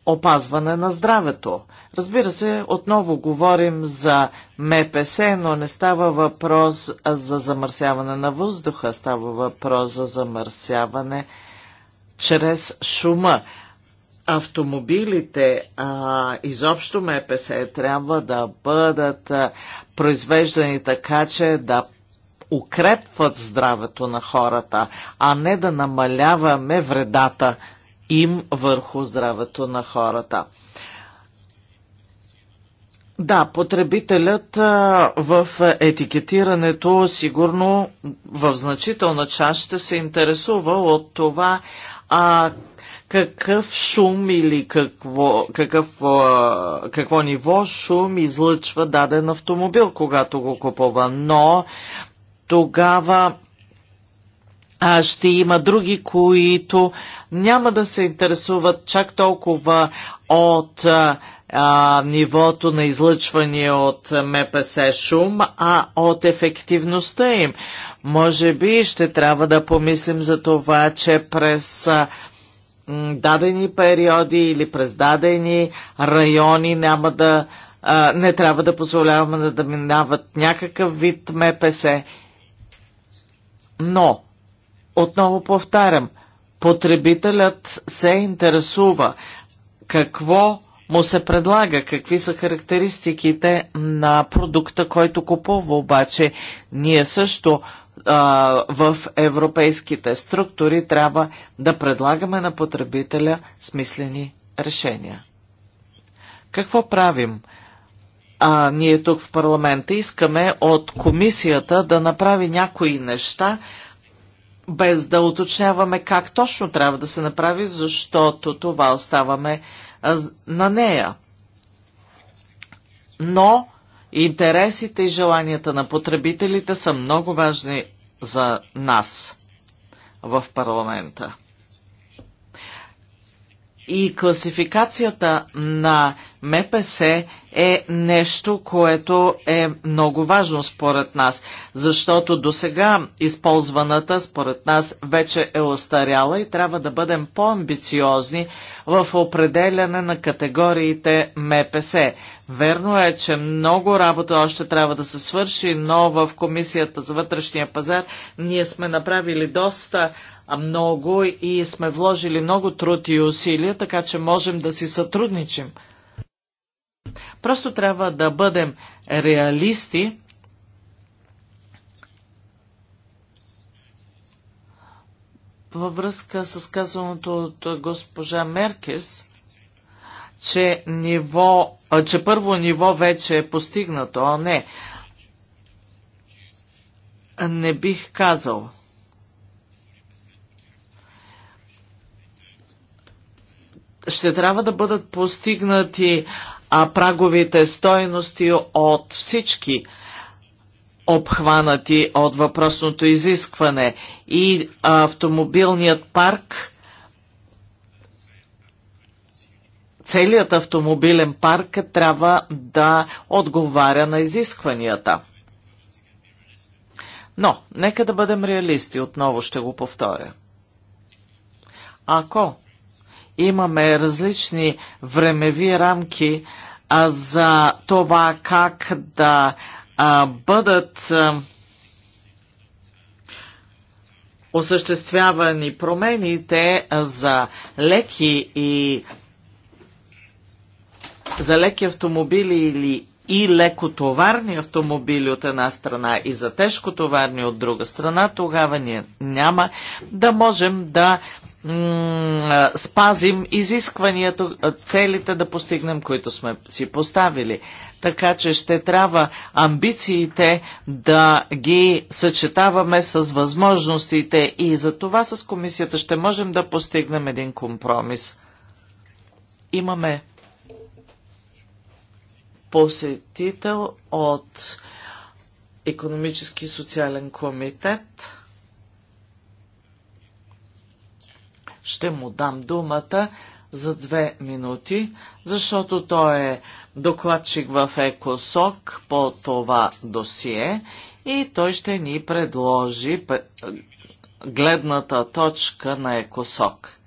опазване на здравето. Разбира се, отново говорим за МПС, но не става въпрос за замърсяване на въздуха, става въпрос за замърсяване чрез шума. Автомобилите, а, изобщо МПС, трябва да бъдат произвеждани така, че да укрепват здравето на хората, а не да намаляваме вредата им върху здравето на хората. Да, потребителят в етикетирането сигурно в значителна част ще се интересува от това а, какъв шум или какво, какъв, какво ниво шум излъчва даден автомобил, когато го купува. Но тогава а, ще има други, които няма да се интересуват чак толкова от а, нивото на излъчване от МПС шум, а от ефективността им. Може би ще трябва да помислим за това, че през дадени периоди или през дадени райони няма да а, не трябва да позволяваме да минават някакъв вид МПС но, отново повтарям, потребителят се интересува какво му се предлага, какви са характеристиките на продукта, който купува. Обаче ние също в европейските структури трябва да предлагаме на потребителя смислени решения. Какво правим? а, ние тук в парламента искаме от комисията да направи някои неща, без да уточняваме как точно трябва да се направи, защото това оставаме а, на нея. Но интересите и желанията на потребителите са много важни за нас в парламента. И класификацията на МПС е нещо, което е много важно според нас, защото до сега използваната според нас вече е остаряла и трябва да бъдем по-амбициозни в определяне на категориите МПС. Верно е, че много работа още трябва да се свърши, но в Комисията за вътрешния пазар ние сме направили доста много и сме вложили много труд и усилия, така че можем да си сътрудничим – Просто трябва да бъдем реалисти. Във връзка с казаното от госпожа Меркес, че, ниво, че първо ниво вече е постигнато, а не. Не бих казал. Ще трябва да бъдат постигнати а, праговите стоености от всички обхванати от въпросното изискване и автомобилният парк, целият автомобилен парк трябва да отговаря на изискванията. Но, нека да бъдем реалисти, отново ще го повторя. Ако имаме различни времеви рамки за това как да а, бъдат осъществявани промените за леки и за леки автомобили или и лекотоварни автомобили от една страна и за тежкотоварни от друга страна, тогава ние няма да можем да спазим изискванията, целите да постигнем, които сме си поставили. Така че ще трябва амбициите да ги съчетаваме с възможностите и за това с комисията ще можем да постигнем един компромис. Имаме посетител от економически и социален комитет. Ще му дам думата за две минути, защото той е докладчик в ЕКОСОК по това досие и той ще ни предложи гледната точка на ЕКОСОК.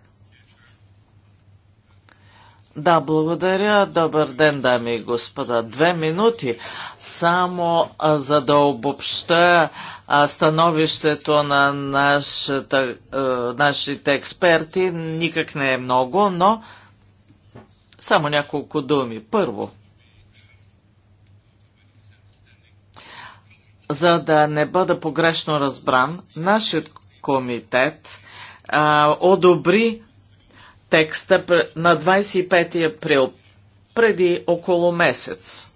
Да, благодаря. Добър ден, дами и господа. Две минути само а, за да обобща а, становището на нашата, а, нашите експерти. Никак не е много, но само няколко думи. Първо, за да не бъда погрешно разбран, нашият комитет а, одобри текста на 25 април, преди около месец.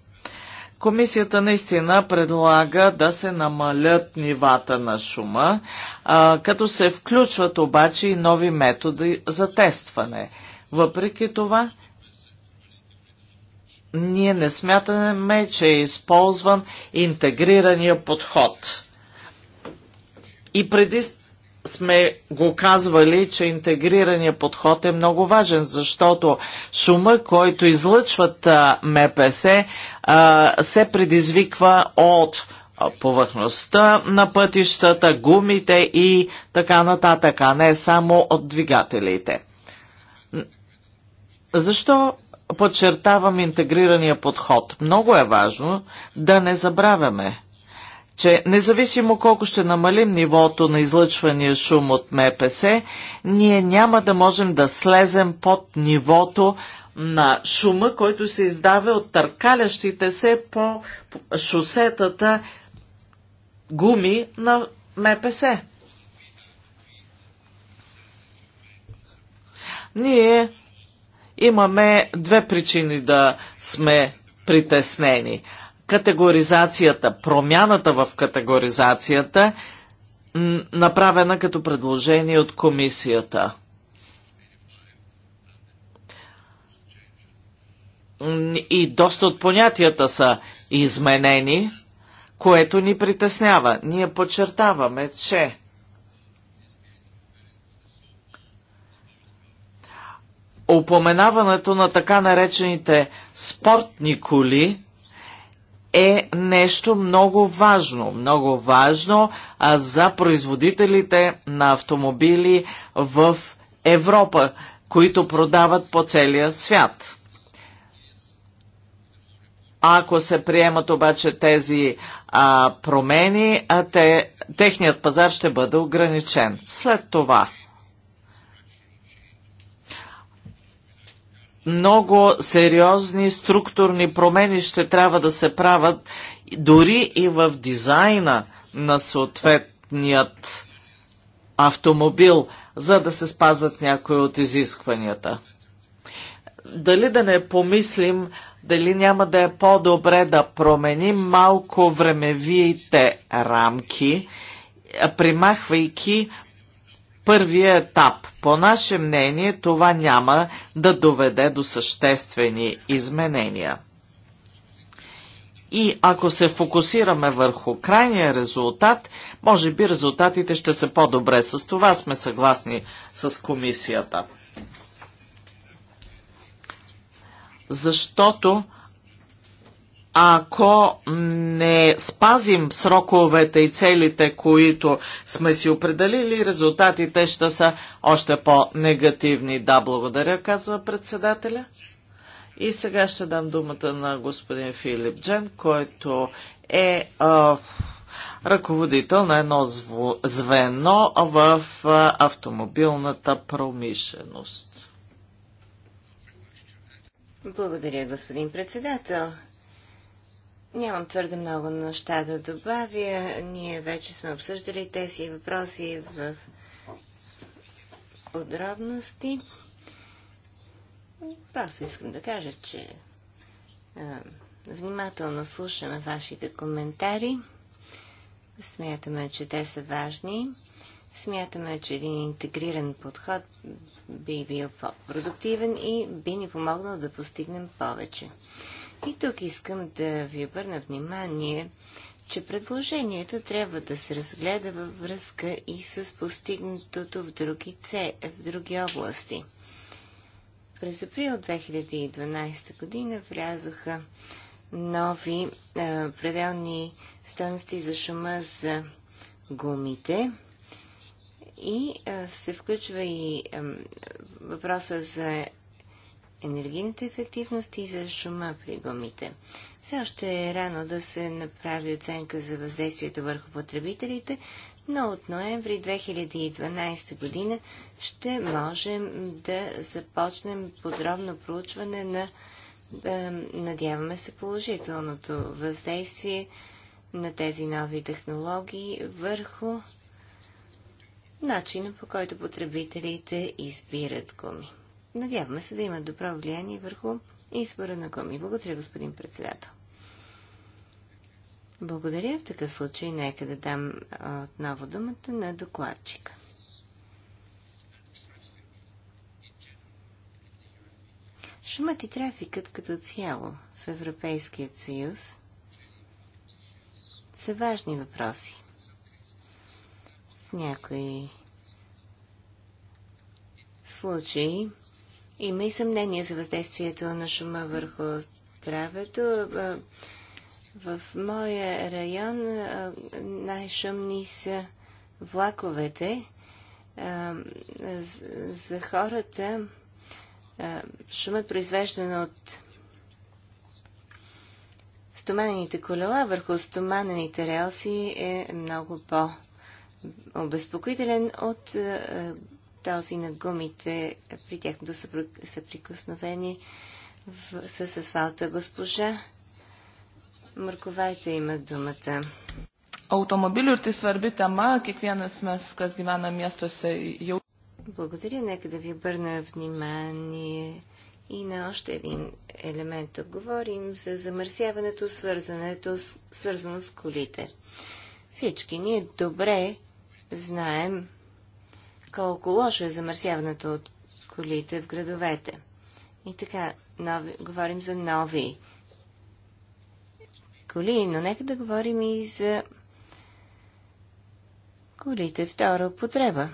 Комисията наистина предлага да се намалят нивата на шума, а, като се включват обаче и нови методи за тестване. Въпреки това, ние не смятаме, че е използван интегрирания подход. И преди сме го казвали, че интегрирания подход е много важен, защото шума, който излъчват МПС, се предизвиква от повърхността на пътищата, гумите и така нататък, а не само от двигателите. Защо подчертавам интегрирания подход? Много е важно да не забравяме че независимо колко ще намалим нивото на излъчвания шум от МПС, ние няма да можем да слезем под нивото на шума, който се издава от търкалящите се по шосетата гуми на МПС. Ние имаме две причини да сме притеснени категоризацията, промяната в категоризацията, направена като предложение от комисията. И доста от понятията са изменени, което ни притеснява. Ние подчертаваме, че упоменаването на така наречените спортни коли – е нещо много важно, много важно а, за производителите на автомобили в Европа, които продават по целия свят. Ако се приемат обаче тези а, промени, а те, техният пазар ще бъде ограничен. След това – много сериозни структурни промени ще трябва да се правят дори и в дизайна на съответният автомобил, за да се спазат някои от изискванията. Дали да не помислим, дали няма да е по-добре да променим малко времевите рамки, примахвайки първия етап. По наше мнение това няма да доведе до съществени изменения. И ако се фокусираме върху крайния резултат, може би резултатите ще са по-добре. С това сме съгласни с комисията. Защото ако не спазим сроковете и целите, които сме си определили, резултатите ще са още по-негативни. Да, благодаря, казва председателя. И сега ще дам думата на господин Филип Джен, който е а, ръководител на едно звено в а, автомобилната промишленост. Благодаря, господин председател. Нямам твърде много неща да добавя. Ние вече сме обсъждали тези въпроси в подробности. Просто искам да кажа, че а, внимателно слушаме вашите коментари. Смятаме, че те са важни. Смятаме, че един интегриран подход би бил по-продуктивен и би ни помогнал да постигнем повече. И тук искам да ви обърна внимание, че предложението трябва да се разгледа във връзка и с постигнатото в други, це, в други области. През април 2012 година влязоха нови е, пределни стоености за шума за гумите и е, се включва и е, въпроса за енергийната ефективност и за шума при гумите. Все още е рано да се направи оценка за въздействието върху потребителите, но от ноември 2012 година ще можем да започнем подробно проучване на, да, надяваме се, положителното въздействие на тези нови технологии върху начина по който потребителите избират гуми. Надяваме се да имат добро влияние върху избора на коми. Благодаря, господин председател. Благодаря. В такъв случай нека да дам отново думата на докладчика. Шумът и трафикът като цяло в Европейският съюз са важни въпроси. В някои случаи има и съмнение за въздействието на шума върху здравето. В моя район най-шумни са влаковете. За хората шумът произвеждан от стоманените колела върху стоманените релси е много по- обезпокоителен от този на гумите при тяхното съприкосновение с асфалта. Госпожа Марковайте има думата. Automobilių ir какви svarbi tema, kiekvienas mes, на място се Ю. Благодаря, нека да ви обърна внимание и на още един елемент. говорим за замърсяването, свързането, свързано с колите. Всички ние добре знаем колко лошо е замърсяването от колите в градовете. И така, нови, говорим за нови коли, но нека да говорим и за колите втора употреба.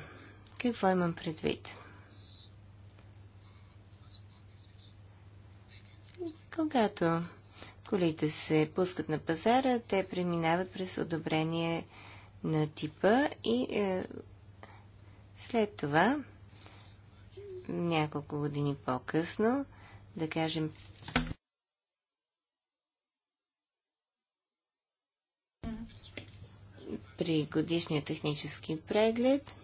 Какво имам предвид? Когато колите се пускат на пазара, те преминават през одобрение на типа и е, след това, няколко години по-късно, да кажем при годишния технически преглед,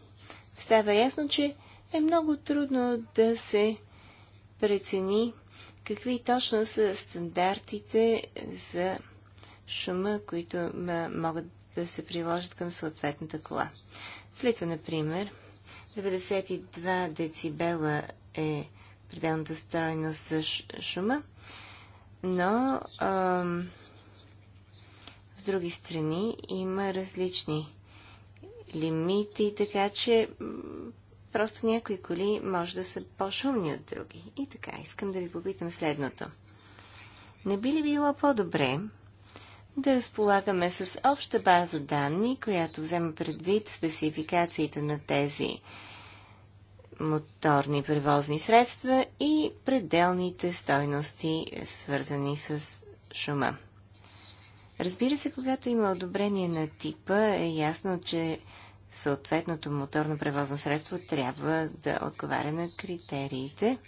става ясно, че е много трудно да се прецени какви точно са стандартите за шума, които могат да се приложат към съответната кола. В Литва, например, 92 децибела е пределната стойност с шума, но а, в други страни има различни лимити, така че просто някои коли може да са по-шумни от други. И така, искам да ви попитам следното. Не би ли било по-добре да разполагаме с обща база данни, която взема предвид спецификациите на тези моторни превозни средства и пределните стойности, свързани с шума. Разбира се, когато има одобрение на типа, е ясно, че съответното моторно превозно средство трябва да отговаря на критериите –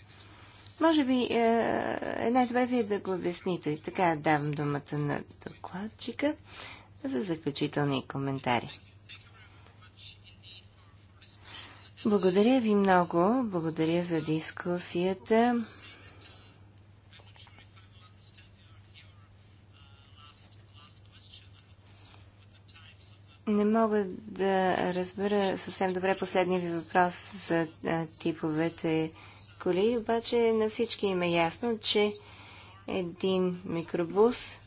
може би е, е най-добре вие да го обясните. И така давам думата на докладчика за заключителни коментари. Благодаря ви много. Благодаря за дискусията. Не мога да разбера съвсем добре последния ви въпрос за е, типовете коли, обаче на всички им е ясно, че един микробус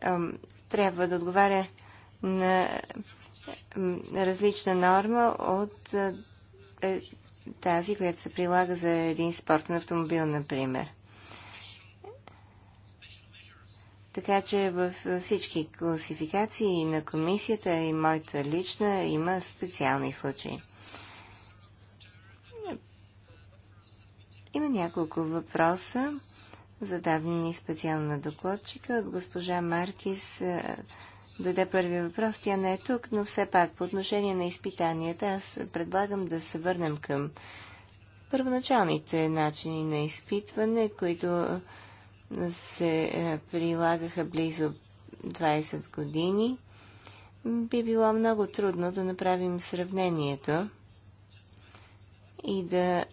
ам, трябва да отговаря на различна норма от е, тази, която се прилага за един спортен автомобил, например. Така че във всички класификации на комисията и моята лична има специални случаи. Има няколко въпроса, зададени специално на докладчика от госпожа Маркис. Е, Дойде първи въпрос, тя не е тук, но все пак по отношение на изпитанията аз предлагам да се върнем към първоначалните начини на изпитване, които се е, прилагаха близо 20 години. Би било много трудно да направим сравнението и да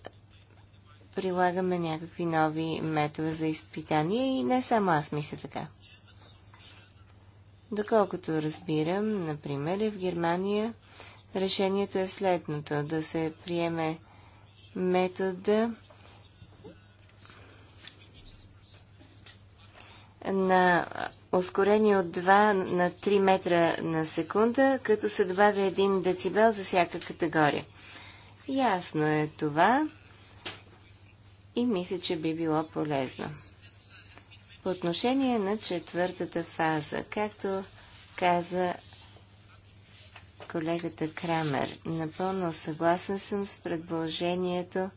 прилагаме някакви нови методи за изпитание и не само аз мисля така. Доколкото разбирам, например, в Германия решението е следното да се приеме метода на ускорение от 2 на 3 метра на секунда, като се добавя 1 децибел за всяка категория. Ясно е това и мисля, че би било полезно. По отношение на четвъртата фаза, както каза колегата Крамер, напълно съгласен съм с предложението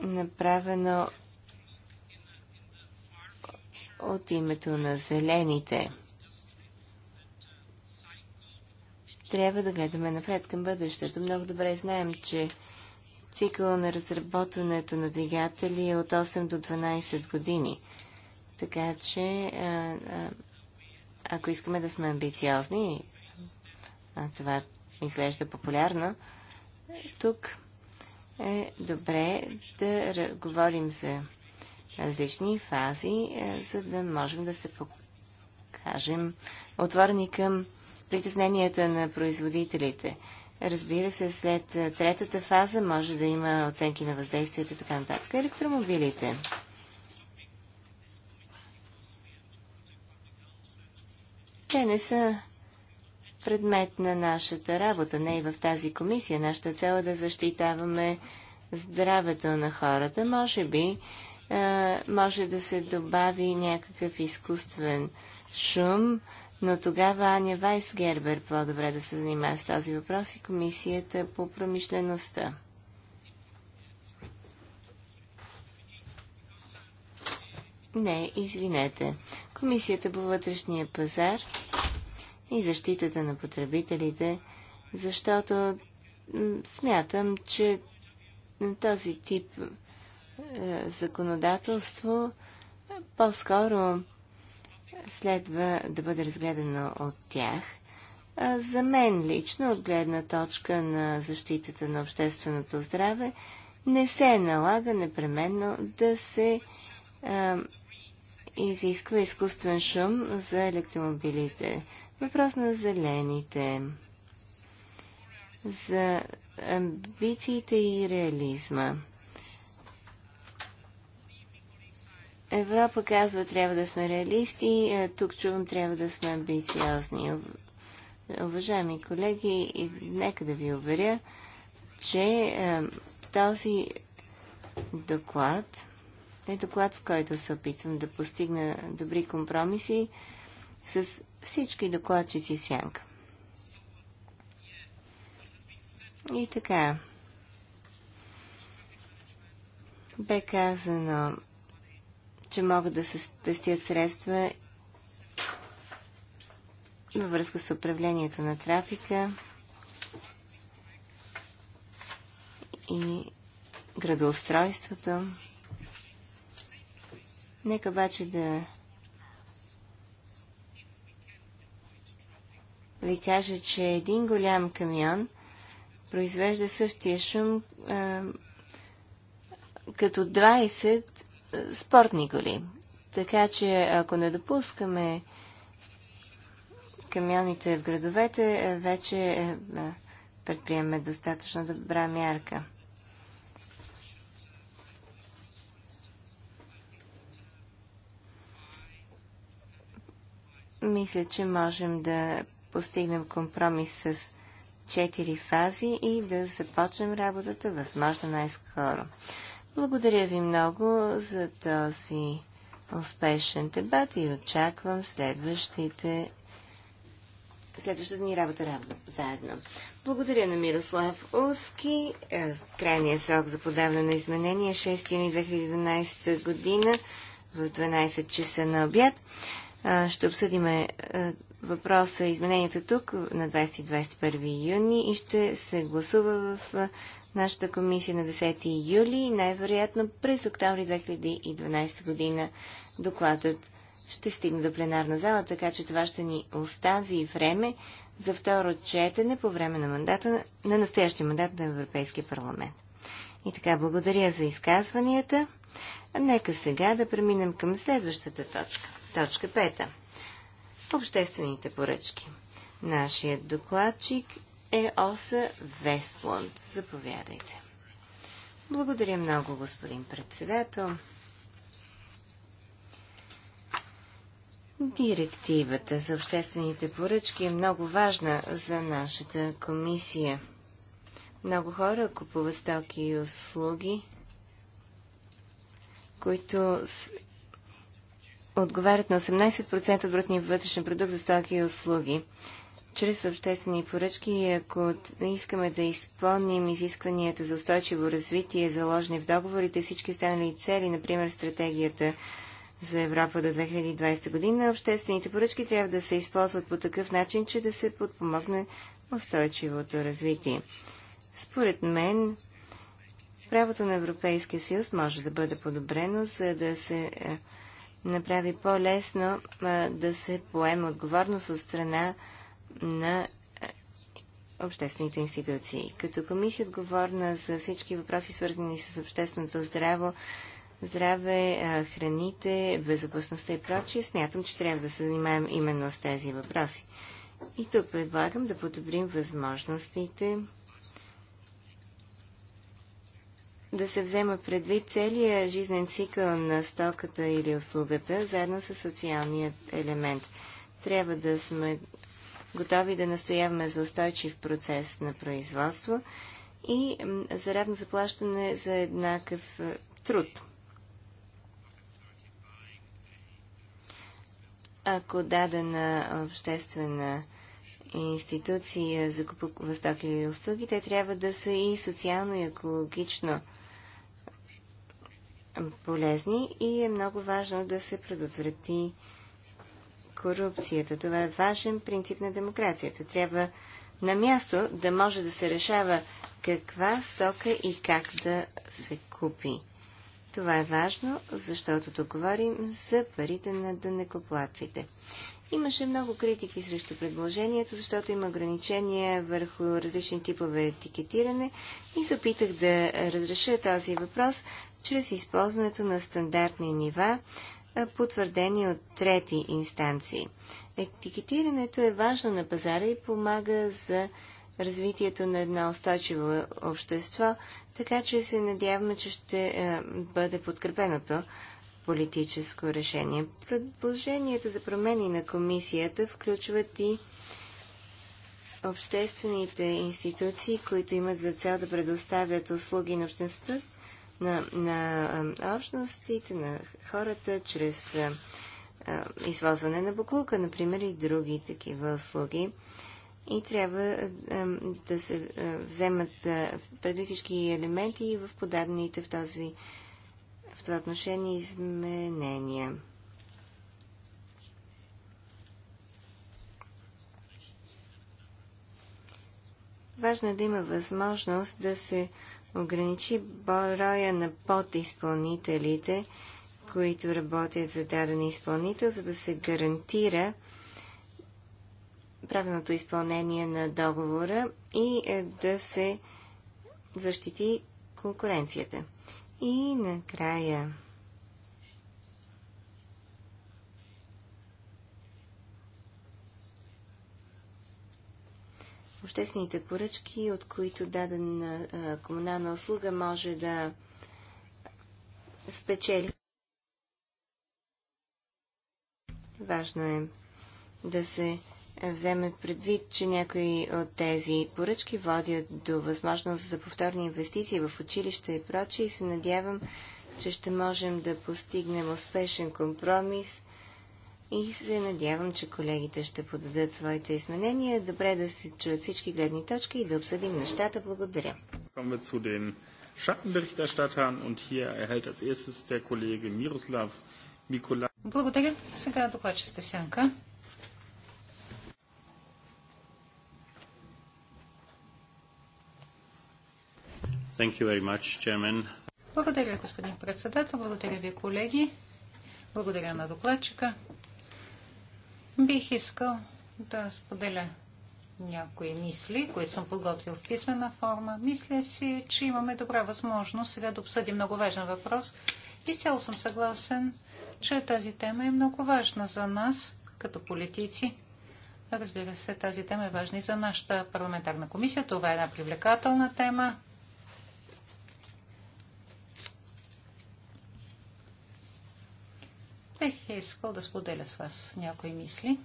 направено от името на зелените – трябва да гледаме напред към бъдещето. Много добре знаем, че цикъл на разработването на двигатели е от 8 до 12 години. Така че, а, а, ако искаме да сме амбициозни, а това изглежда популярно, тук е добре да говорим за различни фази, за да можем да се покажем отворени към притесненията на производителите. Разбира се, след третата фаза може да има оценки на въздействието и така нататък. Електромобилите. Те не са предмет на нашата работа, не и в тази комисия. Нашата цел е да защитаваме здравето на хората. Може би може да се добави някакъв изкуствен шум, но тогава Аня Вайс Гербер по-добре да се занимава с този въпрос и Комисията по промишлеността. Не, извинете. Комисията по вътрешния пазар и защитата на потребителите, защото смятам, че този тип е, законодателство по-скоро следва да бъде разгледано от тях. За мен лично, от гледна точка на защитата на общественото здраве, не се налага непременно да се а, изисква изкуствен шум за електромобилите. Въпрос на зелените, за амбициите и реализма. Европа казва, трябва да сме реалисти, е, тук чувам, трябва да сме амбициозни. Уважаеми колеги, нека да ви уверя, че е, този доклад е доклад, в който се опитвам да постигна добри компромиси с всички докладчици в сянка. И така, бе казано че могат да се спестят средства във връзка с управлението на трафика и градоустройството. Нека обаче да ви кажа, че един голям камион произвежда същия шум а, като спортни коли. Така че ако не допускаме камионите в градовете, вече е, е, предприемаме достатъчно добра мярка. Мисля, че можем да постигнем компромис с четири фази и да започнем работата възможно най-скоро. Благодаря ви много за този успешен дебат и очаквам следващите следващата ни работа работа заедно. Благодаря на Мирослав Уски. Е, крайният срок за подаване на изменения 6 е юни 2012 година в 12 часа на обяд. Е, ще обсъдиме въпроса изменението тук на 20-21 юни и ще се гласува в нашата комисия на 10 юли и най-вероятно през октомври 2012 година докладът ще стигне до пленарна зала, така че това ще ни остави време за второ четене по време на, мандата, на настоящия мандат на Европейския парламент. И така, благодаря за изказванията. А нека сега да преминем към следващата точка. Точка 5. Обществените поръчки. Нашият докладчик е Оса Вестланд. Заповядайте. Благодаря много, господин председател. Директивата за обществените поръчки е много важна за нашата комисия. Много хора купуват стоки и услуги, които с... отговарят на 18% от брутния вътрешен продукт за стоки и услуги чрез обществени поръчки и ако искаме да изпълним изискванията за устойчиво развитие, заложени в договорите и всички останали цели, например стратегията за Европа до 2020 година, обществените поръчки трябва да се използват по такъв начин, че да се подпомогне устойчивото развитие. Според мен, правото на Европейския съюз може да бъде подобрено, за да се е, направи по-лесно е, да се поеме отговорност от страна на обществените институции. Като комисия отговорна за всички въпроси, свързани с общественото здраво, здраве, храните, безопасността и прочие, смятам, че трябва да се занимаем именно с тези въпроси. И тук предлагам да подобрим възможностите да се взема предвид целия жизнен цикъл на стоката или услугата, заедно с социалният елемент. Трябва да сме готови да настояваме за устойчив процес на производство и за равно заплащане за еднакъв е, труд. Ако дадена обществена институция закупува стоки или услуги, те трябва да са и социално и екологично полезни и е много важно да се предотврати корупцията. Това е важен принцип на демокрацията. Трябва на място да може да се решава каква стока и как да се купи. Това е важно, защото тук говорим за парите на дънекоплаците. Имаше много критики срещу предложението, защото има ограничения върху различни типове етикетиране и се опитах да разреша този въпрос чрез използването на стандартни нива е, потвърдени от трети инстанции. Етикетирането е важно на пазара и помага за развитието на едно устойчиво общество, така че се надяваме, че ще е, бъде подкрепеното политическо решение. Предложението за промени на комисията включват и обществените институции, които имат за цел да предоставят услуги на обществото, на, на общностите, на хората, чрез извозване на буклука, например, и други такива услуги. И трябва да се вземат преди всички елементи в подадените в, този, в това отношение изменения. Важно е да има възможност да се ограничи броя на подизпълнителите, които работят за даден изпълнител, за да се гарантира правилното изпълнение на договора и е, да се защити конкуренцията. И накрая обществените поръчки, от които дадена комунална услуга може да спечели. Важно е да се вземе предвид, че някои от тези поръчки водят до възможност за повторни инвестиции в училище и прочие и се надявам, че ще можем да постигнем успешен компромис и се надявам, че колегите ще подадат своите изменения. Добре да се чуят всички гледни точки и да обсъдим нещата. Благодаря. Благодаря. Сега докладчицата в сянка. Much, Благодаря, господин председател. Благодаря ви, колеги. Благодаря на докладчика. Бих искал да споделя някои мисли, които съм подготвил в писмена форма. Мисля си, че имаме добра възможност сега да обсъдим много важен въпрос. Изцяло съм съгласен, че тази тема е много важна за нас, като политици. Разбира се, тази тема е важна и за нашата парламентарна комисия. Това е една привлекателна тема. Бех искал да споделя с вас някои мисли.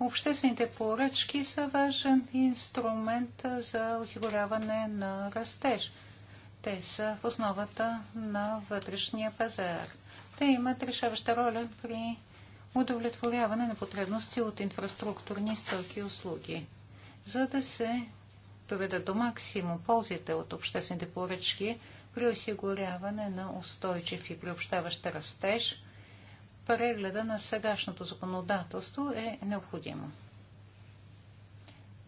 Обществените поръчки са важен инструмент за осигуряване на растеж. Те са в основата на вътрешния пазар. Те имат решаваща роля при удовлетворяване на потребности от инфраструктурни стоки и услуги. За да се доведат до максимум ползите от обществените поръчки, при осигуряване на устойчив и приобщаващ растеж, прегледа на сегашното законодателство е необходимо.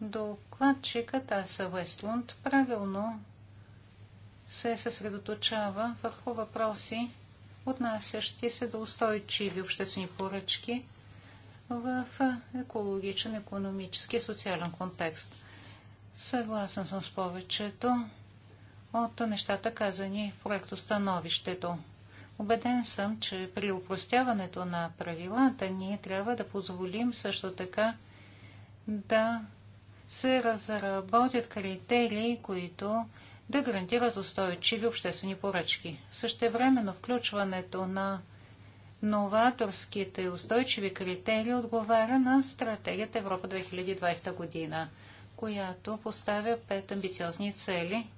Докладчикът Аса Вестлунд правилно се съсредоточава върху въпроси, отнасящи се до устойчиви обществени поръчки в екологичен, економически и социален контекст. Съгласен съм с повечето от нещата казани в проектостановището. Обеден съм, че при упростяването на правилата ние трябва да позволим също така да се разработят критерии, които да гарантират устойчиви обществени поръчки. Същевременно включването на новаторските и устойчиви критерии отговаря на стратегията Европа 2020 година, която поставя пет амбициозни цели –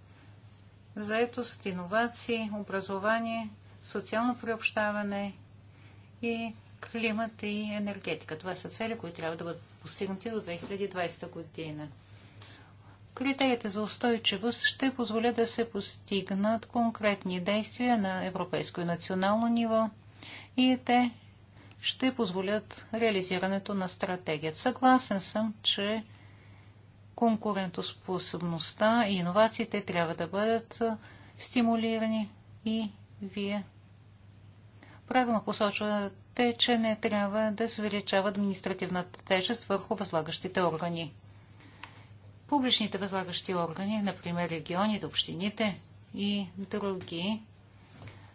заетост, иновации, образование, социално приобщаване и климат и енергетика. Това са цели, които трябва да бъдат постигнати до 2020 година. Критериите за устойчивост ще позволят да се постигнат конкретни действия на европейско и национално ниво и те ще позволят реализирането на стратегията. Съгласен съм, че конкурентоспособността и иновациите трябва да бъдат стимулирани и вие правилно посочвате, че не трябва да се увеличава административната тежест върху възлагащите органи. Публичните възлагащи органи, например регионите, общините и други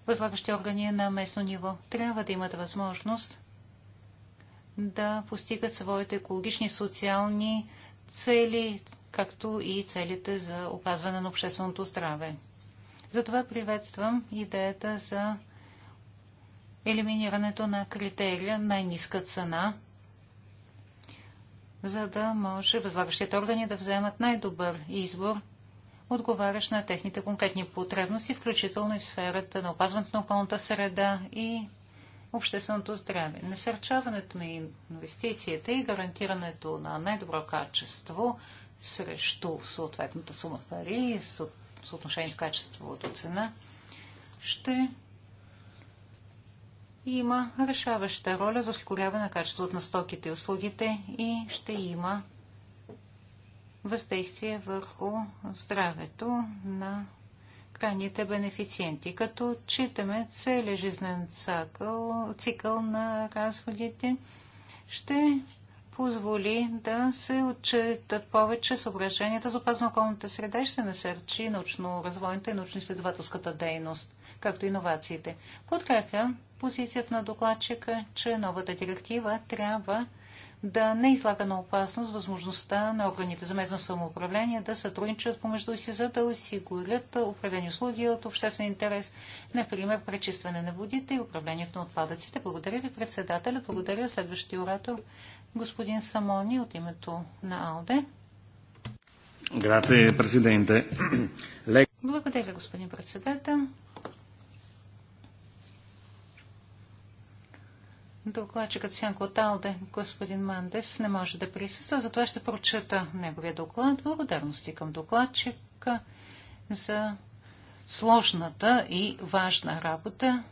възлагащи органи на местно ниво, трябва да имат възможност да постигат своите екологични, социални, цели, както и целите за опазване на общественото здраве. Затова приветствам идеята за елиминирането на критерия най-ниска цена, за да може възлагащите органи да вземат най-добър избор, отговарящ на техните конкретни потребности, включително и в сферата на опазването на околната среда и общественото здраве. Насърчаването на инвестицията и гарантирането на най-добро качество срещу съответната сума пари и съотношението качеството цена ще има решаваща роля за осигуряване на качеството на стоките и услугите и ще има въздействие върху здравето на крайните бенефициенти, като отчитаме целият жизнен цикъл, цикъл на разходите, ще позволи да се отчитат повече съображенията за опазна околната среда и ще насърчи научно-развойната и научно-изследователската дейност, както иновациите. Подкрепя позицията на докладчика, че новата директива трябва да не излага на опасност възможността на органите за местно самоуправление да сътрудничат помежду си, за да осигурят определени услуги от обществен интерес, например пречистване на водите и управлението на отпадъците. Благодаря ви, председателя. Благодаря следващия оратор, господин Самони от името на АЛДЕ. Благодаря, господин председател. Докладчикът Сянко Талде, господин Мандес, не може да присъства, затова ще прочета неговия доклад. Благодарности към докладчика за сложната и важна работа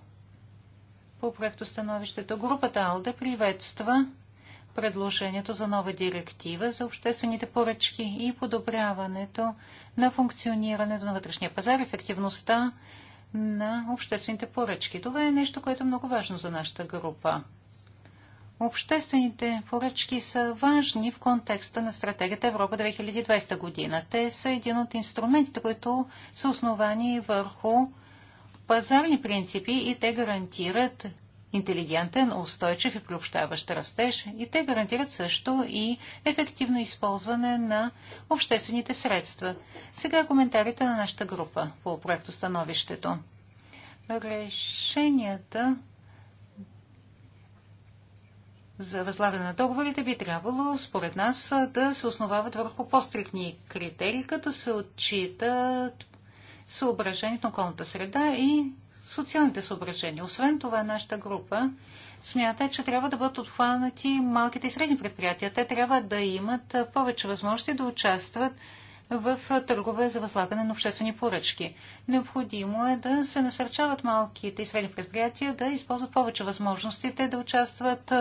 по проектостановището. Групата Алде приветства предложението за нова директива за обществените поръчки и подобряването на функционирането на вътрешния пазар, ефективността на обществените поръчки. Това е нещо, което е много важно за нашата група. Обществените поръчки са важни в контекста на стратегията Европа 2020 година. Те са един от инструментите, които са основани върху пазарни принципи и те гарантират интелигентен, устойчив и приобщаващ растеж и те гарантират също и ефективно използване на обществените средства. Сега коментарите на нашата група по проектостановището. Решенията за възлагане на договорите би трябвало, според нас, да се основават върху по-стрикни критерии, като се отчитат съображението на околната среда и социалните съображения. Освен това, нашата група смята, че трябва да бъдат обхванати малките и средни предприятия. Те трябва да имат повече възможности да участват в търгове за възлагане на обществени поръчки. Необходимо е да се насърчават малките и средни предприятия да използват повече възможностите да участват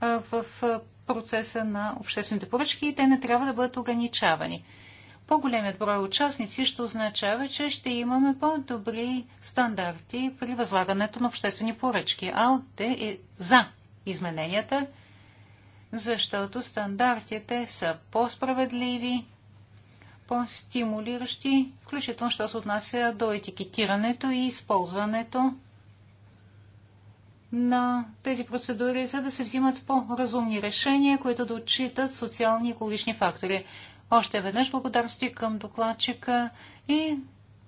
в процеса на обществените поръчки и те не трябва да бъдат ограничавани. По-големият брой участници ще означава, че ще имаме по-добри стандарти при възлагането на обществени поръчки. АЛТЕ е за измененията, защото стандартите са по-справедливи, по-стимулиращи, включително що се отнася до етикетирането и използването на тези процедури, за да се взимат по-разумни решения, които да отчитат социални и екологични фактори. Още веднъж благодарности към докладчика и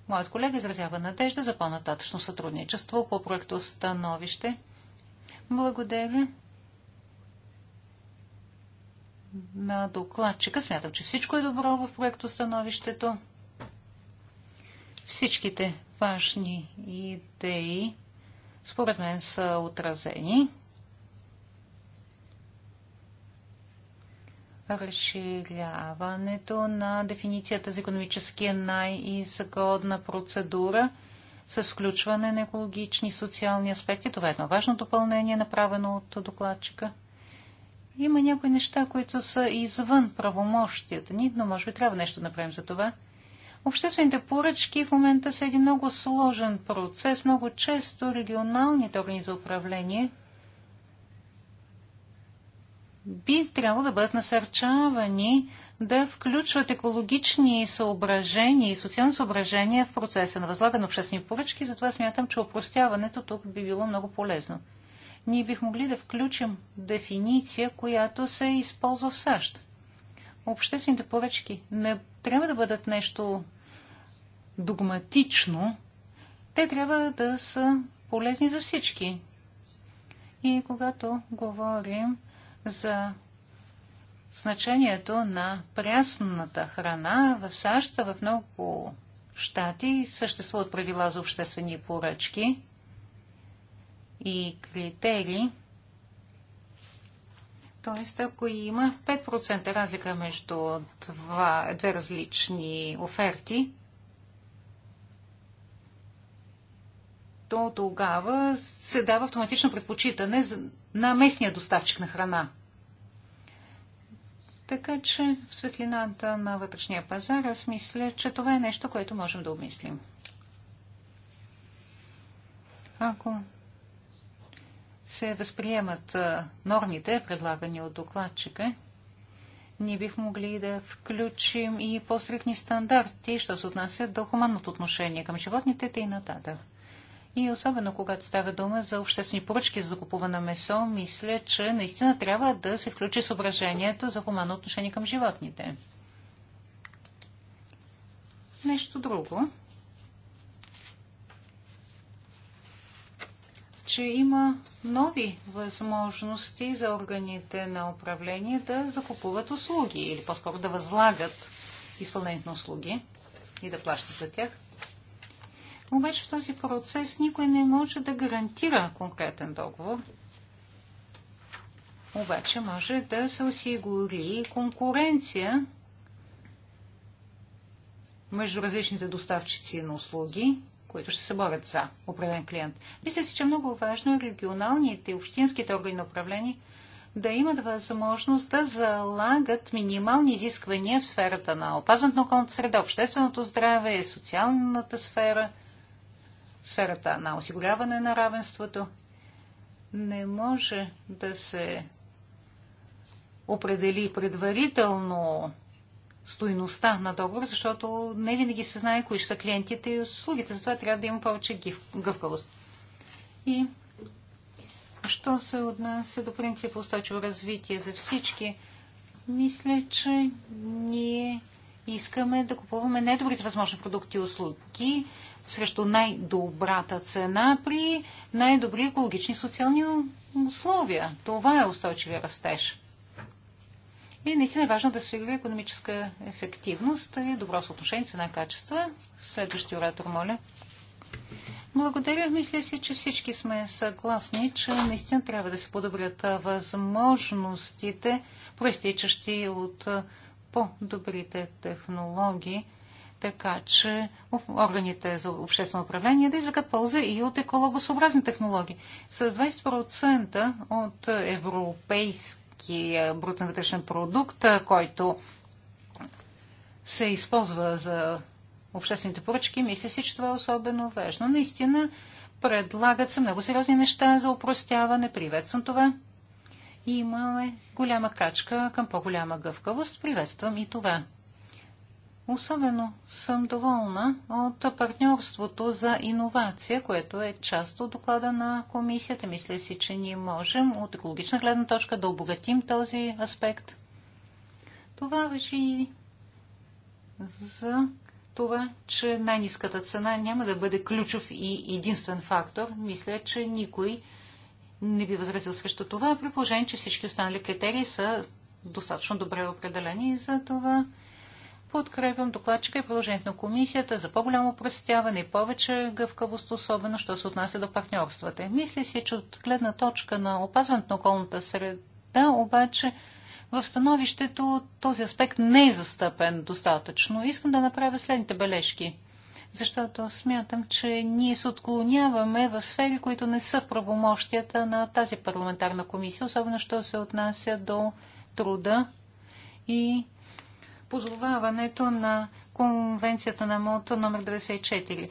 моят колега изразява надежда за по-нататъчно сътрудничество по проекто становище. Благодаря на докладчика. Смятам, че всичко е добро в проекто становището. Всичките важни идеи според мен са отразени. разширяването на дефиницията за економически е най-изгодна процедура с включване на екологични и социални аспекти. Това е едно важно допълнение, направено от докладчика. Има някои неща, които са извън правомощията ни, но може би трябва нещо да направим за това. Обществените поръчки в момента са един много сложен процес. Много често регионалните органи за управление би трябвало да бъдат насърчавани да включват екологични съображения и социални съображения в процеса на възлагане на обществени поръчки. Затова смятам, че опростяването тук би било много полезно. Ние бих могли да включим дефиниция, която се използва в САЩ. Обществените поръчки не трябва да бъдат нещо догматично. Те трябва да са полезни за всички. И когато говорим за значението на прясната храна в САЩ, в много щати съществуват правила за обществени поръчки и критерии, Тоест, ако има 5% разлика между два, две различни оферти, то тогава се дава автоматично предпочитане на местния доставчик на храна. Така че в светлината на вътрешния пазар аз мисля, че това е нещо, което можем да обмислим. Ако се възприемат нормите, предлагани от докладчика, ние бих могли да включим и по-стрикни стандарти, що се отнася до хуманното отношение към животните и нататък. И особено когато става дума за обществени поръчки за закупуване на месо, мисля, че наистина трябва да се включи съображението за хуманно отношение към животните. Нещо друго, че има нови възможности за органите на управление да закупуват услуги или по-скоро да възлагат изпълнението на услуги и да плащат за тях. Обаче в този процес никой не може да гарантира конкретен договор. Обаче може да се осигури конкуренция между различните доставчици на услуги които ще се борят за определен клиент. Мисля си, че е много важно регионалните и общинските органи на управление да имат възможност да залагат минимални изисквания в сферата на опазването на околната среда, общественото здраве, социалната сфера, сферата на осигуряване на равенството. Не може да се определи предварително стоиността на договор, защото не винаги се знае кои ще са клиентите и услугите, затова трябва да има повече гъвкавост. И що се отнася до принципа устойчиво развитие за всички, мисля, че ние искаме да купуваме най-добрите възможни продукти и услуги срещу най-добрата цена при най-добри екологични и социални условия. Това е устойчивия растеж. И наистина е важно да се осигури економическа ефективност и е добро съотношение цена-качество. Следващия оратор, моля. Благодаря. Мисля си, че всички сме съгласни, че наистина трябва да се подобрят възможностите, проистичащи от по-добрите технологии, така че органите за обществено управление да извлекат полза и от екологосъобразни технологии. С 20% от европейски брутки, е, брутен вътрешен продукт, е, който се използва за обществените поръчки. Мисля си, че това е особено важно. Наистина, предлагат се много сериозни неща за упростяване. Приветствам това. И имаме голяма качка към по-голяма гъвкавост. Приветствам и това. Особено съм доволна от партньорството за иновация, което е част от доклада на комисията. Мисля си, че ние можем от екологична гледна точка да обогатим този аспект. Това въжи и за това, че най-низката цена няма да бъде ключов и единствен фактор. Мисля, че никой не би възразил срещу това, при положение, че всички останали критерии са достатъчно добре определени и за това подкрепям докладчика и положението на комисията за по-голямо простяване и повече гъвкавост, особено що се отнася до партньорствата. Мисля си, че от гледна точка на опазването на околната среда, обаче в становището този аспект не е застъпен достатъчно. Искам да направя следните бележки, защото смятам, че ние се отклоняваме в сфери, които не са в правомощията на тази парламентарна комисия, особено що се отнася до труда и позоваването на Конвенцията на МОТО номер 94.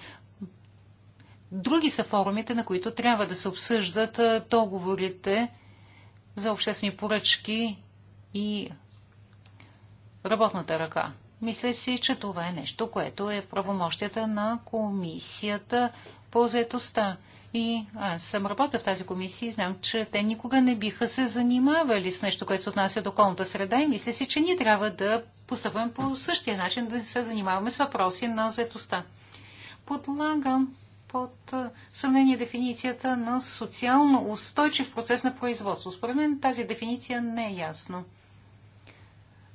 Други са форумите, на които трябва да се обсъждат договорите за обществени поръчки и работната ръка. Мисля си, че това е нещо, което е в правомощията на комисията по заетостта. И аз съм работя в тази комисия и знам, че те никога не биха се занимавали с нещо, което се отнася до околната среда и мисля си, че ние трябва да постъпваме по същия начин, да се занимаваме с въпроси на заетостта. Подлагам под съмнение дефиницията на социално устойчив процес на производство. Според мен тази дефиниция не е ясно.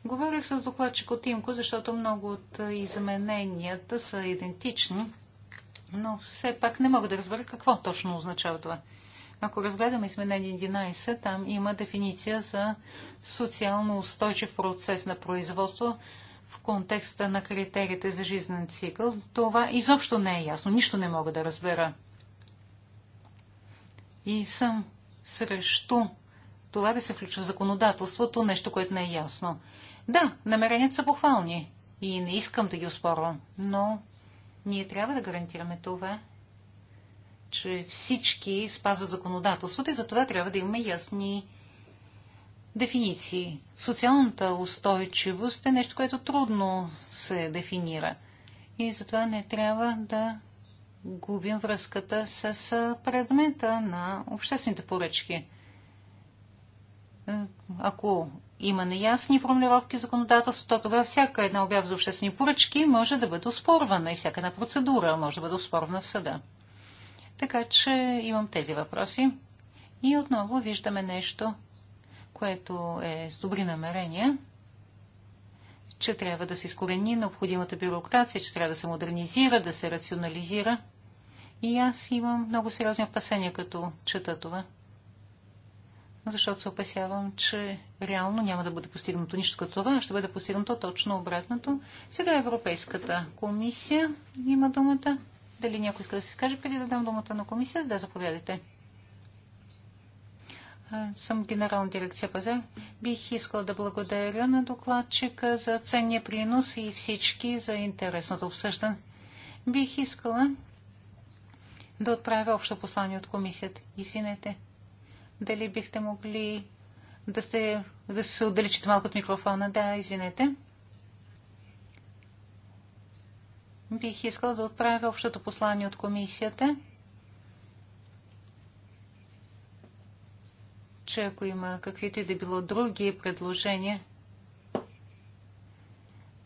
Говорих с докладчик от Имко, защото много от измененията са идентични, но все пак не мога да разбера какво точно означава това. Ако разгледаме изменение 11, там има дефиниция за социално устойчив процес на производство в контекста на критериите за жизнен цикъл. Това изобщо не е ясно. Нищо не мога да разбера. И съм срещу това да се включва в законодателството, нещо, което не е ясно. Да, намеренията са похвални и не искам да ги оспорвам, но ние трябва да гарантираме това, че всички спазват законодателството и за това трябва да имаме ясни дефиниции. Социалната устойчивост е нещо, което трудно се дефинира. И затова не трябва да губим връзката с предмета на обществените поръчки. Ако има неясни формулировки в законодателството, то тогава всяка една обява за обществени поръчки може да бъде оспорвана и всяка една процедура може да бъде оспорвана в съда. Така че имам тези въпроси. И отново виждаме нещо, което е с добри намерения, че трябва да се изкорени необходимата бюрокрация, че трябва да се модернизира, да се рационализира. И аз имам много сериозни опасения, като чета това. Защото се опасявам, че реално няма да бъде постигнато нищо като това, ще бъде постигнато точно обратното. Сега Европейската комисия има думата. Дали някой иска да се скаже преди да дам думата на комисията? Да, заповядайте. Съм генерална дирекция пазар. Бих искала да благодаря на докладчика за ценния принос и всички за интересното обсъждане. Бих искала да отправя общо послание от комисията. Извинете. Дали бихте могли да, сте, да се отдалечите малко от микрофона? Да, извинете. бих искал да отправя общото послание от комисията, че ако има каквито и да било други предложения,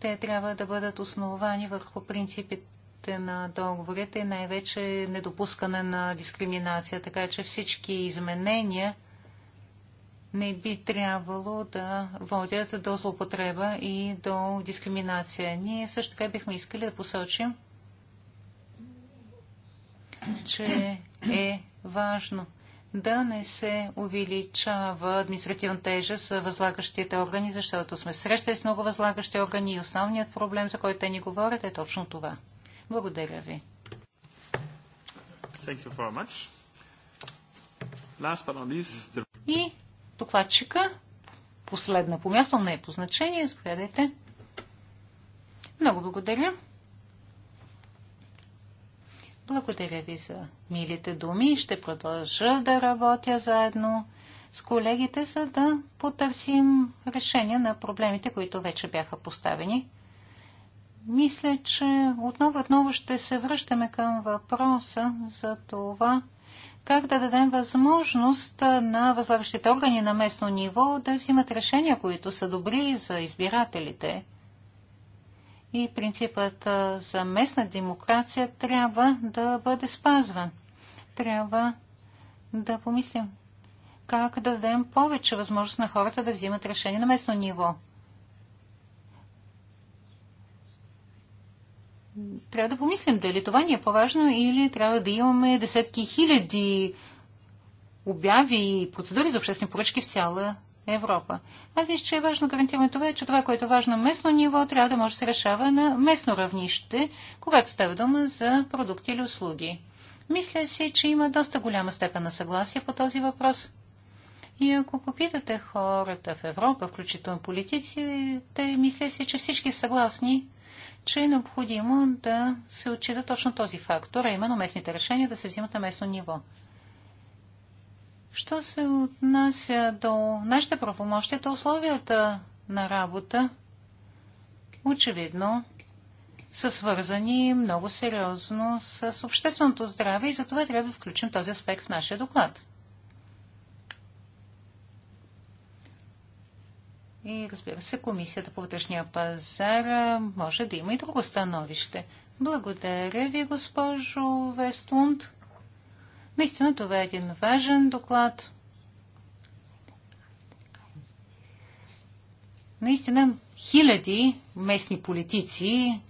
те трябва да бъдат основани върху принципите на договорите и най-вече недопускане на дискриминация. Така че всички изменения – не би трябвало да водят до злоупотреба и до дискриминация. Ние също така бихме искали да посочим, че е важно да не се увеличава административна тежест за възлагащите органи, защото сме срещали с много възлагащи органи и основният проблем, за който те ни говорят, е точно това. Благодаря ви. И докладчика. Последна по място, не е по значение. Заповядайте. Много благодаря. Благодаря ви за милите думи. Ще продължа да работя заедно с колегите, за да потърсим решение на проблемите, които вече бяха поставени. Мисля, че отново-отново ще се връщаме към въпроса за това, как да дадем възможност на възлагащите органи на местно ниво да взимат решения, които са добри за избирателите. И принципът за местна демокрация трябва да бъде спазван. Трябва да помислим как да дадем повече възможност на хората да взимат решения на местно ниво. трябва да помислим дали това ни е по-важно или трябва да имаме десетки хиляди обяви и процедури за обществени поръчки в цяла Европа. Аз мисля, че е важно гарантираме това, че това, което е важно на местно ниво, трябва да може да се решава на местно равнище, когато става дума за продукти или услуги. Мисля си, че има доста голяма степен на съгласие по този въпрос. И ако попитате хората в Европа, включително политиците, мисля си, че всички са съгласни, че е необходимо да се отчита точно този фактор, а именно местните решения да се взимат на местно ниво. Що се отнася до нашите правомощия, то условията на работа, очевидно са свързани много сериозно с общественото здраве и затова трябва да включим този аспект в нашия доклад. И разбира се, Комисията по вътрешния пазар може да има и друго становище. Благодаря ви, госпожо Вестлунд. Наистина това е един важен доклад. Наистина хиляди местни политици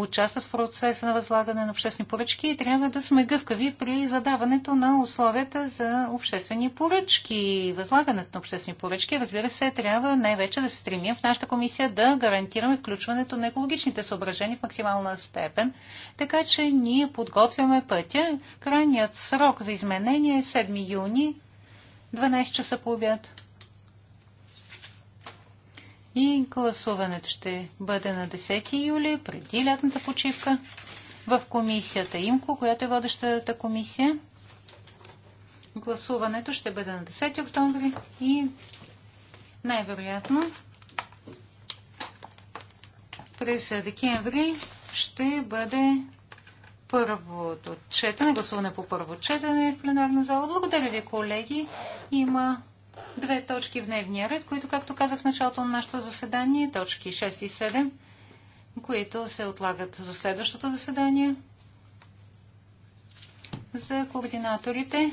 участват в процеса на възлагане на обществени поръчки и трябва да сме гъвкави при задаването на условията за обществени поръчки възлагането на обществени поръчки. Разбира се, трябва най-вече да се стремим в нашата комисия да гарантираме включването на екологичните съображения в максимална степен, така че ние подготвяме пътя. Крайният срок за изменение е 7 юни, 12 часа по обяд и гласуването ще бъде на 10 юли, преди лятната почивка, в комисията ИМКО, която е водещата комисия. Гласуването ще бъде на 10 октомври и най-вероятно през декември ще бъде първото четене, гласуване по първо четене в пленарна зала. Благодаря ви, колеги. Има две точки в дневния ред, които, както казах в началото на нашето заседание, точки 6 и 7, които се отлагат за следващото заседание. За координаторите.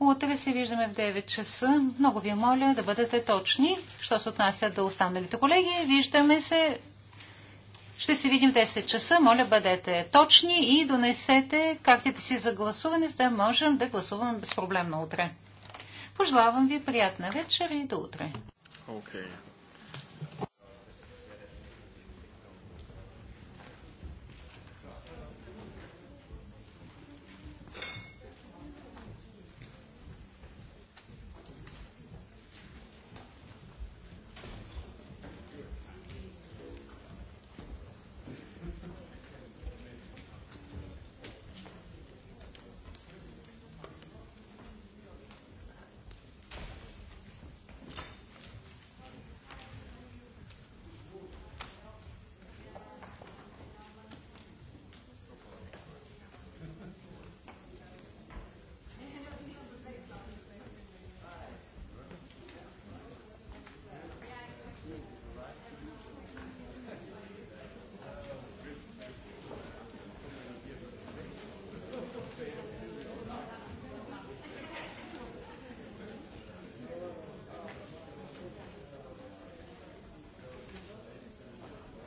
Утре се виждаме в 9 часа. Много ви моля да бъдете точни, що се отнася до останалите колеги. Виждаме се. Ще се видим в 10 часа. Моля, бъдете точни и донесете картите си за гласуване, за да можем да гласуваме безпроблемно утре. Пожелавам ви приятна вечер и до утре. Okay.